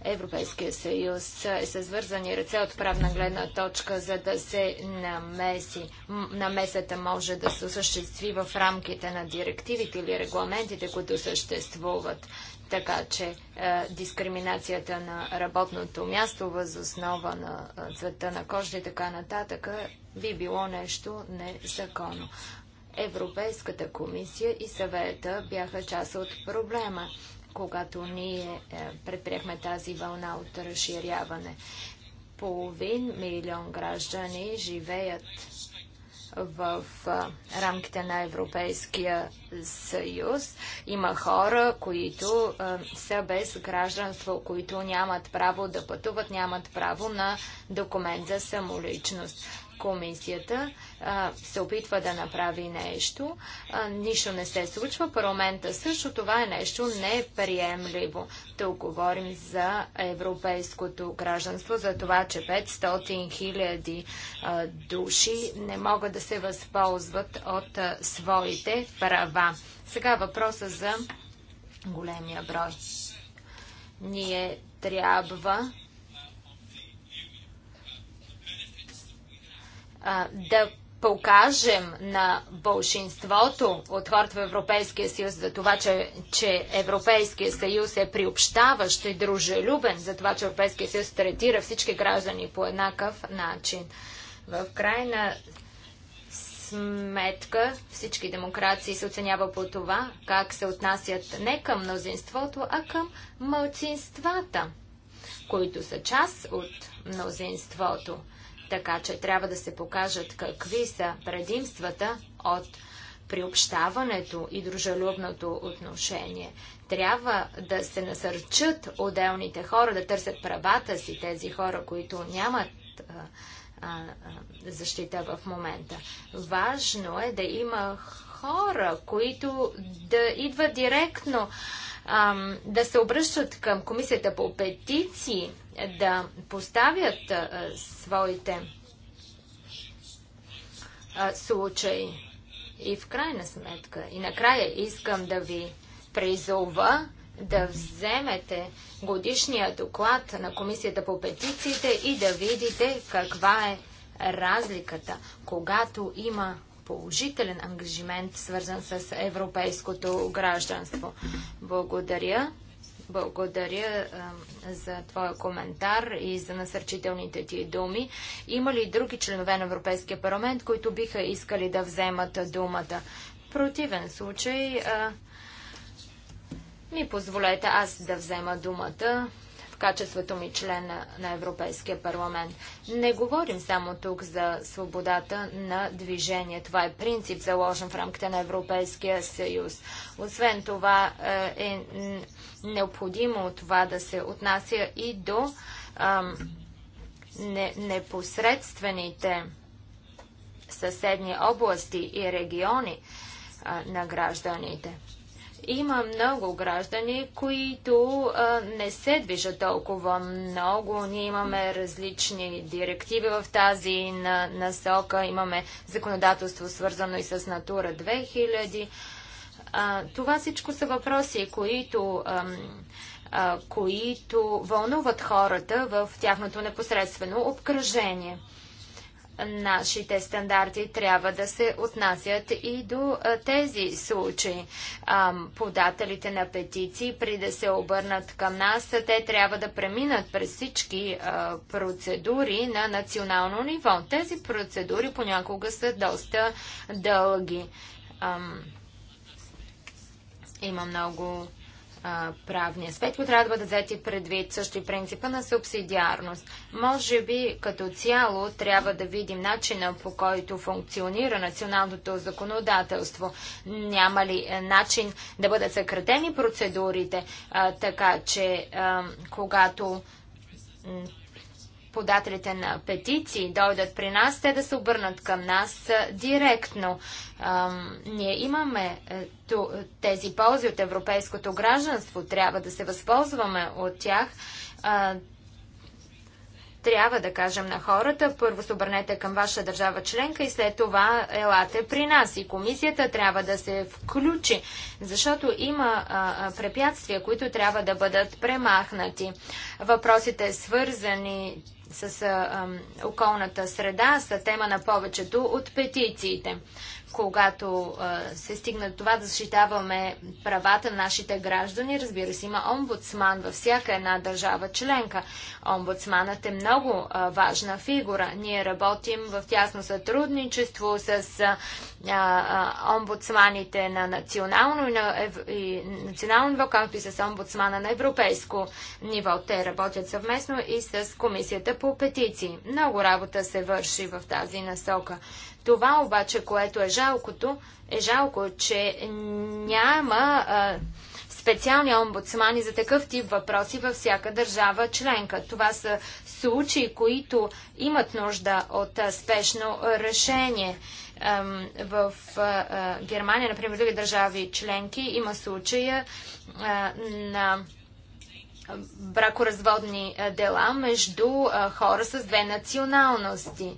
Европейския съюз е с вързани ръце от правна гледна точка, за да се намеси. Намесата може да се осъществи в рамките на директивите или регламентите, които съществуват. Така че е, дискриминацията на работното място въз основа на е, цвета на кожа и така нататък би било нещо незаконно. Европейската комисия и съвета бяха част от проблема, когато ние е, предприехме тази вълна от разширяване. Половин милион граждани живеят в а, рамките на Европейския съюз. Има хора, които а, са без гражданство, които нямат право да пътуват, нямат право на документ за самоличност. Комисията а, се опитва да направи нещо, а, нищо не се случва. Парламента също това е нещо неприемливо. Тук говорим за европейското гражданство, за това, че 500 хиляди души не могат да се възползват от а, своите права. Сега въпроса за големия брой. Ние трябва да покажем на бълшинството от хората в Европейския съюз за това, че, че Европейския съюз е приобщаващ и дружелюбен, за това, че Европейския съюз третира всички граждани по еднакъв начин. В крайна сметка всички демокрации се оценява по това, как се отнасят не към мнозинството, а към мълцинствата, които са част от мнозинството. Така че трябва да се покажат какви са предимствата от приобщаването и дружелюбното отношение. Трябва да се насърчат отделните хора да търсят правата си, тези хора, които нямат а, а, защита в момента. Важно е да има хора, които да идват директно, а, да се обръщат към комисията по петиции, да поставят своите случаи. И в крайна сметка, и накрая искам да ви призова да вземете годишния доклад на Комисията по петициите и да видите каква е разликата, когато има положителен ангажимент, свързан с европейското гражданство. Благодаря. Благодаря а, за твоя коментар и за насърчителните ти думи. Има ли други членове на Европейския парламент, които биха искали да вземат думата? В противен случай а, ми позволете аз да взема думата в качеството ми член на, на Европейския парламент. Не говорим само тук за свободата на движение. Това е принцип заложен в рамките на Европейския съюз. Освен това е, е необходимо това да се отнася и до ам, не, непосредствените съседни области и региони а, на гражданите. Има много граждани, които а, не се движат толкова много. Ние имаме различни директиви в тази на, насока. Имаме законодателство свързано и с Натура 2000. А, това всичко са въпроси, които, ам, а, които вълнуват хората в тяхното непосредствено обкръжение нашите стандарти трябва да се отнасят и до тези случаи. Подателите на петиции, при да се обърнат към нас, те трябва да преминат през всички процедури на национално ниво. Тези процедури понякога са доста дълги. Има много а, правни аспекти, които трябва да бъдат взети предвид, също и принципа на субсидиарност. Може би като цяло трябва да видим начина по който функционира националното законодателство. Няма ли е, начин да бъдат съкратени процедурите, а, така че а, когато подателите на петиции дойдат при нас, те да се обърнат към нас директно. ние имаме е, тези ползи от европейското гражданство, трябва да се възползваме от тях. трябва да кажем на хората, първо се обърнете към ваша държава членка и след това елате при нас. И комисията трябва да се включи, защото има а, препятствия, които трябва да бъдат премахнати. Въпросите свързани с а, околната среда са тема на повечето от петициите. Когато а, се стигна това да защитаваме правата на нашите граждани, разбира се, има омбудсман във всяка една държава членка. Омбудсманът е много а, важна фигура. Ние работим в тясно сътрудничество с а, а, омбудсманите на национално и, на, и национално ниво, както и с омбудсмана на европейско ниво. Те работят съвместно и с Комисията по по петиции. Много работа се върши в тази насока. Това обаче, което е жалкото, е жалко, че няма а, специални омбудсмани за такъв тип въпроси във всяка държава членка. Това са случаи, които имат нужда от а, спешно решение. в Германия, например, други държави членки има случая на бракоразводни е, дела между е, хора с две националности.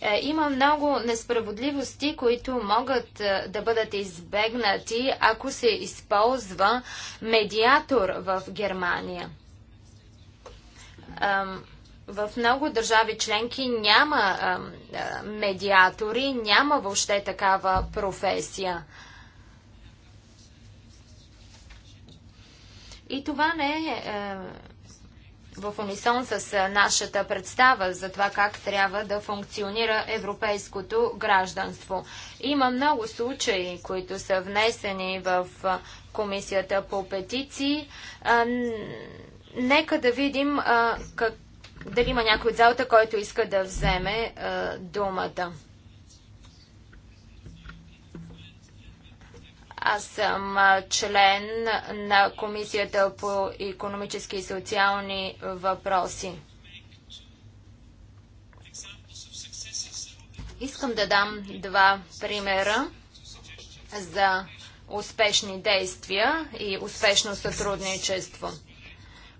Е, има много несправедливости, които могат да бъдат избегнати, ако се използва медиатор в Германия. В много държави членки няма медиатори, няма въобще такава професия. И това не е, е в унисон с е, нашата представа за това как трябва да функционира европейското гражданство. Има много случаи, които са внесени в е, Комисията по петиции. Е, нека да видим как, дали има някой от залата, който иска да вземе думата. Аз съм член на Комисията по економически и социални въпроси. Искам да дам два примера за успешни действия и успешно сътрудничество.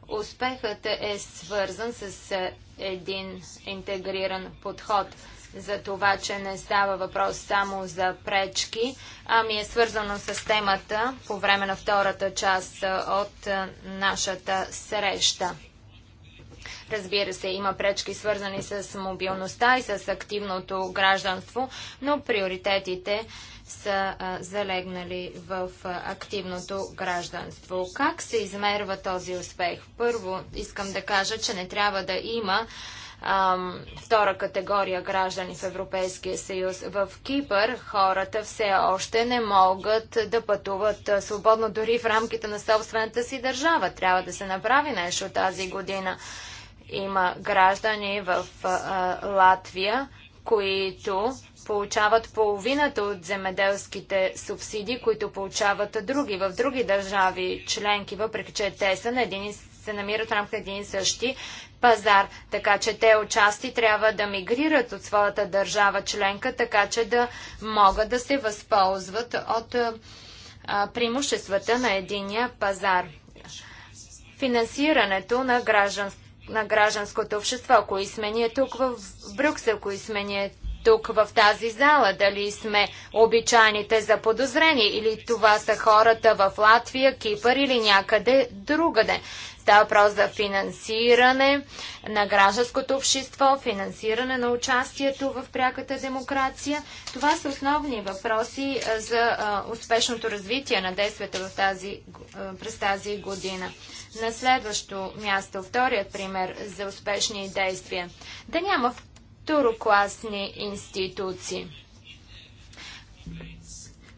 Успехът е свързан с един интегриран подход – за това, че не става въпрос само за пречки, ами е свързано с темата по време на втората част от нашата среща. Разбира се, има пречки свързани с мобилността и с активното гражданство, но приоритетите са залегнали в активното гражданство. Как се измерва този успех? Първо, искам да кажа, че не трябва да има ам, втора категория граждани в Европейския съюз. В Кипър хората все още не могат да пътуват свободно дори в рамките на собствената си държава. Трябва да се направи нещо тази година. Има граждани в а, Латвия, които получават половината от земеделските субсидии, които получават други в други държави членки, въпреки че те са на един и се намират в рамките един същи пазар, така че те отчасти трябва да мигрират от своята държава членка, така че да могат да се възползват от преимуществата на единия пазар. Финансирането на, гражданск... на гражданското общество, ако сме ние тук в Брюксел, ако сме ние тук в тази зала, дали сме обичайните за подозрени или това са хората в Латвия, Кипър или някъде другаде. Става въпрос за финансиране на гражданското общество, финансиране на участието в пряката демокрация. Това са основни въпроси за успешното развитие на действията в тази, през тази година. На следващо място, вторият пример за успешни действия. Да няма второкласни институции.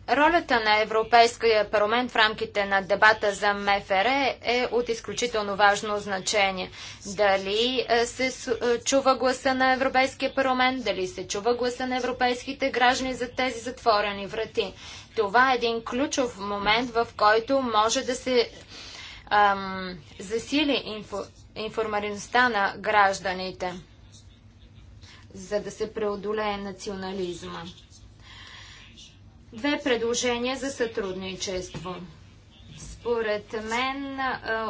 Ролята на Европейския парламент в рамките на дебата за МФР е от изключително важно значение. Дали е, се е, чува гласа на Европейския парламент, дали се чува гласа на европейските граждани за тези затворени врати. Това е един ключов момент, в който може да се ам, засили инфо, информареността на гражданите, за да се преодолее национализма. Две предложения за сътрудничество. Според мен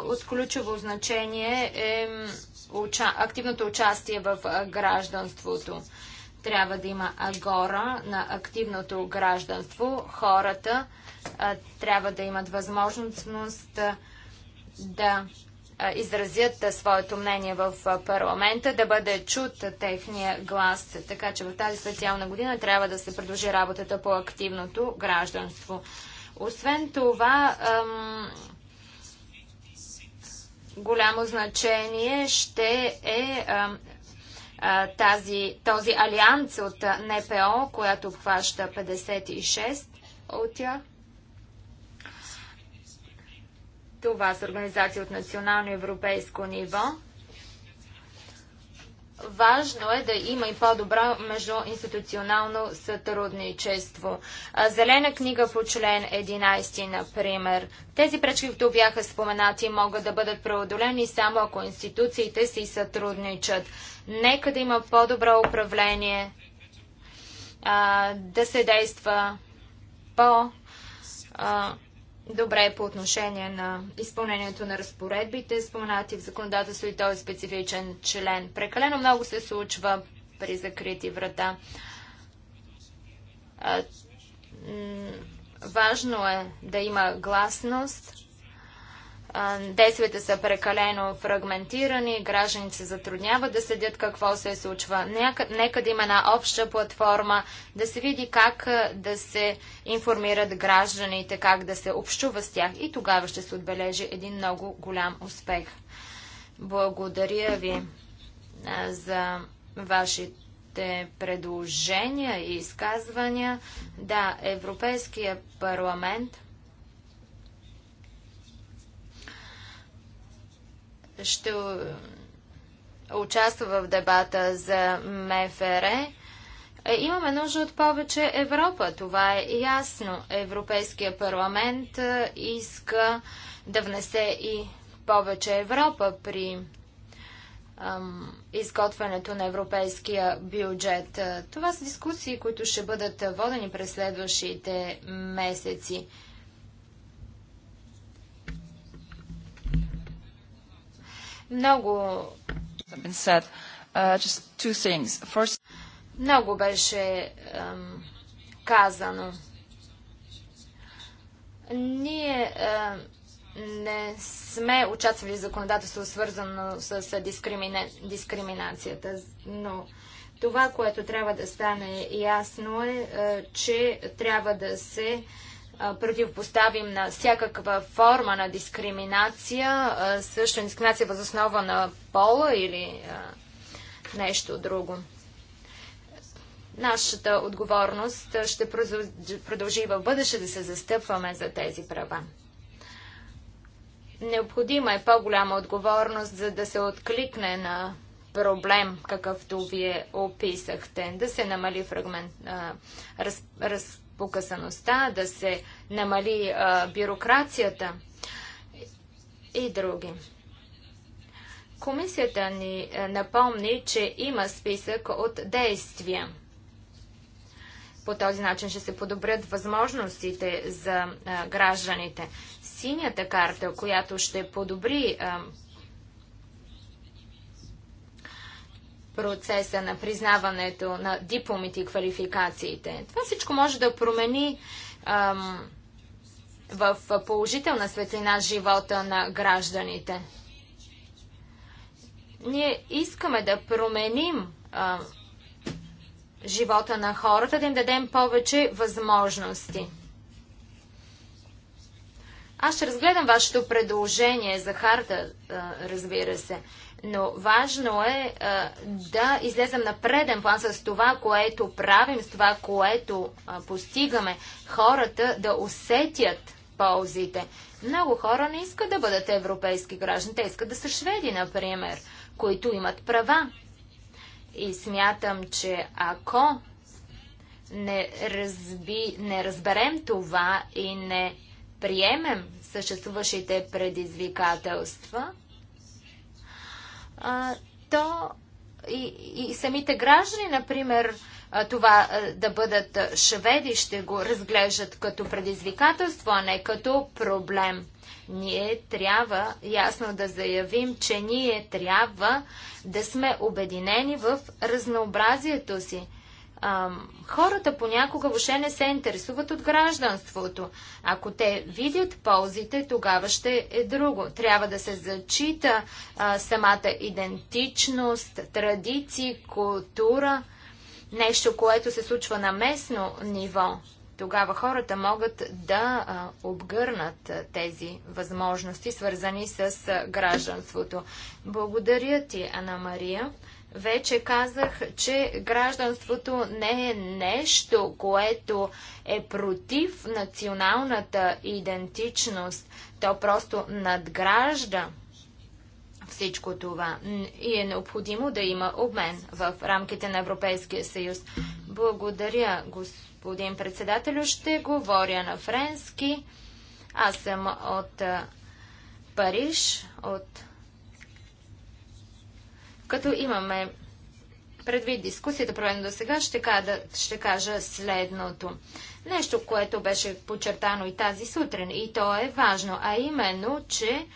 от ключово значение е активното участие в гражданството. Трябва да има агора на активното гражданство. Хората трябва да имат възможност да изразят своето мнение в парламента, да бъде чут техния глас. Така че в тази специална година трябва да се продължи работата по активното гражданство. Освен това, ам, голямо значение ще е ам, тази, този алианс от НПО, която обхваща 56 от тях. Това с организации от национално и европейско ниво. Важно е да има и по-добро междуинституционално сътрудничество. Зелена книга по член 11, например. Тези пречки, които бяха споменати, могат да бъдат преодолени само ако институциите си сътрудничат. Нека да има по-добро управление, да се действа по- Добре, е по отношение на изпълнението на разпоредбите, споменати в законодателство и този е специфичен член. Прекалено много се случва при закрити врата. важно е да има гласност действията са прекалено фрагментирани, гражданите се затрудняват да следят какво се случва. Нека, нека да има една обща платформа, да се види как да се информират гражданите, как да се общува с тях и тогава ще се отбележи един много голям успех. Благодаря ви за вашите предложения и изказвания. Да, Европейския парламент – ще е, участва в дебата за МФР. Е, имаме нужда от повече Европа. Това е ясно. Европейския парламент е, иска да внесе и повече Европа при ам, изготвянето на европейския бюджет. Това са дискусии, които ще бъдат водени през следващите месеци. Много... Uh, много беше казано. Ние не сме участвали в законодателство, свързано с дискриминацията, но това, което трябва да стане ясно е, е че трябва да се противопоставим на всякаква форма на дискриминация, също дискриминация възоснова на пола или нещо друго. Нашата отговорност ще продължи в бъдеще да се застъпваме за тези права. Необходима е по-голяма отговорност, за да се откликне на проблем, какъвто вие описахте, да се намали фрагмент, а, раз, раз, покъсаността, да се намали а, бюрокрацията и други. Комисията ни е, напомни, че има списък от действия. По този начин ще се подобрят възможностите за а, гражданите. Синята карта, която ще подобри а, процеса на признаването на дипломите и квалификациите. Това всичко може да промени ам, в положителна светлина живота на гражданите. Ние искаме да променим ам, живота на хората, да им дадем повече възможности. Аз ще разгледам вашето предложение за харта, разбира се. Но важно е а, да излезем на преден план с това, което правим, с това, което а, постигаме. Хората да усетят ползите. Много хора не искат да бъдат европейски граждани. Те искат да са шведи, например, които имат права. И смятам, че ако не, разби, не разберем това и не приемем съществуващите предизвикателства, а, то и, и самите граждани, например, това да бъдат шведи, ще го разглеждат като предизвикателство, а не като проблем. Ние трябва ясно да заявим, че ние трябва да сме обединени в разнообразието си хората понякога въобще не се интересуват от гражданството. Ако те видят ползите, тогава ще е друго. Трябва да се зачита а, самата идентичност, традиции, култура, нещо, което се случва на местно ниво. Тогава хората могат да а, обгърнат тези възможности, свързани с гражданството. Благодаря ти, Ана Мария. Вече казах, че гражданството не е нещо, което е против националната идентичност. То просто надгражда всичко това и е необходимо да има обмен в рамките на Европейския съюз. Благодаря, господин председателю. Ще говоря на френски. Аз съм от Париж, от като имаме предвид дискусията, проведена до сега, ще, када, ще кажа следното. Нещо, което беше подчертано и тази сутрин, и то е важно, а именно, че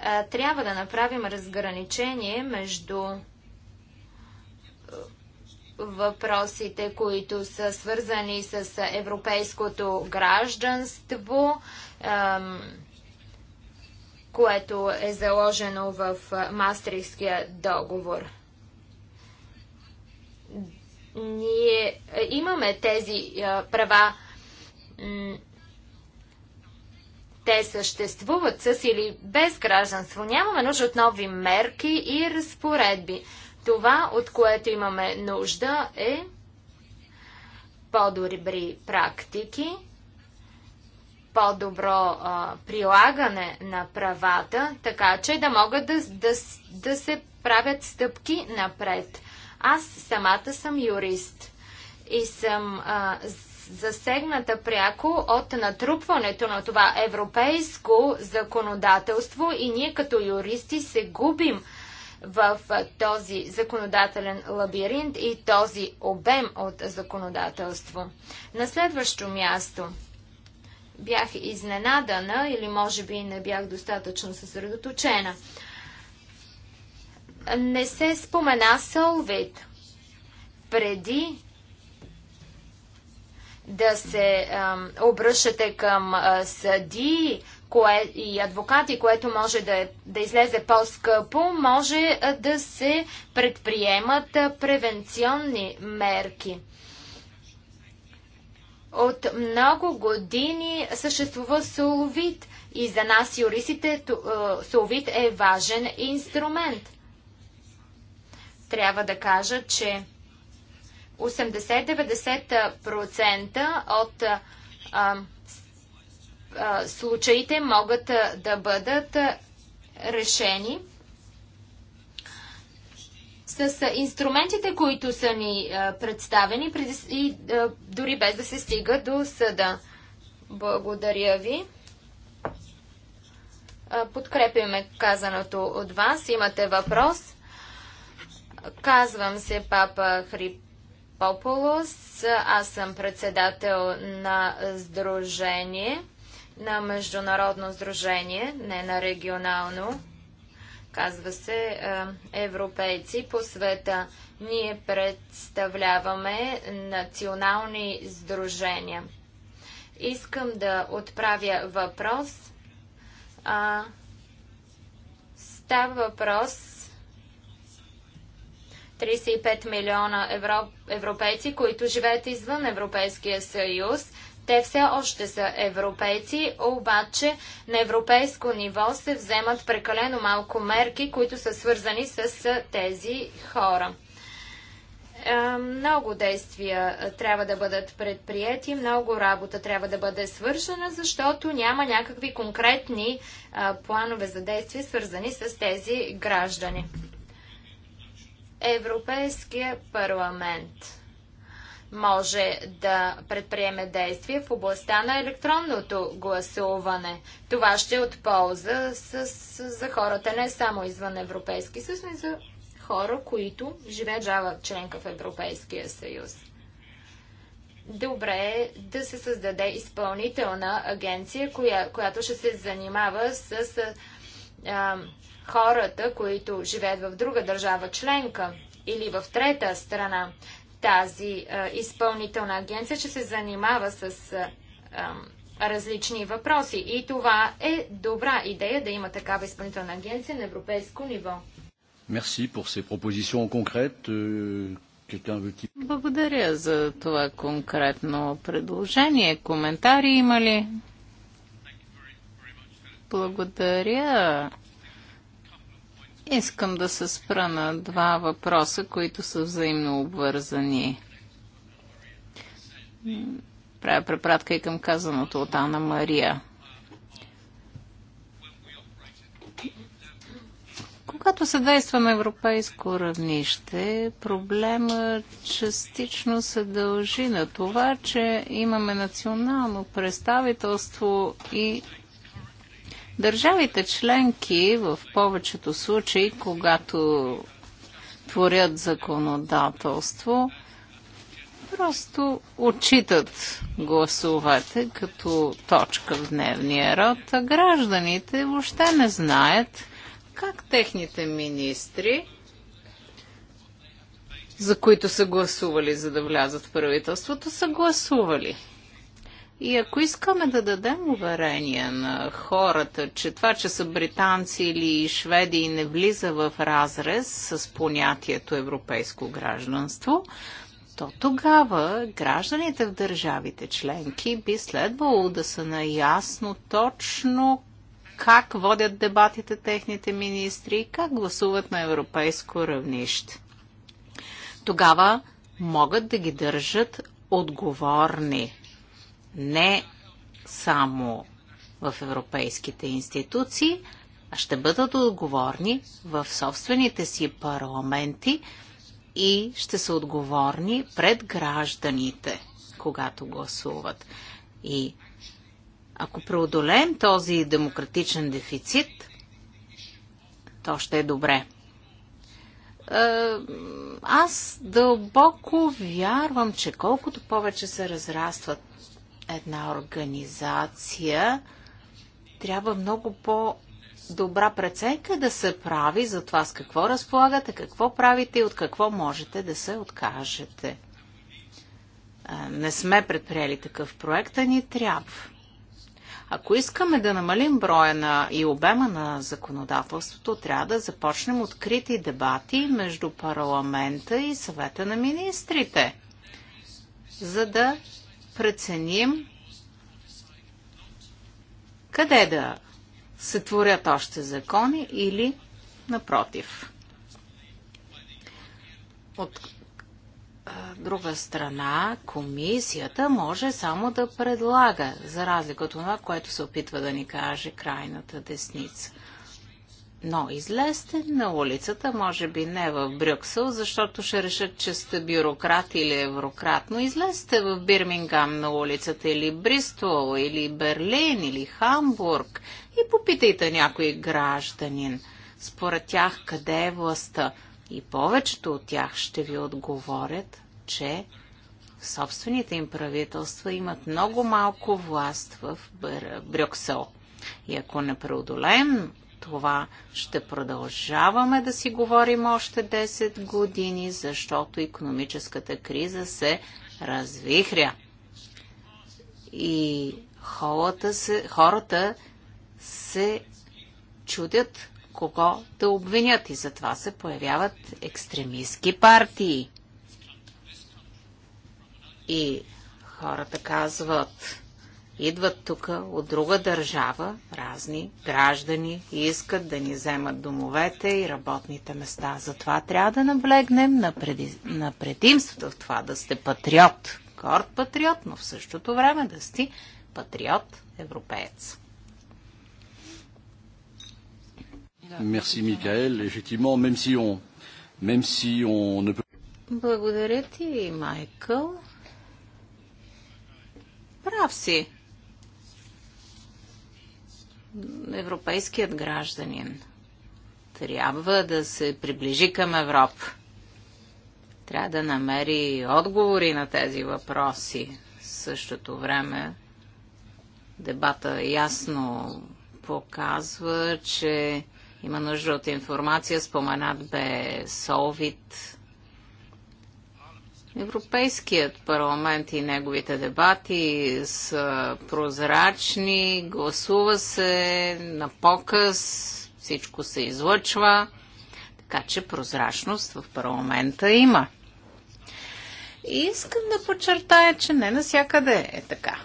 а, трябва да направим разграничение между въпросите, които са свързани с европейското гражданство, което е заложено в Мастрихския договор. Ние имаме тези права. Те съществуват с или без гражданство. Нямаме нужда от нови мерки и разпоредби. Това, от което имаме нужда е по-добри практики по-добро прилагане на правата, така че да могат да, да, да се правят стъпки напред. Аз самата съм юрист и съм а, засегната пряко от натрупването на това европейско законодателство и ние като юристи се губим в този законодателен лабиринт и този обем от законодателство. На следващо място – бях изненадана или може би не бях достатъчно съсредоточена. Не се спомена Солвейт. Преди да се обръщате към съди кое, и адвокати, което може да, да излезе по-скъпо, може да се предприемат превенционни мерки. От много години съществува соловит и за нас юристите е, соловит е важен инструмент. Трябва да кажа, че 80-90% от е, а, а, е, случаите могат да бъдат решени с инструментите, които са ни представени и дори без да се стига до съда. Благодаря ви. Подкрепяме казаното от вас. Имате въпрос. Казвам се Папа Хрипополос. Аз съм председател на сдружение, на международно сдружение, не на регионално казва се, е, европейци по света. Ние представляваме национални сдружения. Искам да отправя въпрос. А, става въпрос 35 милиона европейци, които живеят извън Европейския съюз – те все още са европейци, обаче на европейско ниво се вземат прекалено малко мерки, които са свързани с тези хора. Е, много действия е, трябва да бъдат предприяти, много работа трябва да бъде свършена, защото няма някакви конкретни е, планове за действие, свързани с тези граждани. Европейския парламент може да предприеме действие в областта на електронното гласуване. Това ще е от полза с, с, за хората не само извън Европейски съюз, но и за хора, които живеят жава членка в Европейския съюз. Добре е да се създаде изпълнителна агенция, коя, която ще се занимава с а, хората, които живеят в друга държава членка или в трета страна тази а, изпълнителна агенция ще се занимава с а, а, различни въпроси. И това е добра идея да има такава изпълнителна агенция на европейско ниво. Merci pour ces propositions concrètes. Euh, Благодаря за това конкретно предложение. Коментари има ли? Благодаря Искам да се спра на два въпроса, които са взаимно обвързани. Правя препратка и към казаното от Анна Мария. Когато се действа на европейско равнище, проблема частично се дължи на това, че имаме национално представителство и Държавите членки в повечето случаи, когато творят законодателство, просто отчитат гласовете като точка в дневния род, а гражданите въобще не знаят как техните министри, за които са гласували за да влязат в правителството, са гласували. И ако искаме да дадем уверение на хората, че това, че са британци или шведи не влиза в разрез с понятието европейско гражданство, то тогава гражданите в държавите членки би следвало да са наясно точно как водят дебатите техните министри и как гласуват на европейско равнище. Тогава могат да ги държат отговорни не само в европейските институции, а ще бъдат отговорни в собствените си парламенти и ще са отговорни пред гражданите, когато гласуват. И ако преодолеем този демократичен дефицит, то ще е добре. Е, аз дълбоко вярвам, че колкото повече се разрастват една организация, трябва много по- добра преценка да се прави за това с какво разполагате, какво правите и от какво можете да се откажете. Не сме предприели такъв проект, а ни трябва. Ако искаме да намалим броя на и обема на законодателството, трябва да започнем открити дебати между парламента и съвета на министрите, за да преценим къде да се творят още закони или напротив. От друга страна, комисията може само да предлага, за разлика от това, което се опитва да ни каже крайната десница. Но излезте на улицата, може би не в Брюксел, защото ще решат, че сте бюрократ или еврократ, но излезте в Бирмингам на улицата или Бристол, или Берлин, или Хамбург и попитайте някой гражданин. Според тях къде е властта? И повечето от тях ще ви отговорят, че собствените им правителства имат много малко власт в Брюксел. И ако не преодолеем това ще продължаваме да си говорим още 10 години, защото економическата криза се развихря. И хората се, хората се чудят кого да обвинят и затова се появяват екстремистски партии. И хората казват, Идват тук от друга държава разни граждани и искат да ни вземат домовете и работните места. Затова трябва да наблегнем на, преди... на предимството в това да сте патриот, горд патриот, но в същото време да сте патриот европеец. Мерси, Микаел. Effectivement, même си он... même си он Благодаря ти, Майкъл. Прав си европейският гражданин трябва да се приближи към Европа. Трябва да намери отговори на тези въпроси. В същото време дебата ясно показва, че има нужда от информация. Споменат бе Солвит, Европейският парламент и неговите дебати са прозрачни, гласува се на показ, всичко се излъчва, така че прозрачност в парламента има. И искам да подчертая, че не насякъде е така.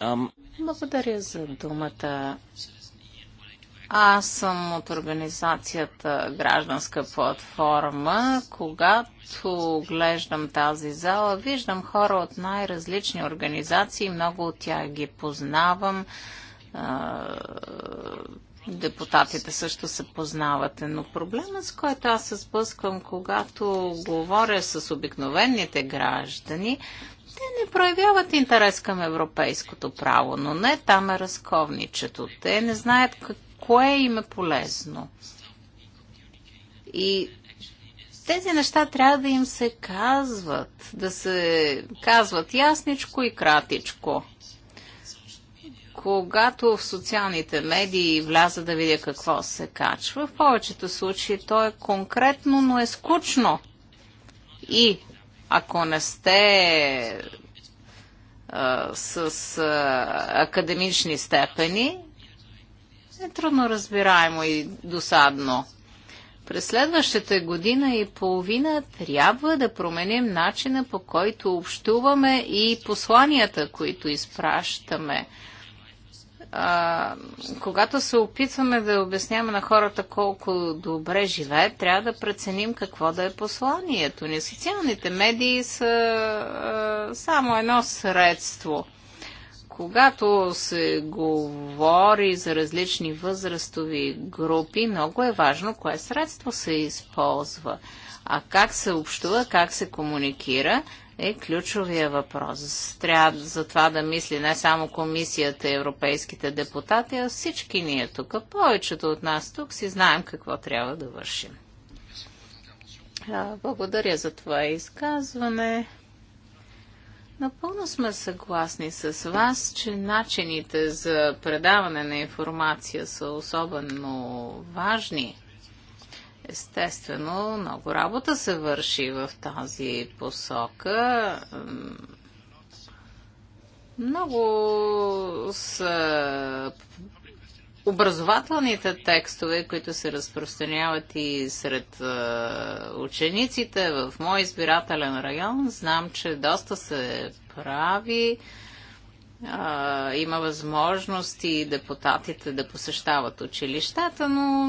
Um... Благодаря за думата. Аз съм от организацията Гражданска платформа. Когато глеждам тази зала, виждам хора от най-различни организации. Много от тях ги познавам. Депутатите също се познавате, но проблема с който аз се сблъсквам, когато говоря с обикновените граждани, те не проявяват интерес към европейското право, но не там е разковничето. Те не знаят как, кое им е полезно. И тези неща трябва да им се казват, да се казват ясничко и кратичко. Когато в социалните медии вляза да видя какво се качва, в повечето случаи то е конкретно, но е скучно. И ако не сте а, с а, академични степени, е трудно разбираемо и досадно. През следващата година и половина трябва да променим начина по който общуваме и посланията, които изпращаме. А, когато се опитваме да обясняваме на хората колко добре живеят, трябва да преценим какво да е посланието ни. Социалните медии са а, само едно средство – когато се говори за различни възрастови групи, много е важно кое средство се използва. А как се общува, как се комуникира, е ключовия въпрос. Трябва за това да мисли не само комисията и европейските депутати, а всички ние тук. Повечето от нас тук си знаем какво трябва да вършим. Благодаря за това изказване. Напълно сме съгласни с вас, че начините за предаване на информация са особено важни. Естествено, много работа се върши в тази посока. Много са образователните текстове, които се разпространяват и сред учениците в мой избирателен район, знам, че доста се прави. Има има възможности депутатите да посещават училищата, но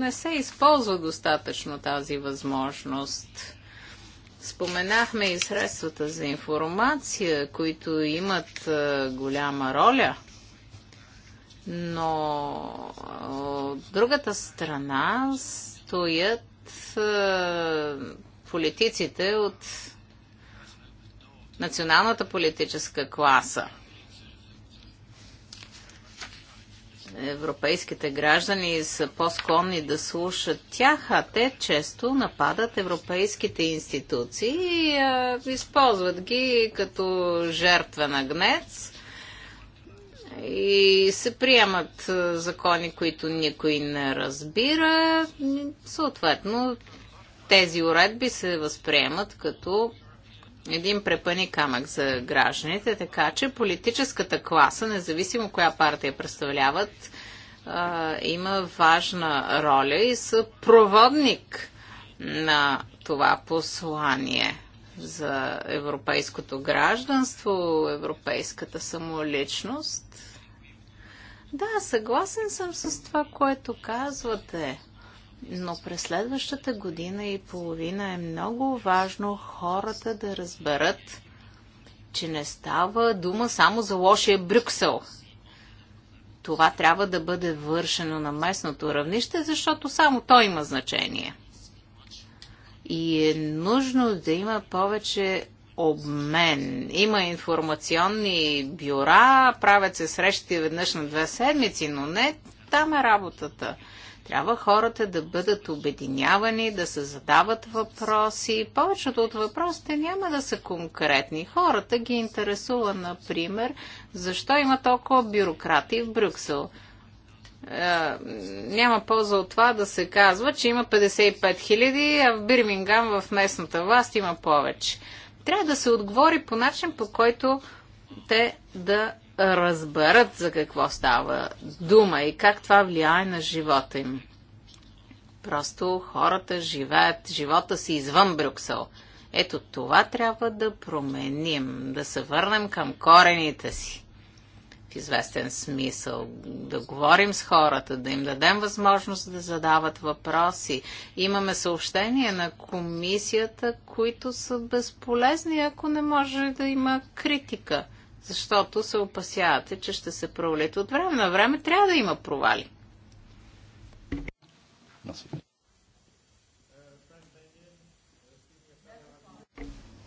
не се използва достатъчно тази възможност. Споменахме и средствата за информация, които имат голяма роля – но от другата страна стоят политиците от националната политическа класа. Европейските граждани са по-склонни да слушат тях, а те често нападат европейските институции и използват ги като жертва на гнец и се приемат е, закони, които никой не разбира. Съответно, тези уредби се възприемат като един препъни камък за гражданите, така че политическата класа, независимо коя партия представляват, е, има важна роля и са проводник на това послание за европейското гражданство, европейската самоличност. Да, съгласен съм с това, което казвате. Но през следващата година и половина е много важно хората да разберат, че не става дума само за лошия Брюксел. Това трябва да бъде вършено на местното равнище, защото само то има значение и е нужно да има повече обмен. Има информационни бюра, правят се срещи веднъж на две седмици, но не там е работата. Трябва хората да бъдат обединявани, да се задават въпроси. Повечето от въпросите няма да са конкретни. Хората ги интересува, например, защо има толкова бюрократи в Брюксел. Е, няма полза от това да се казва, че има 55 хиляди, а в Бирмингам в местната власт има повече. Трябва да се отговори по начин, по който те да разберат за какво става дума и как това влияе на живота им. Просто хората живеят живота си извън Брюксел. Ето това трябва да променим, да се върнем към корените си в известен смисъл, да говорим с хората, да им дадем възможност да задават въпроси. Имаме съобщения на комисията, които са безполезни, ако не може да има критика, защото се опасявате, че ще се провалите. От време на време трябва да има провали.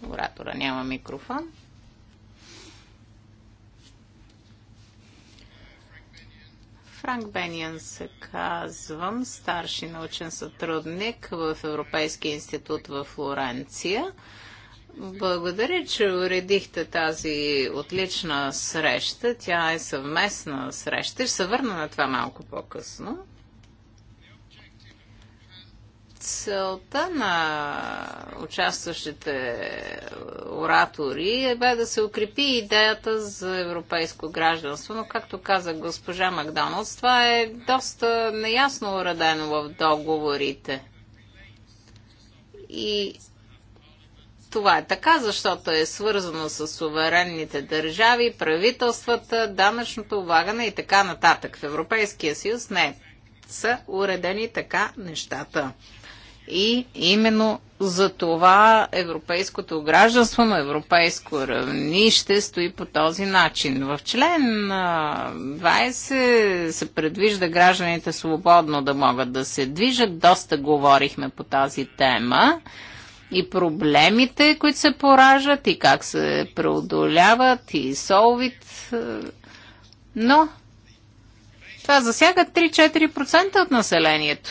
Оратора няма микрофон. Франк Бениенс, се казвам, старши научен сътрудник в Европейския институт в Флоренция. Благодаря, че уредихте тази отлична среща. Тя е съвместна среща. Ще се върна на това малко по-късно целта на участващите оратори е бе да се укрепи идеята за европейско гражданство, но както каза госпожа Макдоналдс, това е доста неясно уредено в договорите. И това е така, защото е свързано с суверенните държави, правителствата, данъчното облагане и така нататък. В Европейския съюз не са уредени така нещата. И именно за това европейското гражданство на европейско равнище стои по този начин. В член 20 се предвижда гражданите свободно да могат да се движат. Доста говорихме по тази тема и проблемите, които се поражат и как се преодоляват и солвит. Но това засяга 3-4% от населението.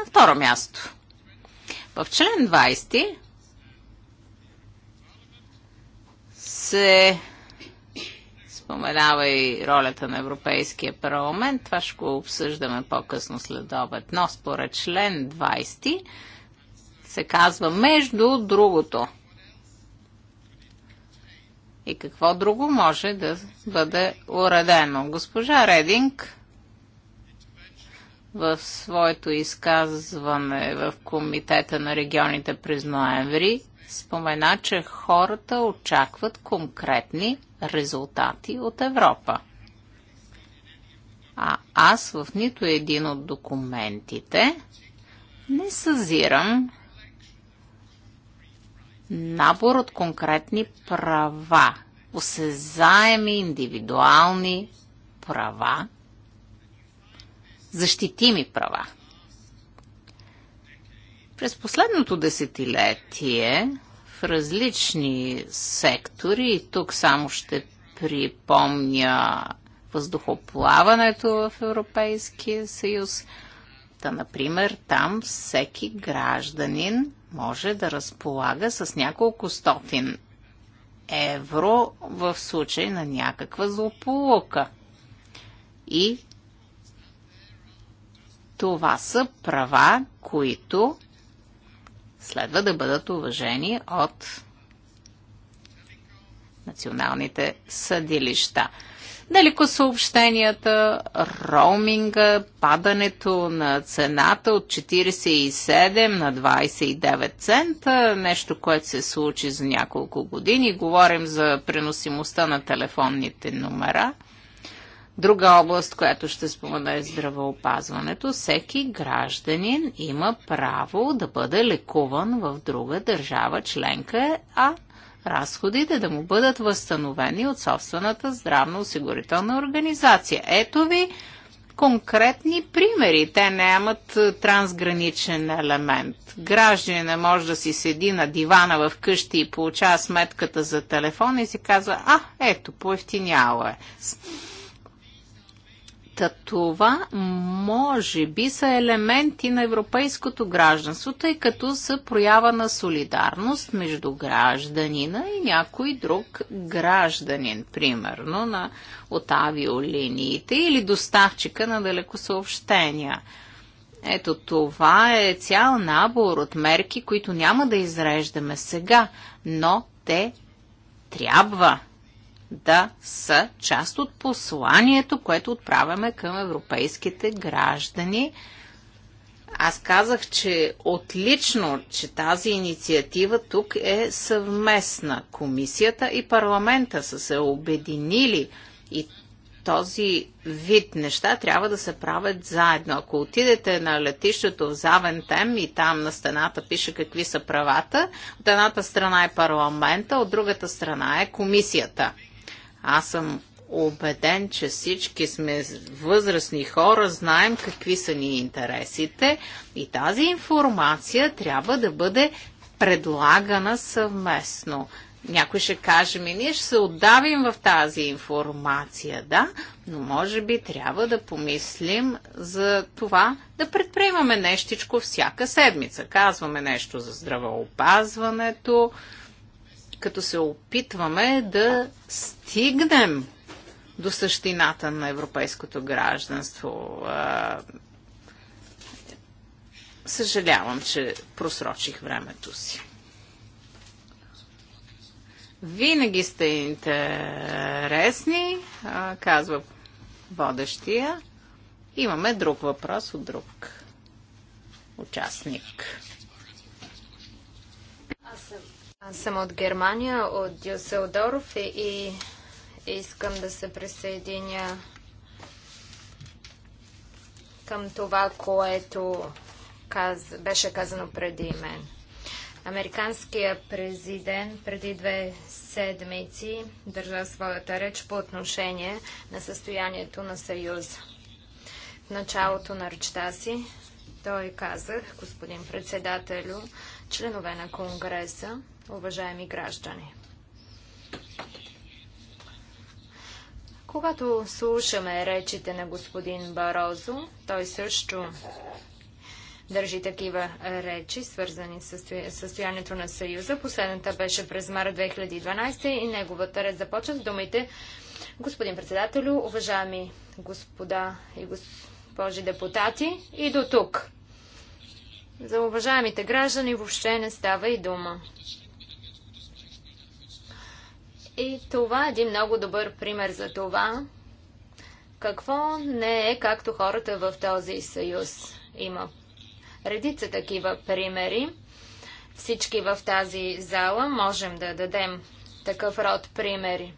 На второ място. В член 20 се споменава и ролята на Европейския парламент. Това ще го обсъждаме по-късно след обед. Но според член 20 се казва между другото. И какво друго може да бъде уредено? Госпожа Рединг в своето изказване в Комитета на регионите през ноември спомена, че хората очакват конкретни резултати от Европа. А аз в нито един от документите не съзирам набор от конкретни права, осезаеми индивидуални права, защитими права. През последното десетилетие в различни сектори, и тук само ще припомня въздухоплаването в Европейския съюз, Та, например, там всеки гражданин може да разполага с няколко стотин евро в случай на някаква злополука. И това са права, които следва да бъдат уважени от националните съдилища. Далеко съобщенията, роуминга, падането на цената от 47 на 29 цента, нещо, което се случи за няколко години. Говорим за преносимостта на телефонните номера – Друга област, която ще спомена е здравеопазването. Всеки гражданин има право да бъде лекуван в друга държава членка, а разходите да му бъдат възстановени от собствената здравноосигурителна организация. Ето ви конкретни примери. Те нямат е, трансграничен елемент. Гражданина може да си седи на дивана в къщи и получава сметката за телефон и си казва, а, ето, поевтиняло е. Та това може би са елементи на европейското гражданство, тъй като са проява на солидарност между гражданина и някой друг гражданин, примерно на, от авиолиниите или доставчика на далекосъобщения. Ето това е цял набор от мерки, които няма да изреждаме сега, но те трябва да са част от посланието, което отправяме към европейските граждани. Аз казах, че отлично, че тази инициатива тук е съвместна. Комисията и парламента са се обединили и този вид неща трябва да се правят заедно. Ако отидете на летището в Завентем и там на стената пише какви са правата, от едната страна е парламента, от другата страна е комисията. Аз съм убеден, че всички сме възрастни хора, знаем какви са ни интересите и тази информация трябва да бъде предлагана съвместно. Някой ще каже ми, ние ще се отдавим в тази информация, да, но може би трябва да помислим за това да предприемаме нещичко всяка седмица. Казваме нещо за здравеопазването, като се опитваме да стигнем до същината на европейското гражданство. Съжалявам, че просрочих времето си. Винаги сте интересни, казва водещия. Имаме друг въпрос от друг участник. Аз съм от Германия, от Дюселдорф и, и искам да се присъединя към това, което каз... беше казано преди мен. Американският президент преди две седмици държа своята реч по отношение на състоянието на Съюза. В началото на речта си той казах, господин председателю, членове на Конгреса, уважаеми граждани. Когато слушаме речите на господин Барозо, той също държи такива речи, свързани с състоянието на Съюза. Последната беше през мара 2012 и неговата ред започва с думите Господин председателю, уважаеми господа и госпожи депутати, и до тук. За уважаемите граждани въобще не става и дума. И това е един много добър пример за това, какво не е както хората в този съюз. Има редица такива примери. Всички в тази зала можем да дадем такъв род примери.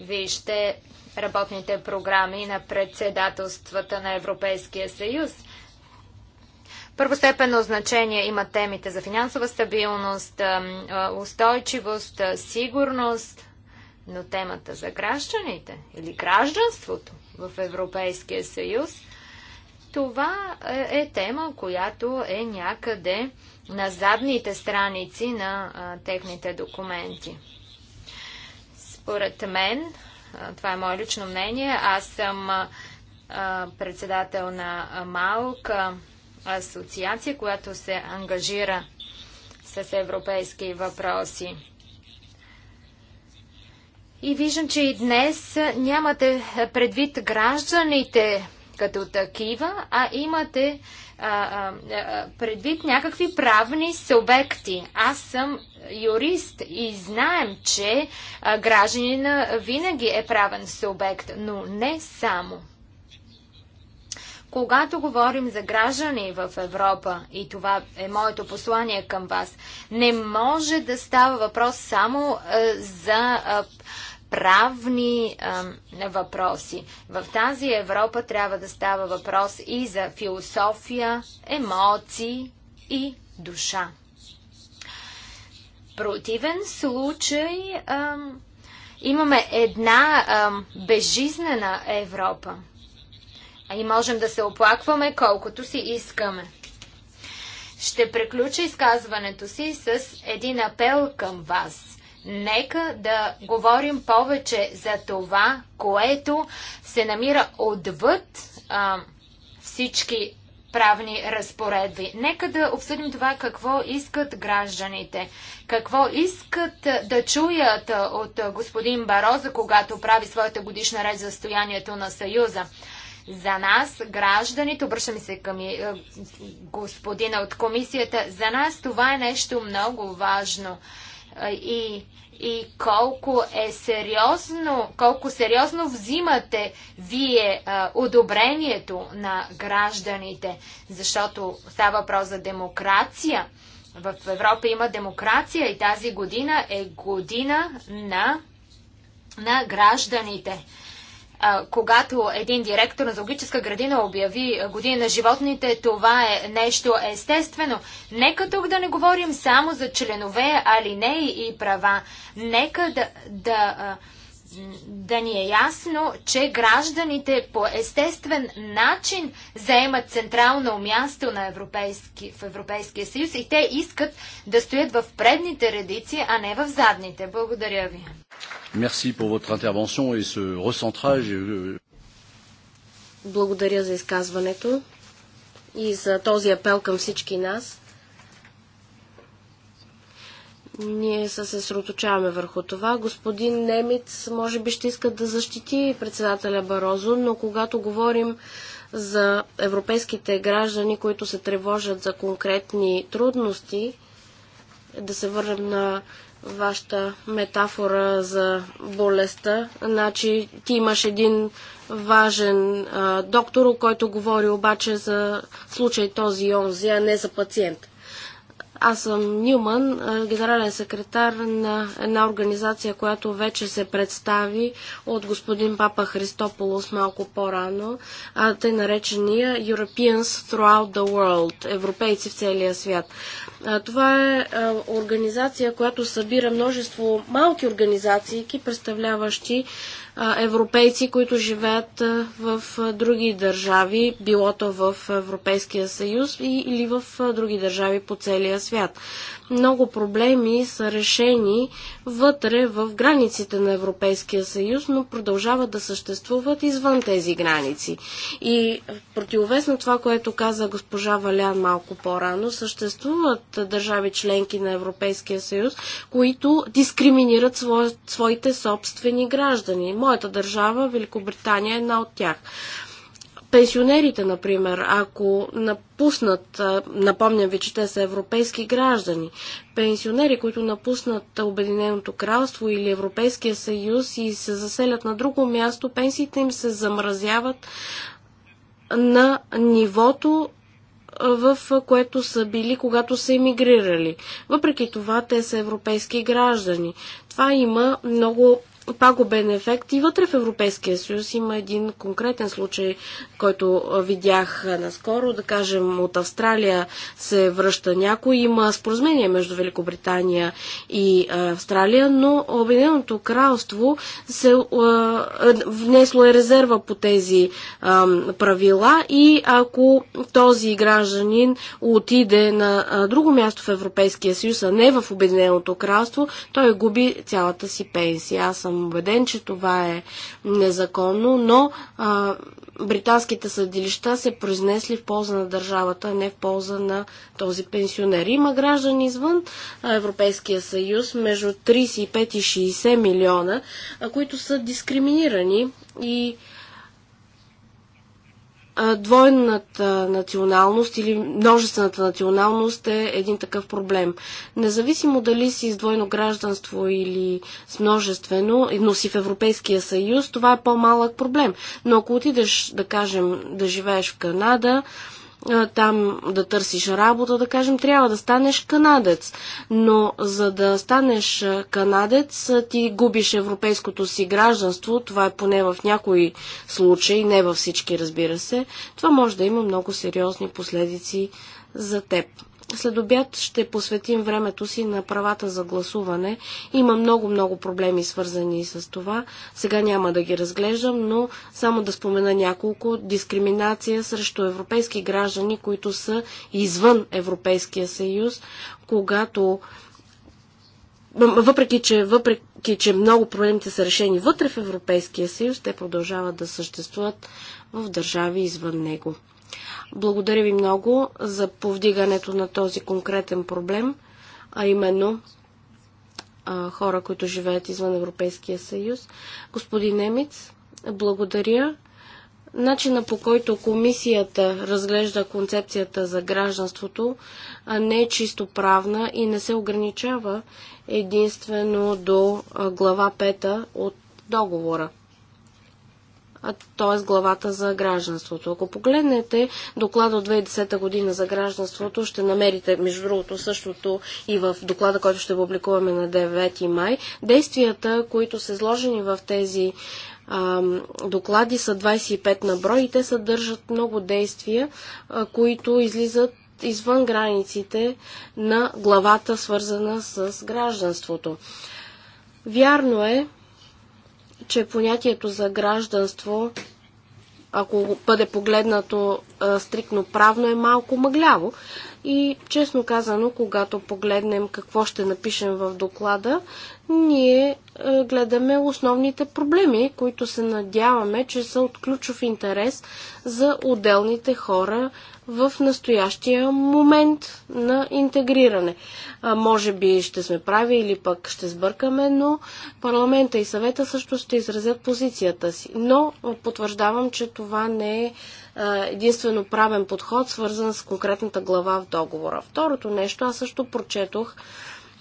Вижте работните програми на председателствата на Европейския съюз – Първостепенно значение има темите за финансова стабилност, устойчивост, сигурност, но темата за гражданите или гражданството в Европейския съюз, това е, е тема, която е някъде на задните страници на техните документи. Според мен, това е мое лично мнение, аз съм председател на малка асоциация, която се ангажира с европейски въпроси. И виждам, че и днес нямате предвид гражданите като такива, а имате а, а, предвид някакви правни субекти. Аз съм юрист и знаем, че гражданина винаги е правен субект, но не само. Когато говорим за граждани в Европа, и това е моето послание към вас, не може да става въпрос само е, за е, правни е, въпроси. В тази Европа трябва да става въпрос и за философия, емоции и душа. Противен случай имаме една а, безжизнена Европа и можем да се оплакваме колкото си искаме. Ще приключа изказването си с един апел към вас. Нека да говорим повече за това, което се намира отвъд а, всички правни разпоредби. Нека да обсъдим това какво искат гражданите, какво искат да чуят от господин Бароза, когато прави своята годишна реч за състоянието на Съюза. За нас, гражданите, обръщаме се към е, господина от комисията, за нас това е нещо много важно. Е, и и колко е сериозно, колко сериозно взимате вие а, е, одобрението на гражданите, защото става въпрос за демокрация. В Европа има демокрация и тази година е година на, на гражданите когато един директор на зоологическа градина обяви година на животните, това е нещо естествено. Нека тук да не говорим само за членове, алинеи и права. Нека да, да а, да ни е ясно, че гражданите по естествен начин заемат централно място на европейски, в Европейския съюз и те искат да стоят в предните редици, а не в задните. Благодаря ви. Merci pour votre intervention et ce recentrage. Благодаря за изказването и за този апел към всички нас. Ние се съсредоточаваме върху това. Господин Немец може би ще иска да защити председателя Барозо, но когато говорим за европейските граждани, които се тревожат за конкретни трудности, да се върнем на вашата метафора за болестта. Значи ти имаш един важен а, доктор, който говори обаче за случай този и онзи, а не за пациент. Аз съм Нюман, генерален секретар на една организация, която вече се представи от господин Папа Христополос малко по-рано, тъй наречения Europeans Throughout the World, европейци в целия свят. Това е организация, която събира множество малки организации, представляващи европейци, които живеят в други държави, било то в Европейския съюз или в други държави по целия свят много проблеми са решени вътре в границите на Европейския съюз, но продължават да съществуват извън тези граници. И противовес на това, което каза госпожа Валян малко по-рано, съществуват държави членки на Европейския съюз, които дискриминират своите собствени граждани. Моята държава, Великобритания, е една от тях. Пенсионерите, например, ако напуснат, напомням ви, че те са европейски граждани, пенсионери, които напуснат Обединеното кралство или Европейския съюз и се заселят на друго място, пенсиите им се замразяват на нивото, в което са били, когато са емигрирали. Въпреки това, те са европейски граждани. Това има много пагубен ефект и вътре в Европейския съюз. Има един конкретен случай, който видях наскоро, да кажем от Австралия се връща някой. Има споразумение между Великобритания и Австралия, но Обединеното кралство се внесло е резерва по тези правила и ако този гражданин отиде на друго място в Европейския съюз, а не в Обединеното кралство, той губи цялата си пенсия. Аз съм съм убеден, че това е незаконно, но а, британските съдилища се произнесли в полза на държавата, а не в полза на този пенсионер. Има граждани извън Европейския съюз между 35 и 60 милиона, а, които са дискриминирани и двойната националност или множествената националност е един такъв проблем. Независимо дали си с двойно гражданство или с множествено, но си в Европейския съюз, това е по-малък проблем. Но ако отидеш, да кажем, да живееш в Канада, там да търсиш работа, да кажем, трябва да станеш канадец. Но за да станеш канадец, ти губиш европейското си гражданство. Това е поне в някои случаи, не във всички, разбира се. Това може да има много сериозни последици за теб. След обяд ще посветим времето си на правата за гласуване. Има много-много проблеми свързани с това. Сега няма да ги разглеждам, но само да спомена няколко. Дискриминация срещу европейски граждани, които са извън Европейския съюз, когато въпреки че, въпреки, че много проблемите са решени вътре в Европейския съюз, те продължават да съществуват в държави извън него. Благодаря ви много за повдигането на този конкретен проблем, а именно а, хора, които живеят извън Европейския съюз. Господин Немиц, благодаря. Начина по който комисията разглежда концепцията за гражданството а не е чисто правна и не се ограничава единствено до глава 5 от договора т.е. главата за гражданството. Ако погледнете доклада от 2010 година за гражданството, ще намерите, между другото, същото и в доклада, който ще публикуваме на 9 май, действията, които са изложени в тези доклади са 25 на брой и те съдържат много действия, които излизат извън границите на главата, свързана с гражданството. Вярно е, че понятието за гражданство, ако бъде погледнато а, стрикно правно, е малко мъгляво. И честно казано, когато погледнем какво ще напишем в доклада, ние а, гледаме основните проблеми, които се надяваме, че са от ключов интерес за отделните хора в настоящия момент на интегриране. А, може би ще сме прави или пък ще сбъркаме, но парламента и съвета също ще изразят позицията си. Но потвърждавам, че това не е единствено правен подход, свързан с конкретната глава в договора. Второто нещо, аз също прочетох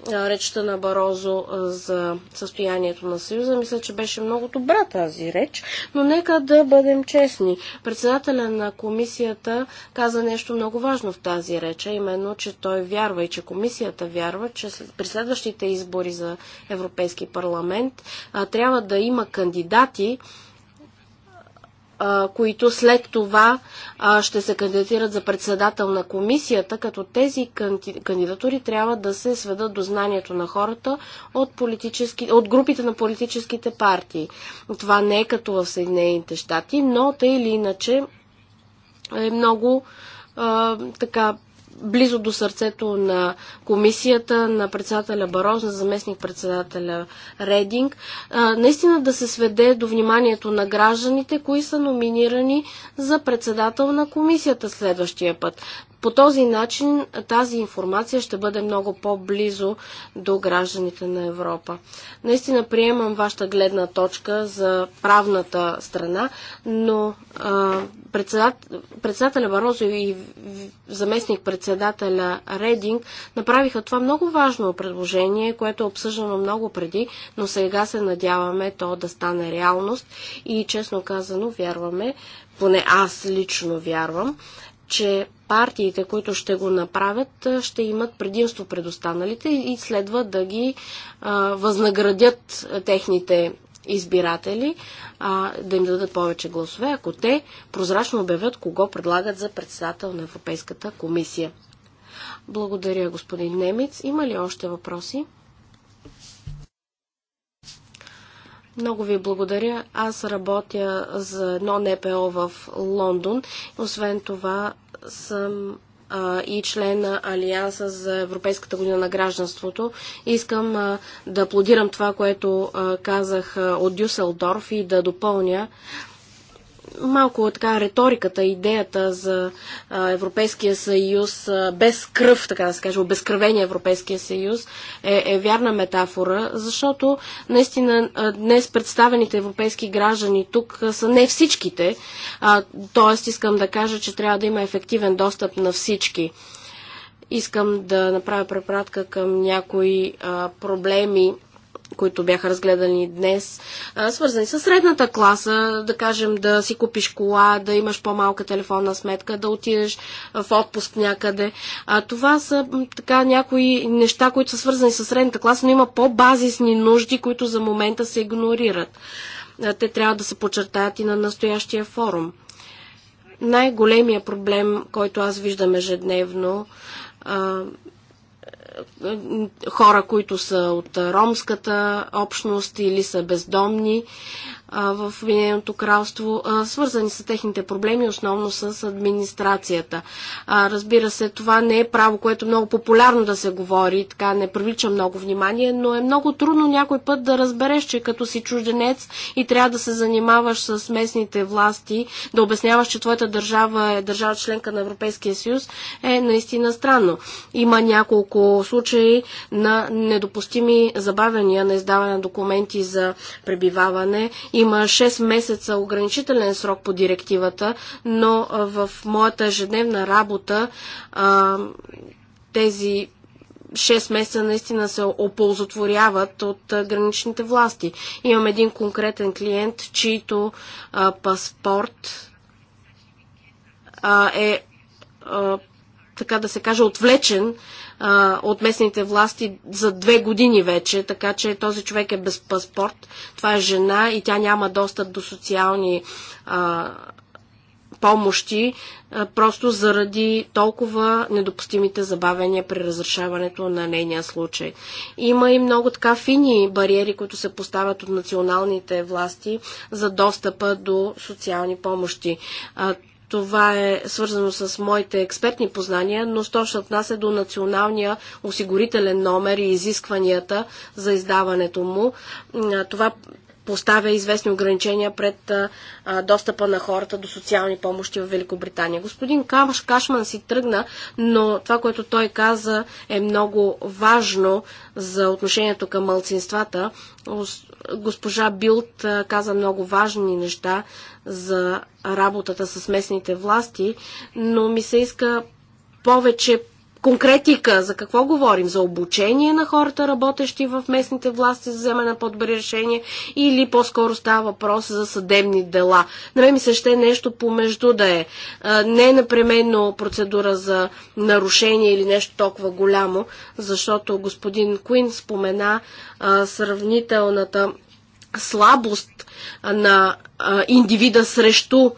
речта на Барозо за състоянието на Съюза. Мисля, че беше много добра тази реч, но нека да бъдем честни. Председателя на комисията каза нещо много важно в тази реч, именно, че той вярва и че комисията вярва, че при следващите избори за Европейски парламент трябва да има кандидати, които след това ще се кандидатират за председател на комисията, като тези кандидатури трябва да се сведат до знанието на хората от, от групите на политическите партии. Това не е като в Съединените щати, но тъй или иначе е много така близо до сърцето на комисията, на председателя Бароз, на заместник-председателя Рединг. Наистина да се сведе до вниманието на гражданите, кои са номинирани за председател на комисията следващия път. По този начин тази информация ще бъде много по-близо до гражданите на Европа. Наистина приемам вашата гледна точка за правната страна, но а, председател, председателя Барозо и заместник председателя Рединг направиха това много важно предложение, което е обсъждано много преди, но сега се надяваме то да стане реалност и честно казано вярваме, поне аз лично вярвам, че партиите, които ще го направят, ще имат предимство пред останалите и следва да ги а, възнаградят техните избиратели, а, да им дадат повече гласове, ако те прозрачно обявят кого предлагат за председател на Европейската комисия. Благодаря, господин Немец. Има ли още въпроси? Много ви благодаря. Аз работя за едно НПО в Лондон. Освен това, съм а, и член на Алианса за Европейската година на гражданството. Искам а, да аплодирам това, което а, казах а, от Дюселдорф и да допълня, малко така риториката, идеята за а, Европейския съюз а, без кръв, така да се каже, обезкръвения Европейския съюз е, е вярна метафора, защото наистина а, днес представените европейски граждани тук а, са не всичките, т.е. искам да кажа, че трябва да има ефективен достъп на всички. Искам да направя препратка към някои а, проблеми, които бяха разгледани днес, свързани с средната класа, да кажем да си купиш кола, да имаш по-малка телефонна сметка, да отидеш в отпуск някъде. А, това са така някои неща, които са свързани с средната класа, но има по-базисни нужди, които за момента се игнорират. Те трябва да се подчертаят и на настоящия форум. Най-големия проблем, който аз виждам ежедневно, хора, които са от ромската общност или са бездомни в Обединеното кралство, свързани с техните проблеми, основно с администрацията. Разбира се, това не е право, което е много популярно да се говори, така не привлича много внимание, но е много трудно някой път да разбереш, че като си чужденец и трябва да се занимаваш с местните власти, да обясняваш, че твоята държава е държава членка на Европейския съюз, е наистина странно. Има няколко случаи на недопустими забавяния на издаване на документи за пребиваване и има 6 месеца ограничителен срок по директивата, но в моята ежедневна работа тези 6 месеца наистина се оползотворяват от граничните власти. Имам един конкретен клиент, чийто паспорт е така да се каже отвлечен а, от местните власти за две години вече, така че този човек е без паспорт. Това е жена и тя няма достъп до социални а, помощи, а, просто заради толкова недопустимите забавения при разрешаването на нейния случай. Има и много така фини бариери, които се поставят от националните власти за достъпа до социални помощи. А, това е свързано с моите експертни познания, но що ще отнася до националния осигурителен номер и изискванията за издаването му. Това поставя известни ограничения пред а, достъпа на хората до социални помощи в Великобритания. Господин Камаш Кашман си тръгна, но това, което той каза е много важно за отношението към мълцинствата, Госпожа Билт каза много важни неща за работата с местните власти, но ми се иска повече конкретика, за какво говорим? За обучение на хората, работещи в местните власти, за вземане на по-добри решения или по-скоро става въпрос за съдебни дела. На мен ми се ще нещо помежду да е. Не непременно процедура за нарушение или нещо толкова голямо, защото господин Куин спомена сравнителната слабост на индивида срещу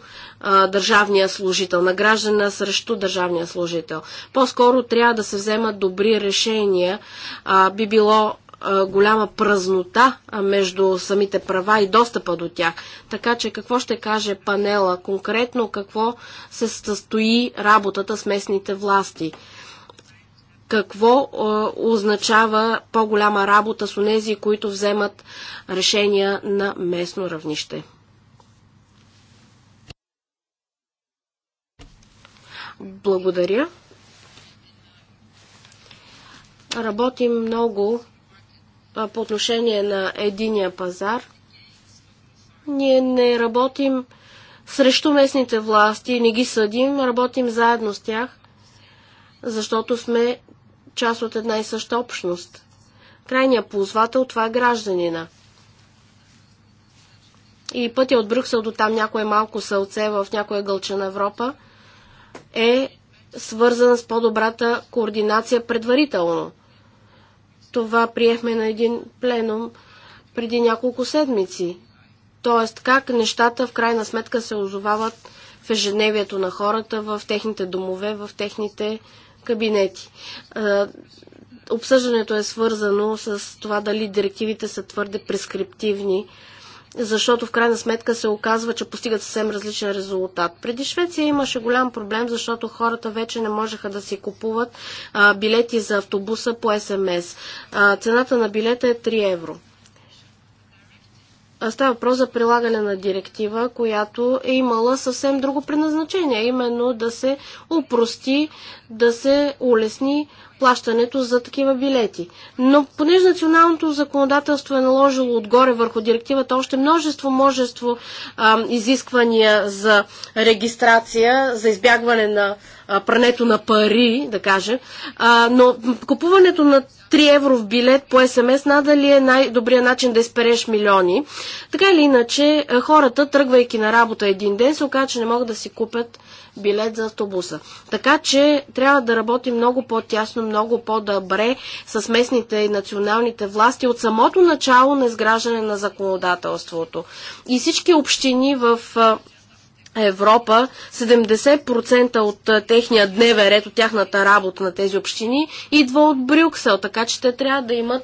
държавния служител, на граждана срещу държавния служител. По-скоро трябва да се вземат добри решения. А, би било а, голяма празнота между самите права и достъпа до тях. Така че какво ще каже панела? Конкретно какво се състои работата с местните власти? какво е, означава по-голяма работа с онези, които вземат решения на местно равнище. Благодаря. Работим много по отношение на единия пазар. Ние не работим срещу местните власти, не ги съдим, работим заедно с тях, защото сме част от една и съща общност. Крайният ползвател това е гражданина. И пътя от Брюксел до там някое малко сълце в някоя гълча на Европа е свързана с по-добрата координация предварително. Това приехме на един пленум преди няколко седмици. Тоест, как нещата в крайна сметка се озовават в ежедневието на хората, в техните домове, в техните кабинети. Обсъждането е свързано с това дали директивите са твърде прескриптивни защото в крайна сметка се оказва, че постигат съвсем различен резултат. Преди Швеция имаше голям проблем, защото хората вече не можеха да си купуват а, билети за автобуса по СМС. А, цената на билета е 3 евро. Става въпрос за прилагане на директива, която е имала съвсем друго предназначение, именно да се упрости, да се улесни плащането за такива билети. Но понеже националното законодателство е наложило отгоре върху директивата още множество, множество а, изисквания за регистрация, за избягване на а, прането на пари, да кажем, а, но купуването на 3 евро в билет по СМС надали е най-добрият начин да изпереш милиони. Така или иначе, е, хората, тръгвайки на работа един ден, се оказа, че не могат да си купят билет за автобуса. Така че трябва да работи много по-тясно, много по-добре с местните и националните власти от самото начало на изграждане на законодателството. И всички общини в е, Европа 70% от техния дневен ред, от тяхната работа на тези общини идва от Брюксел, така че те трябва да имат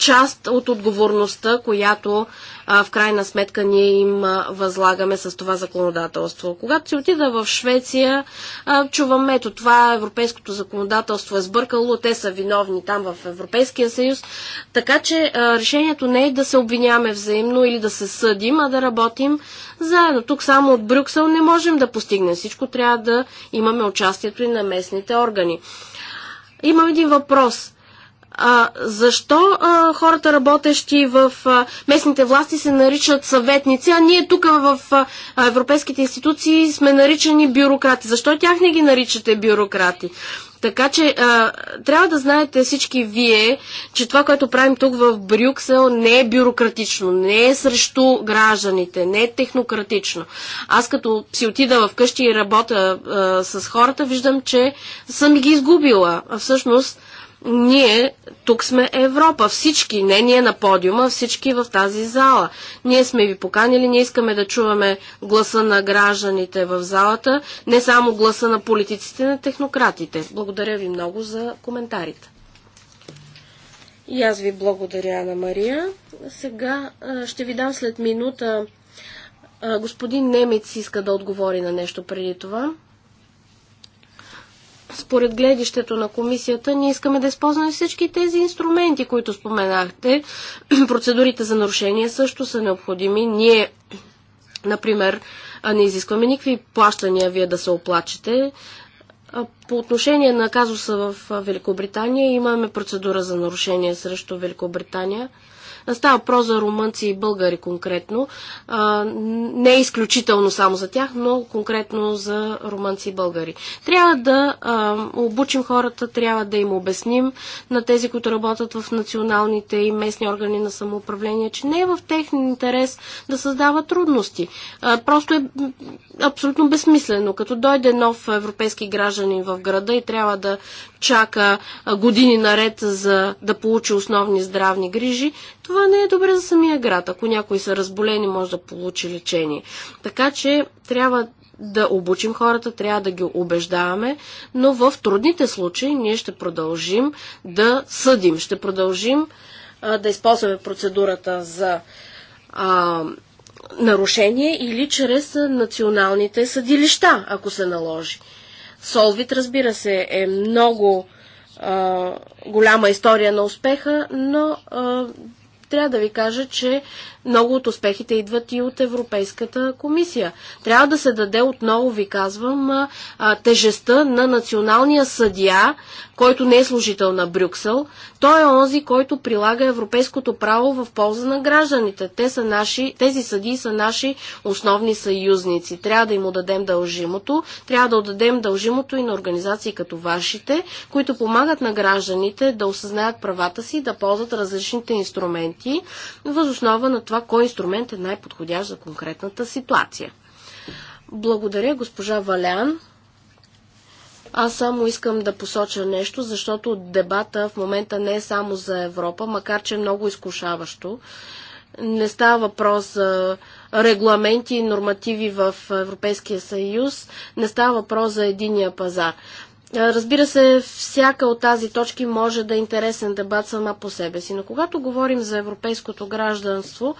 част от отговорността, която а, в крайна сметка ние им а, възлагаме с това законодателство. Когато си отида в Швеция, а, чувам, ето това европейското законодателство е сбъркало, те са виновни там в Европейския съюз. Така че а, решението не е да се обвиняваме взаимно или да се съдим, а да работим заедно. Тук само от Брюксел не можем да постигнем всичко, трябва да имаме участието и на местните органи. Имам един въпрос а, защо а, хората работещи в а, местните власти се наричат съветници, а ние тук в а, европейските институции сме наричани бюрократи? Защо тях не ги наричате бюрократи? Така че а, трябва да знаете всички вие, че това, което правим тук в Брюксел не е бюрократично, не е срещу гражданите, не е технократично. Аз като си отида вкъщи и работя а, с хората, виждам, че съм ги изгубила. А всъщност ние тук сме Европа, всички, не ние на подиума, всички в тази зала. Ние сме ви поканили, ние искаме да чуваме гласа на гражданите в залата, не само гласа на политиците, на технократите. Благодаря ви много за коментарите. И аз ви благодаря, Ана Мария. Сега ще ви дам след минута. Господин Немец иска да отговори на нещо преди това. Според гледището на комисията, ние искаме да използваме всички тези инструменти, които споменахте. <clears throat> Процедурите за нарушение също са необходими. Ние, например, не изискваме никакви плащания вие да се оплачете. По отношение на казуса в Великобритания, имаме процедура за нарушение срещу Великобритания – Става про за румънци и българи конкретно. Не изключително само за тях, но конкретно за румънци и българи. Трябва да обучим хората, трябва да им обясним на тези, които работят в националните и местни органи на самоуправление, че не е в техния интерес да създава трудности. Просто е абсолютно безсмислено. Като дойде нов европейски гражданин в града и трябва да чака години наред за да получи основни здравни грижи, това не е добре за самия град. Ако някои са разболени, може да получи лечение. Така че трябва да обучим хората, трябва да ги убеждаваме, но в трудните случаи ние ще продължим да съдим, ще продължим а, да използваме процедурата за а, нарушение или чрез националните съдилища, ако се наложи. Солвит, разбира се, е много а, голяма история на успеха, но а, трябва да ви кажа, че много от успехите идват и от Европейската комисия. Трябва да се даде отново, ви казвам, тежеста на националния съдия, който не е служител на Брюксел. Той е онзи, който прилага европейското право в полза на гражданите. Те са наши, тези съдии са наши основни съюзници. Трябва да им отдадем дължимото. Трябва да отдадем дължимото и на организации като вашите, които помагат на гражданите да осъзнаят правата си, да ползват различните инструменти, възоснова на това кой инструмент е най-подходящ за конкретната ситуация. Благодаря, госпожа Валян. Аз само искам да посоча нещо, защото дебата в момента не е само за Европа, макар че е много изкушаващо. Не става въпрос за регламенти и нормативи в Европейския съюз, не става въпрос за единия пазар. Разбира се, всяка от тази точки може да е интересен дебат сама по себе си, но когато говорим за европейското гражданство,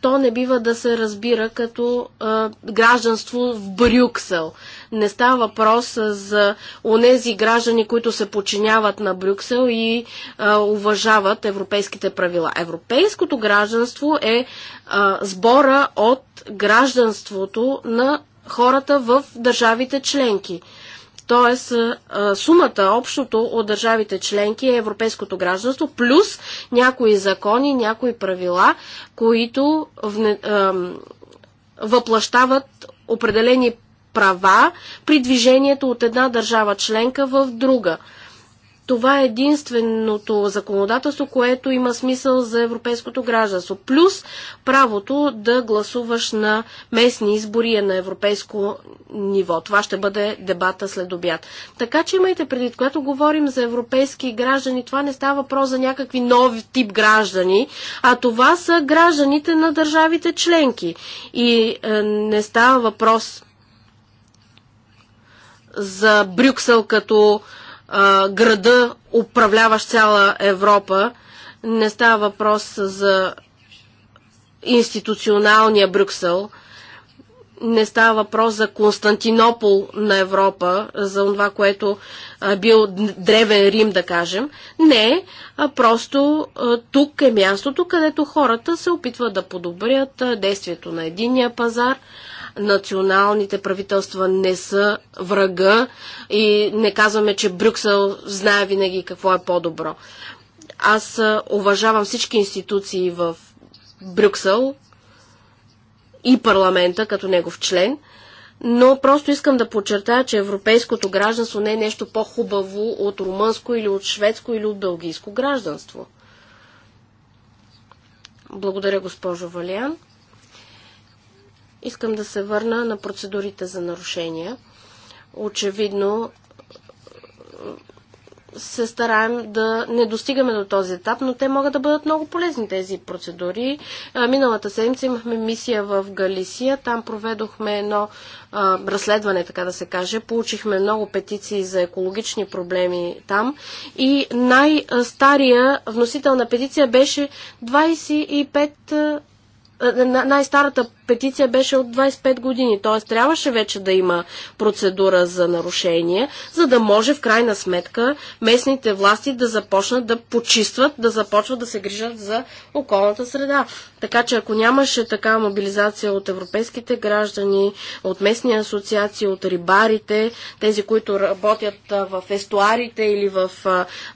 то не бива да се разбира като а, гражданство в Брюксел. Не става въпрос за онези граждани, които се подчиняват на Брюксел и а, уважават европейските правила. Европейското гражданство е а, сбора от гражданството на хората в държавите членки. Тоест, сумата, общото от държавите членки е европейското гражданство, плюс някои закони, някои правила, които вне, а, въплащават определени права при движението от една държава членка в друга това е единственото законодателство, което има смисъл за европейското гражданство. Плюс правото да гласуваш на местни избори е на европейско ниво. Това ще бъде дебата след обяд. Така че имайте преди, когато говорим за европейски граждани, това не става въпрос за някакви нови тип граждани, а това са гражданите на държавите членки. И е, не става въпрос за Брюксел като а, града, управляващ цяла Европа. Не става въпрос за институционалния Брюксел. Не става въпрос за Константинопол на Европа, за това, което а, бил древен Рим, да кажем. Не, а просто а, тук е мястото, където хората се опитват да подобрят а, действието на единния пазар – националните правителства не са врага и не казваме, че Брюксел знае винаги какво е по-добро. Аз уважавам всички институции в Брюксел и парламента като негов член, но просто искам да подчертая, че европейското гражданство не е нещо по-хубаво от румънско или от шведско или от бългийско гражданство. Благодаря, госпожо Валиан. Искам да се върна на процедурите за нарушения. Очевидно се стараем да не достигаме до този етап, но те могат да бъдат много полезни тези процедури. Миналата седмица имахме мисия в Галисия. Там проведохме едно а, разследване, така да се каже. Получихме много петиции за екологични проблеми там. И най-стария вносител на петиция беше 25 най-старата петиция беше от 25 години, т.е. трябваше вече да има процедура за нарушение, за да може в крайна сметка местните власти да започнат да почистват, да започват да се грижат за околната среда. Така че ако нямаше такава мобилизация от европейските граждани, от местни асоциации, от рибарите, тези, които работят в естуарите или в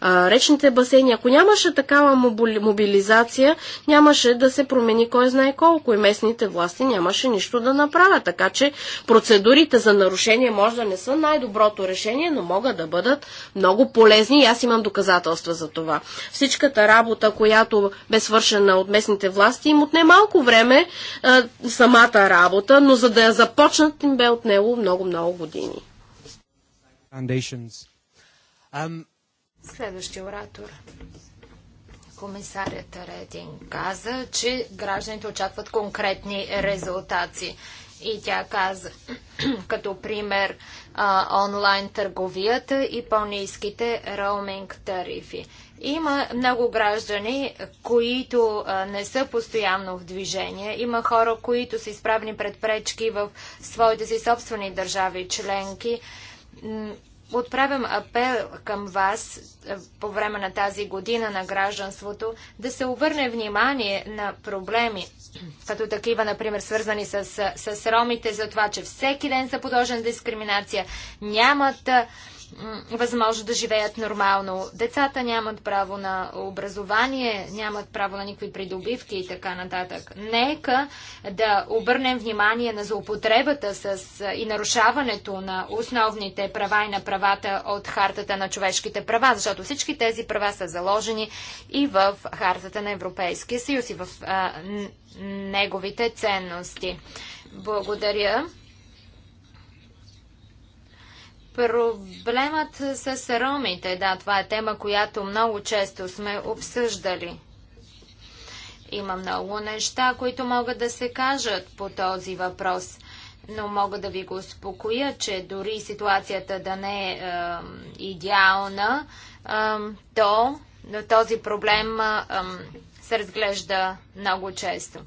речните басейни, ако нямаше такава мобилизация, нямаше да се промени кой знае колко и местните власти си нямаше нищо да направя. Така че процедурите за нарушение може да не са най-доброто решение, но могат да бъдат много полезни и аз имам доказателства за това. Всичката работа, която бе свършена от местните власти, им отне малко време а, е, самата работа, но за да я започнат им бе отнело много-много години. Um, Следващия оратор комисарят Редин каза, че гражданите очакват конкретни резултати. И тя каза, <clears throat> като пример, онлайн търговията и по-низките роуминг тарифи. Има много граждани, които не са постоянно в движение. Има хора, които са изправени пред пречки в своите си собствени държави членки Отправям апел към вас е, по време на тази година на гражданството да се обърне внимание на проблеми, <clears throat> като такива, например, свързани с, с ромите, за това, че всеки ден са подложени дискриминация, нямат е, възможност да живеят нормално. Децата нямат право на образование, нямат право на никакви придобивки и така нататък. Нека да обърнем внимание на злоупотребата с и нарушаването на основните права и на правата от Хартата на човешките права, защото всички тези права са заложени и в Хартата на Европейския съюз и в а, неговите ценности. Благодаря. Проблемът с ромите, да, това е тема, която много често сме обсъждали. Има много неща, които могат да се кажат по този въпрос, но мога да ви го успокоя, че дори ситуацията да не е, е идеална, е, то този проблем е, се разглежда много често.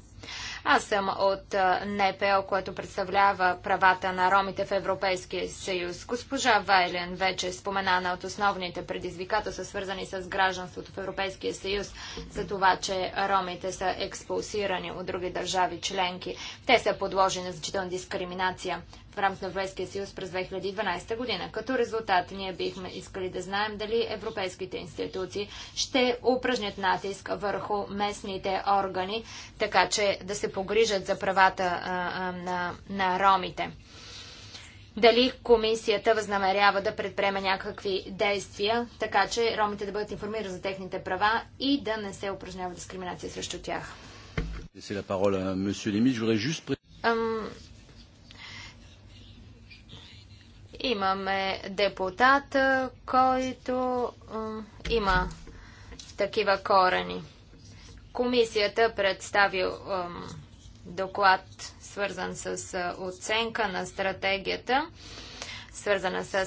Аз съм от НПО, което представлява правата на ромите в Европейския съюз. Госпожа Вайлен вече е споменана от основните предизвикателства, свързани с гражданството в Европейския съюз, за това, че ромите са експулсирани от други държави членки. Те са подложени на значителна дискриминация в рамките на Европейския съюз през 2012 година. Като резултат ние бихме искали да знаем дали европейските институции ще упражнят натиск върху местните органи, така че да се погрижат за правата а, а, на, на ромите. Дали комисията възнамерява да предприеме някакви действия, така че ромите да бъдат информирани за техните права и да не се упражнява дискриминация срещу тях. Um, Имаме депутат, който има такива корени. Комисията представи доклад, свързан с оценка на стратегията свързана с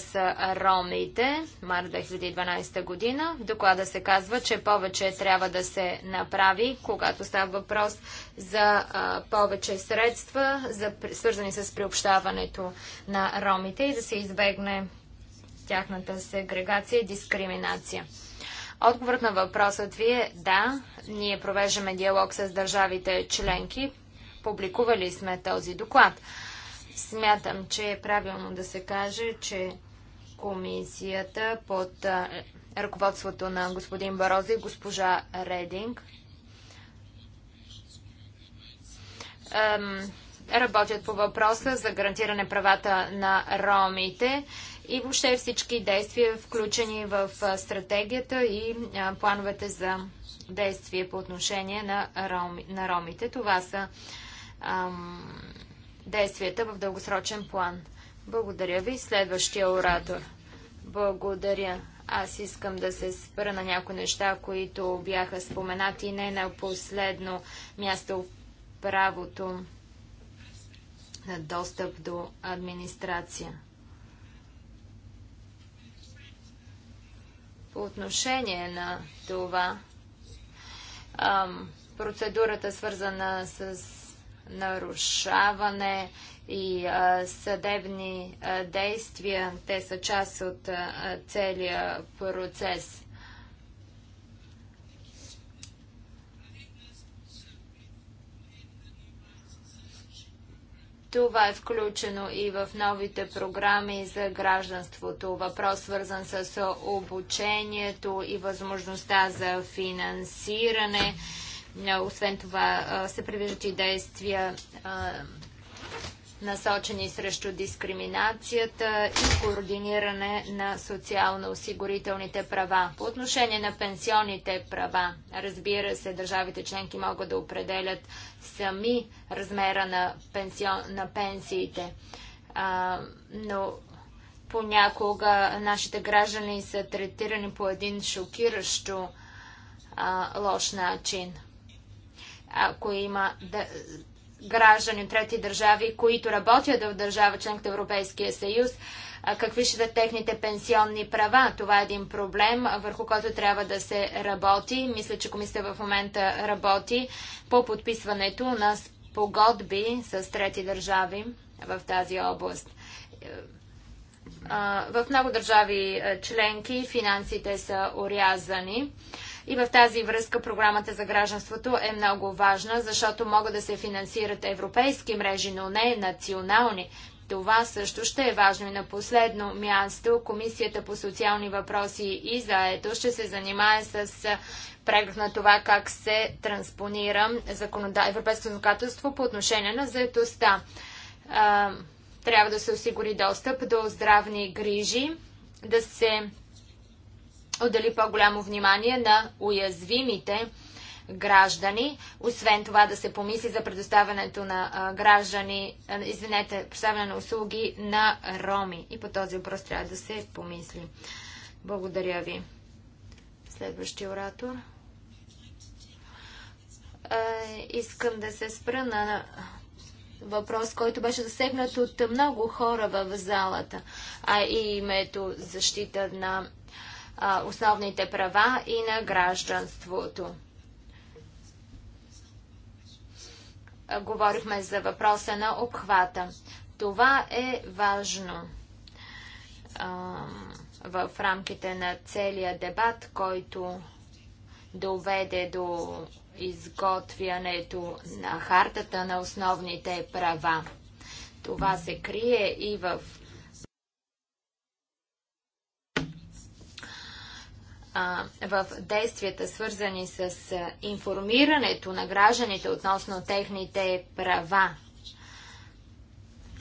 ромите, март 2012 година. В доклада се казва, че повече трябва да се направи, когато става въпрос за повече средства, за, свързани с приобщаването на ромите и да се избегне тяхната сегрегация и дискриминация. Отговорът на въпросът ви е да, ние провеждаме диалог с държавите членки, публикували сме този доклад. Смятам, че е правилно да се каже, че комисията под ръководството на господин Барози и госпожа Рединг работят по въпроса за гарантиране правата на ромите и въобще всички действия, включени в стратегията и плановете за действие по отношение на, роми, на ромите. Това са ам, действията в дългосрочен план. Благодаря ви. Следващия оратор. Благодаря. Аз искам да се спра на някои неща, които бяха споменати не на последно място в правото на достъп до администрация. По отношение на това, ам, процедурата свързана с нарушаване и съдебни действия. Те са част от целия процес. Това е включено и в новите програми за гражданството. Въпрос свързан с обучението и възможността за финансиране. Е, освен това е, се предвиждат и действия е, насочени срещу дискриминацията и координиране на социално-осигурителните права. По отношение на пенсионните права, разбира се, държавите членки могат да определят сами размера на, пенсион, на пенсиите. А, но понякога нашите граждани са третирани по един шокиращо а, лош начин ако има граждани от трети държави, които работят в държава членка Европейския съюз, какви ще са техните пенсионни права. Това е един проблем, върху който трябва да се работи. Мисля, че комисията в момента работи по подписването на погодби с трети държави в тази област. В много държави членки финансите са урязани. И в тази връзка програмата за гражданството е много важна, защото могат да се финансират европейски мрежи, но не национални. Това също ще е важно и на последно място. Комисията по социални въпроси и заето ще се занимае с преглед на това как се транспонира законода... европейското законодателство по отношение на заетостта. Трябва да се осигури достъп до здравни грижи, да се отдели по-голямо внимание на уязвимите граждани. Освен това да се помисли за предоставянето на граждани, извинете, предоставяне на услуги на роми. И по този въпрос трябва да се помисли. Благодаря ви. Следващия оратор. Искам да се спра на въпрос, който беше засегнат от много хора в залата, а и името защита на основните права и на гражданството. говорихме за въпроса на обхвата. Това е важно в рамките на целия дебат, който доведе до изготвянето на хартата на основните права. Това се крие и в в действията, свързани с информирането на гражданите относно техните права.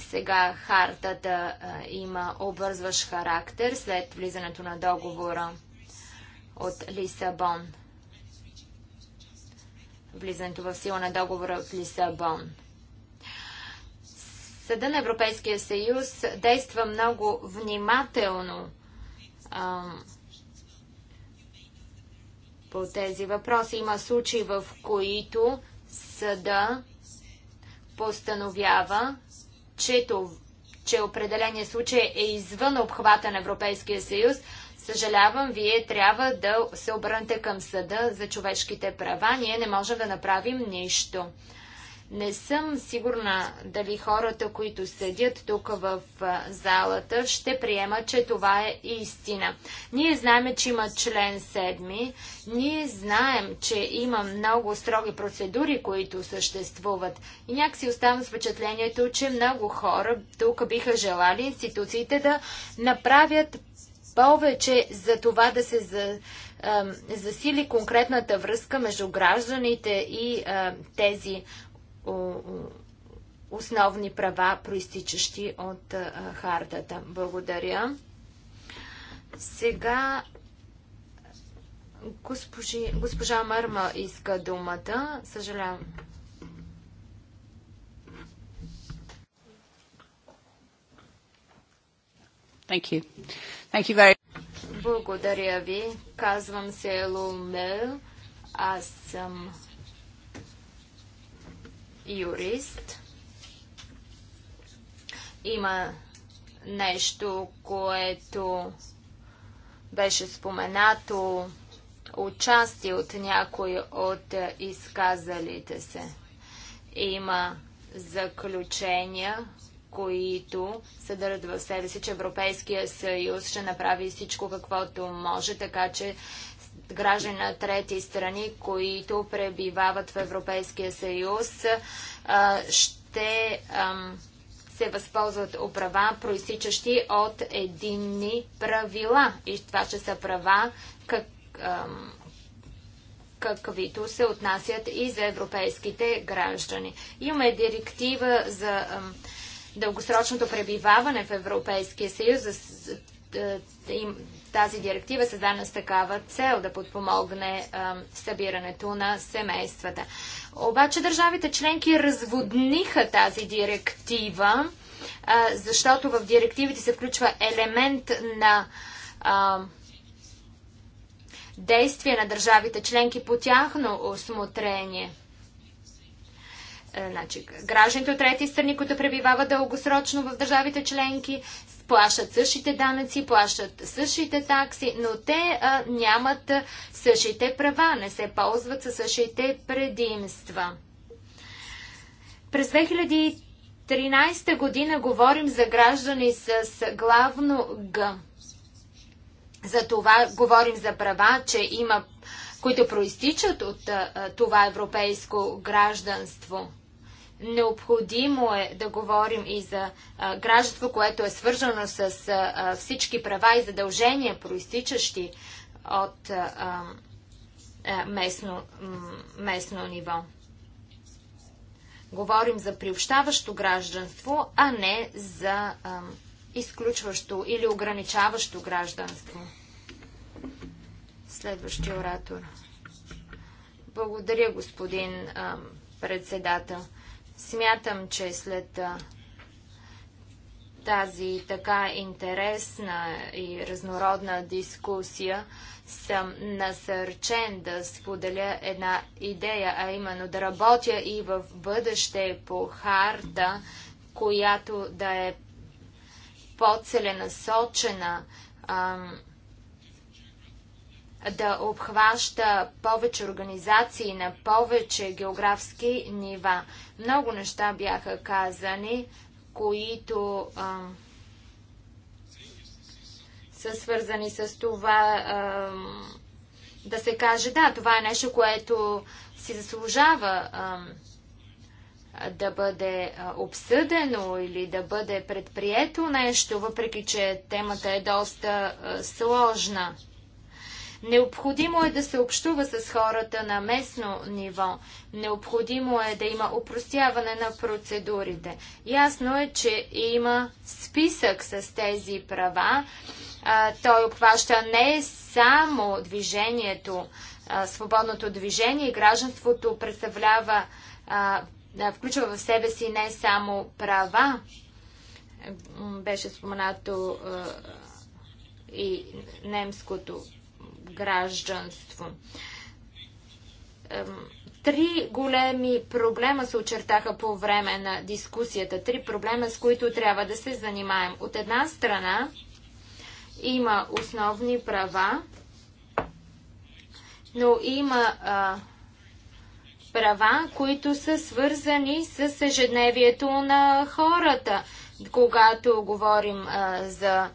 Сега хартата има обвързващ характер след влизането на договора от Лисабон. Влизането в сила на договора от Лисабон. Съда на Европейския съюз действа много внимателно по тези въпроси. Има случаи, в които съда постановява, че, че определения случай е извън обхвата на Европейския съюз. Съжалявам, вие трябва да се обърнете към съда за човешките права. Ние не можем да направим нищо. Не съм сигурна дали хората, които седят тук в залата, ще приемат, че това е истина. Ние знаем, че има член 7. Ние знаем, че има много строги процедури, които съществуват. И някакси оставам с впечатлението, че много хора тук биха желали институциите да направят повече за това да се за, а, засили конкретната връзка между гражданите и а, тези основни права, проистичащи от хартата. Благодаря. Сега госпожи, госпожа Мърма иска думата. Съжалявам. Thank you. Thank you very... Благодаря ви. Казвам се Лумел. Аз съм юрист. Има нещо, което беше споменато участие от някой от изказалите се. Има заключения, които съдържат в себе си, че Европейския съюз ще направи всичко каквото може, така че граждани на трети страни, които пребивават в Европейския съюз, ще се възползват от права, проистичащи от единни правила. И това ще са права, как, каквито се отнасят и за европейските граждани. Имаме директива за дългосрочното пребиваване в Европейския съюз, тази директива създадена с такава цел да подпомогне събирането на семействата. Обаче държавите членки разводниха тази директива, защото в директивите се включва елемент на действие на държавите членки по тяхно осмотрение. Е, значи, гражданите от трети страни, които пребивават дългосрочно в държавите членки, плащат същите данъци, плащат същите такси, но те а, нямат същите права, не се ползват със същите предимства. През 2013 година говорим за граждани с главно Г. За това говорим за права, че има, които проистичат от а, това европейско гражданство. Необходимо е да говорим и за гражданство, което е свързано с всички права и задължения, проистичащи от местно, местно ниво. Говорим за приобщаващо гражданство, а не за изключващо или ограничаващо гражданство. Следващия оратор. Благодаря, господин председател. Смятам, че след тази така интересна и разнородна дискусия съм насърчен да споделя една идея, а именно да работя и в бъдеще по харта, която да е по-целенасочена да обхваща повече организации на повече географски нива. Много неща бяха казани, които а, са свързани с това а, да се каже, да, това е нещо, което си заслужава а, да бъде обсъдено или да бъде предприето нещо, въпреки че темата е доста а, сложна. Необходимо е да се общува с хората на местно ниво. Необходимо е да има упростяване на процедурите. Ясно е, че има списък с тези права. А, той обхваща не само движението, а, свободното движение и гражданството представлява, а, включва в себе си не само права, беше споменато и немското гражданство. Три големи проблема се очертаха по време на дискусията. Три проблема, с които трябва да се занимаем. От една страна има основни права, но има а, права, които са свързани с ежедневието на хората. Когато говорим а, за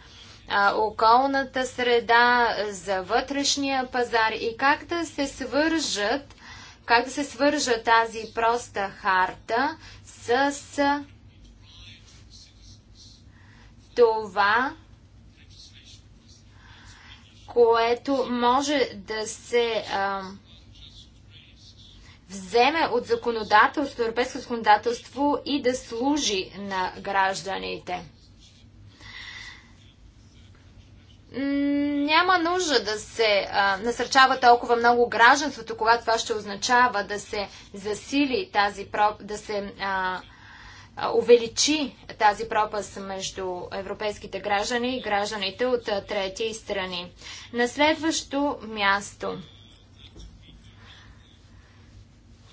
околната среда, за вътрешния пазар и как да се свържат как да се свържа тази проста харта с това, което може да се а, вземе от законодателство, европейско законодателство и да служи на гражданите. няма нужда да се а, насърчава толкова много гражданството, когато това ще означава да се засили тази, да се а, увеличи тази пропаст между европейските граждани и гражданите от трети страни. На следващо място.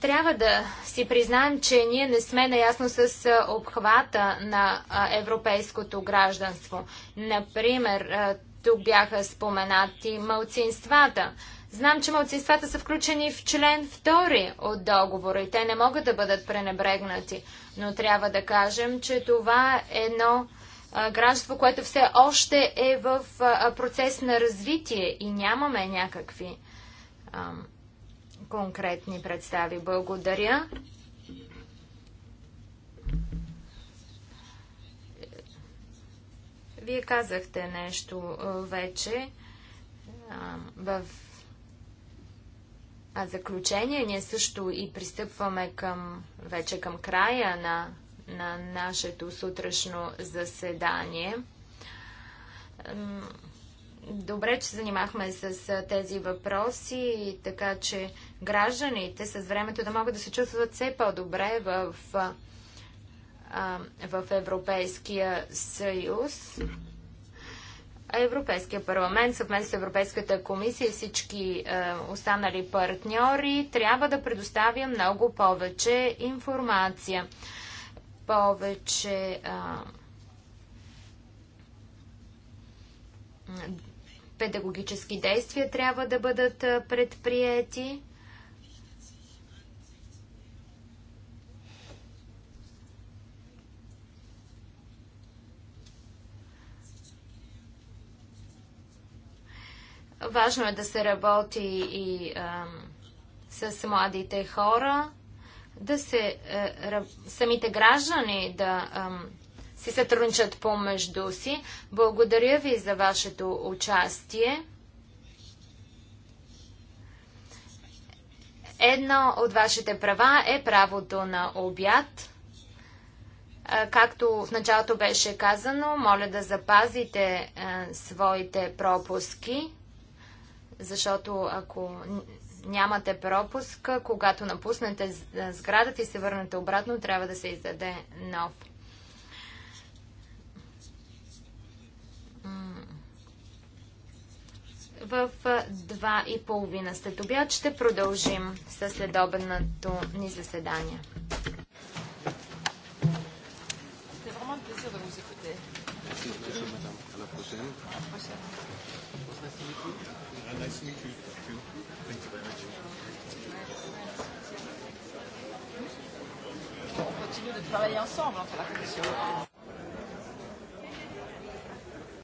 Трябва да си признаем, че ние не сме наясно с обхвата на европейското гражданство. Например, тук бяха споменати мълцинствата. Знам, че мълцинствата са включени в член 2 от договора и те не могат да бъдат пренебрегнати. Но трябва да кажем, че това е едно гражданство, което все още е в процес на развитие и нямаме някакви конкретни представи. Благодаря. Вие казахте нещо вече в а заключение ние също и пристъпваме към, вече към края на, на нашето сутрешно заседание. Добре, че занимахме с тези въпроси, така че гражданите с времето да могат да се чувстват все по-добре в в Европейския съюз. Европейския парламент, съвместно с Европейската комисия и всички е, останали партньори, трябва да предоставя много повече информация, повече е, педагогически действия трябва да бъдат предприяти. Важно е да се работи и а, с младите хора, да се е, а, самите граждани да а, си сътрудничат помежду си. Благодаря ви за вашето участие. Едно от вашите права е правото на обяд. Е, както в началото беше казано, моля да запазите е, своите пропуски. Защото ако нямате пропуск, когато напуснете сградата и се върнете обратно, трябва да се издаде нов. в два и половина след обяд ще продължим с следобедното ни заседание. Merci beaucoup nice to meet you too. Thank you very much. On continue de travailler ensemble entre la commission.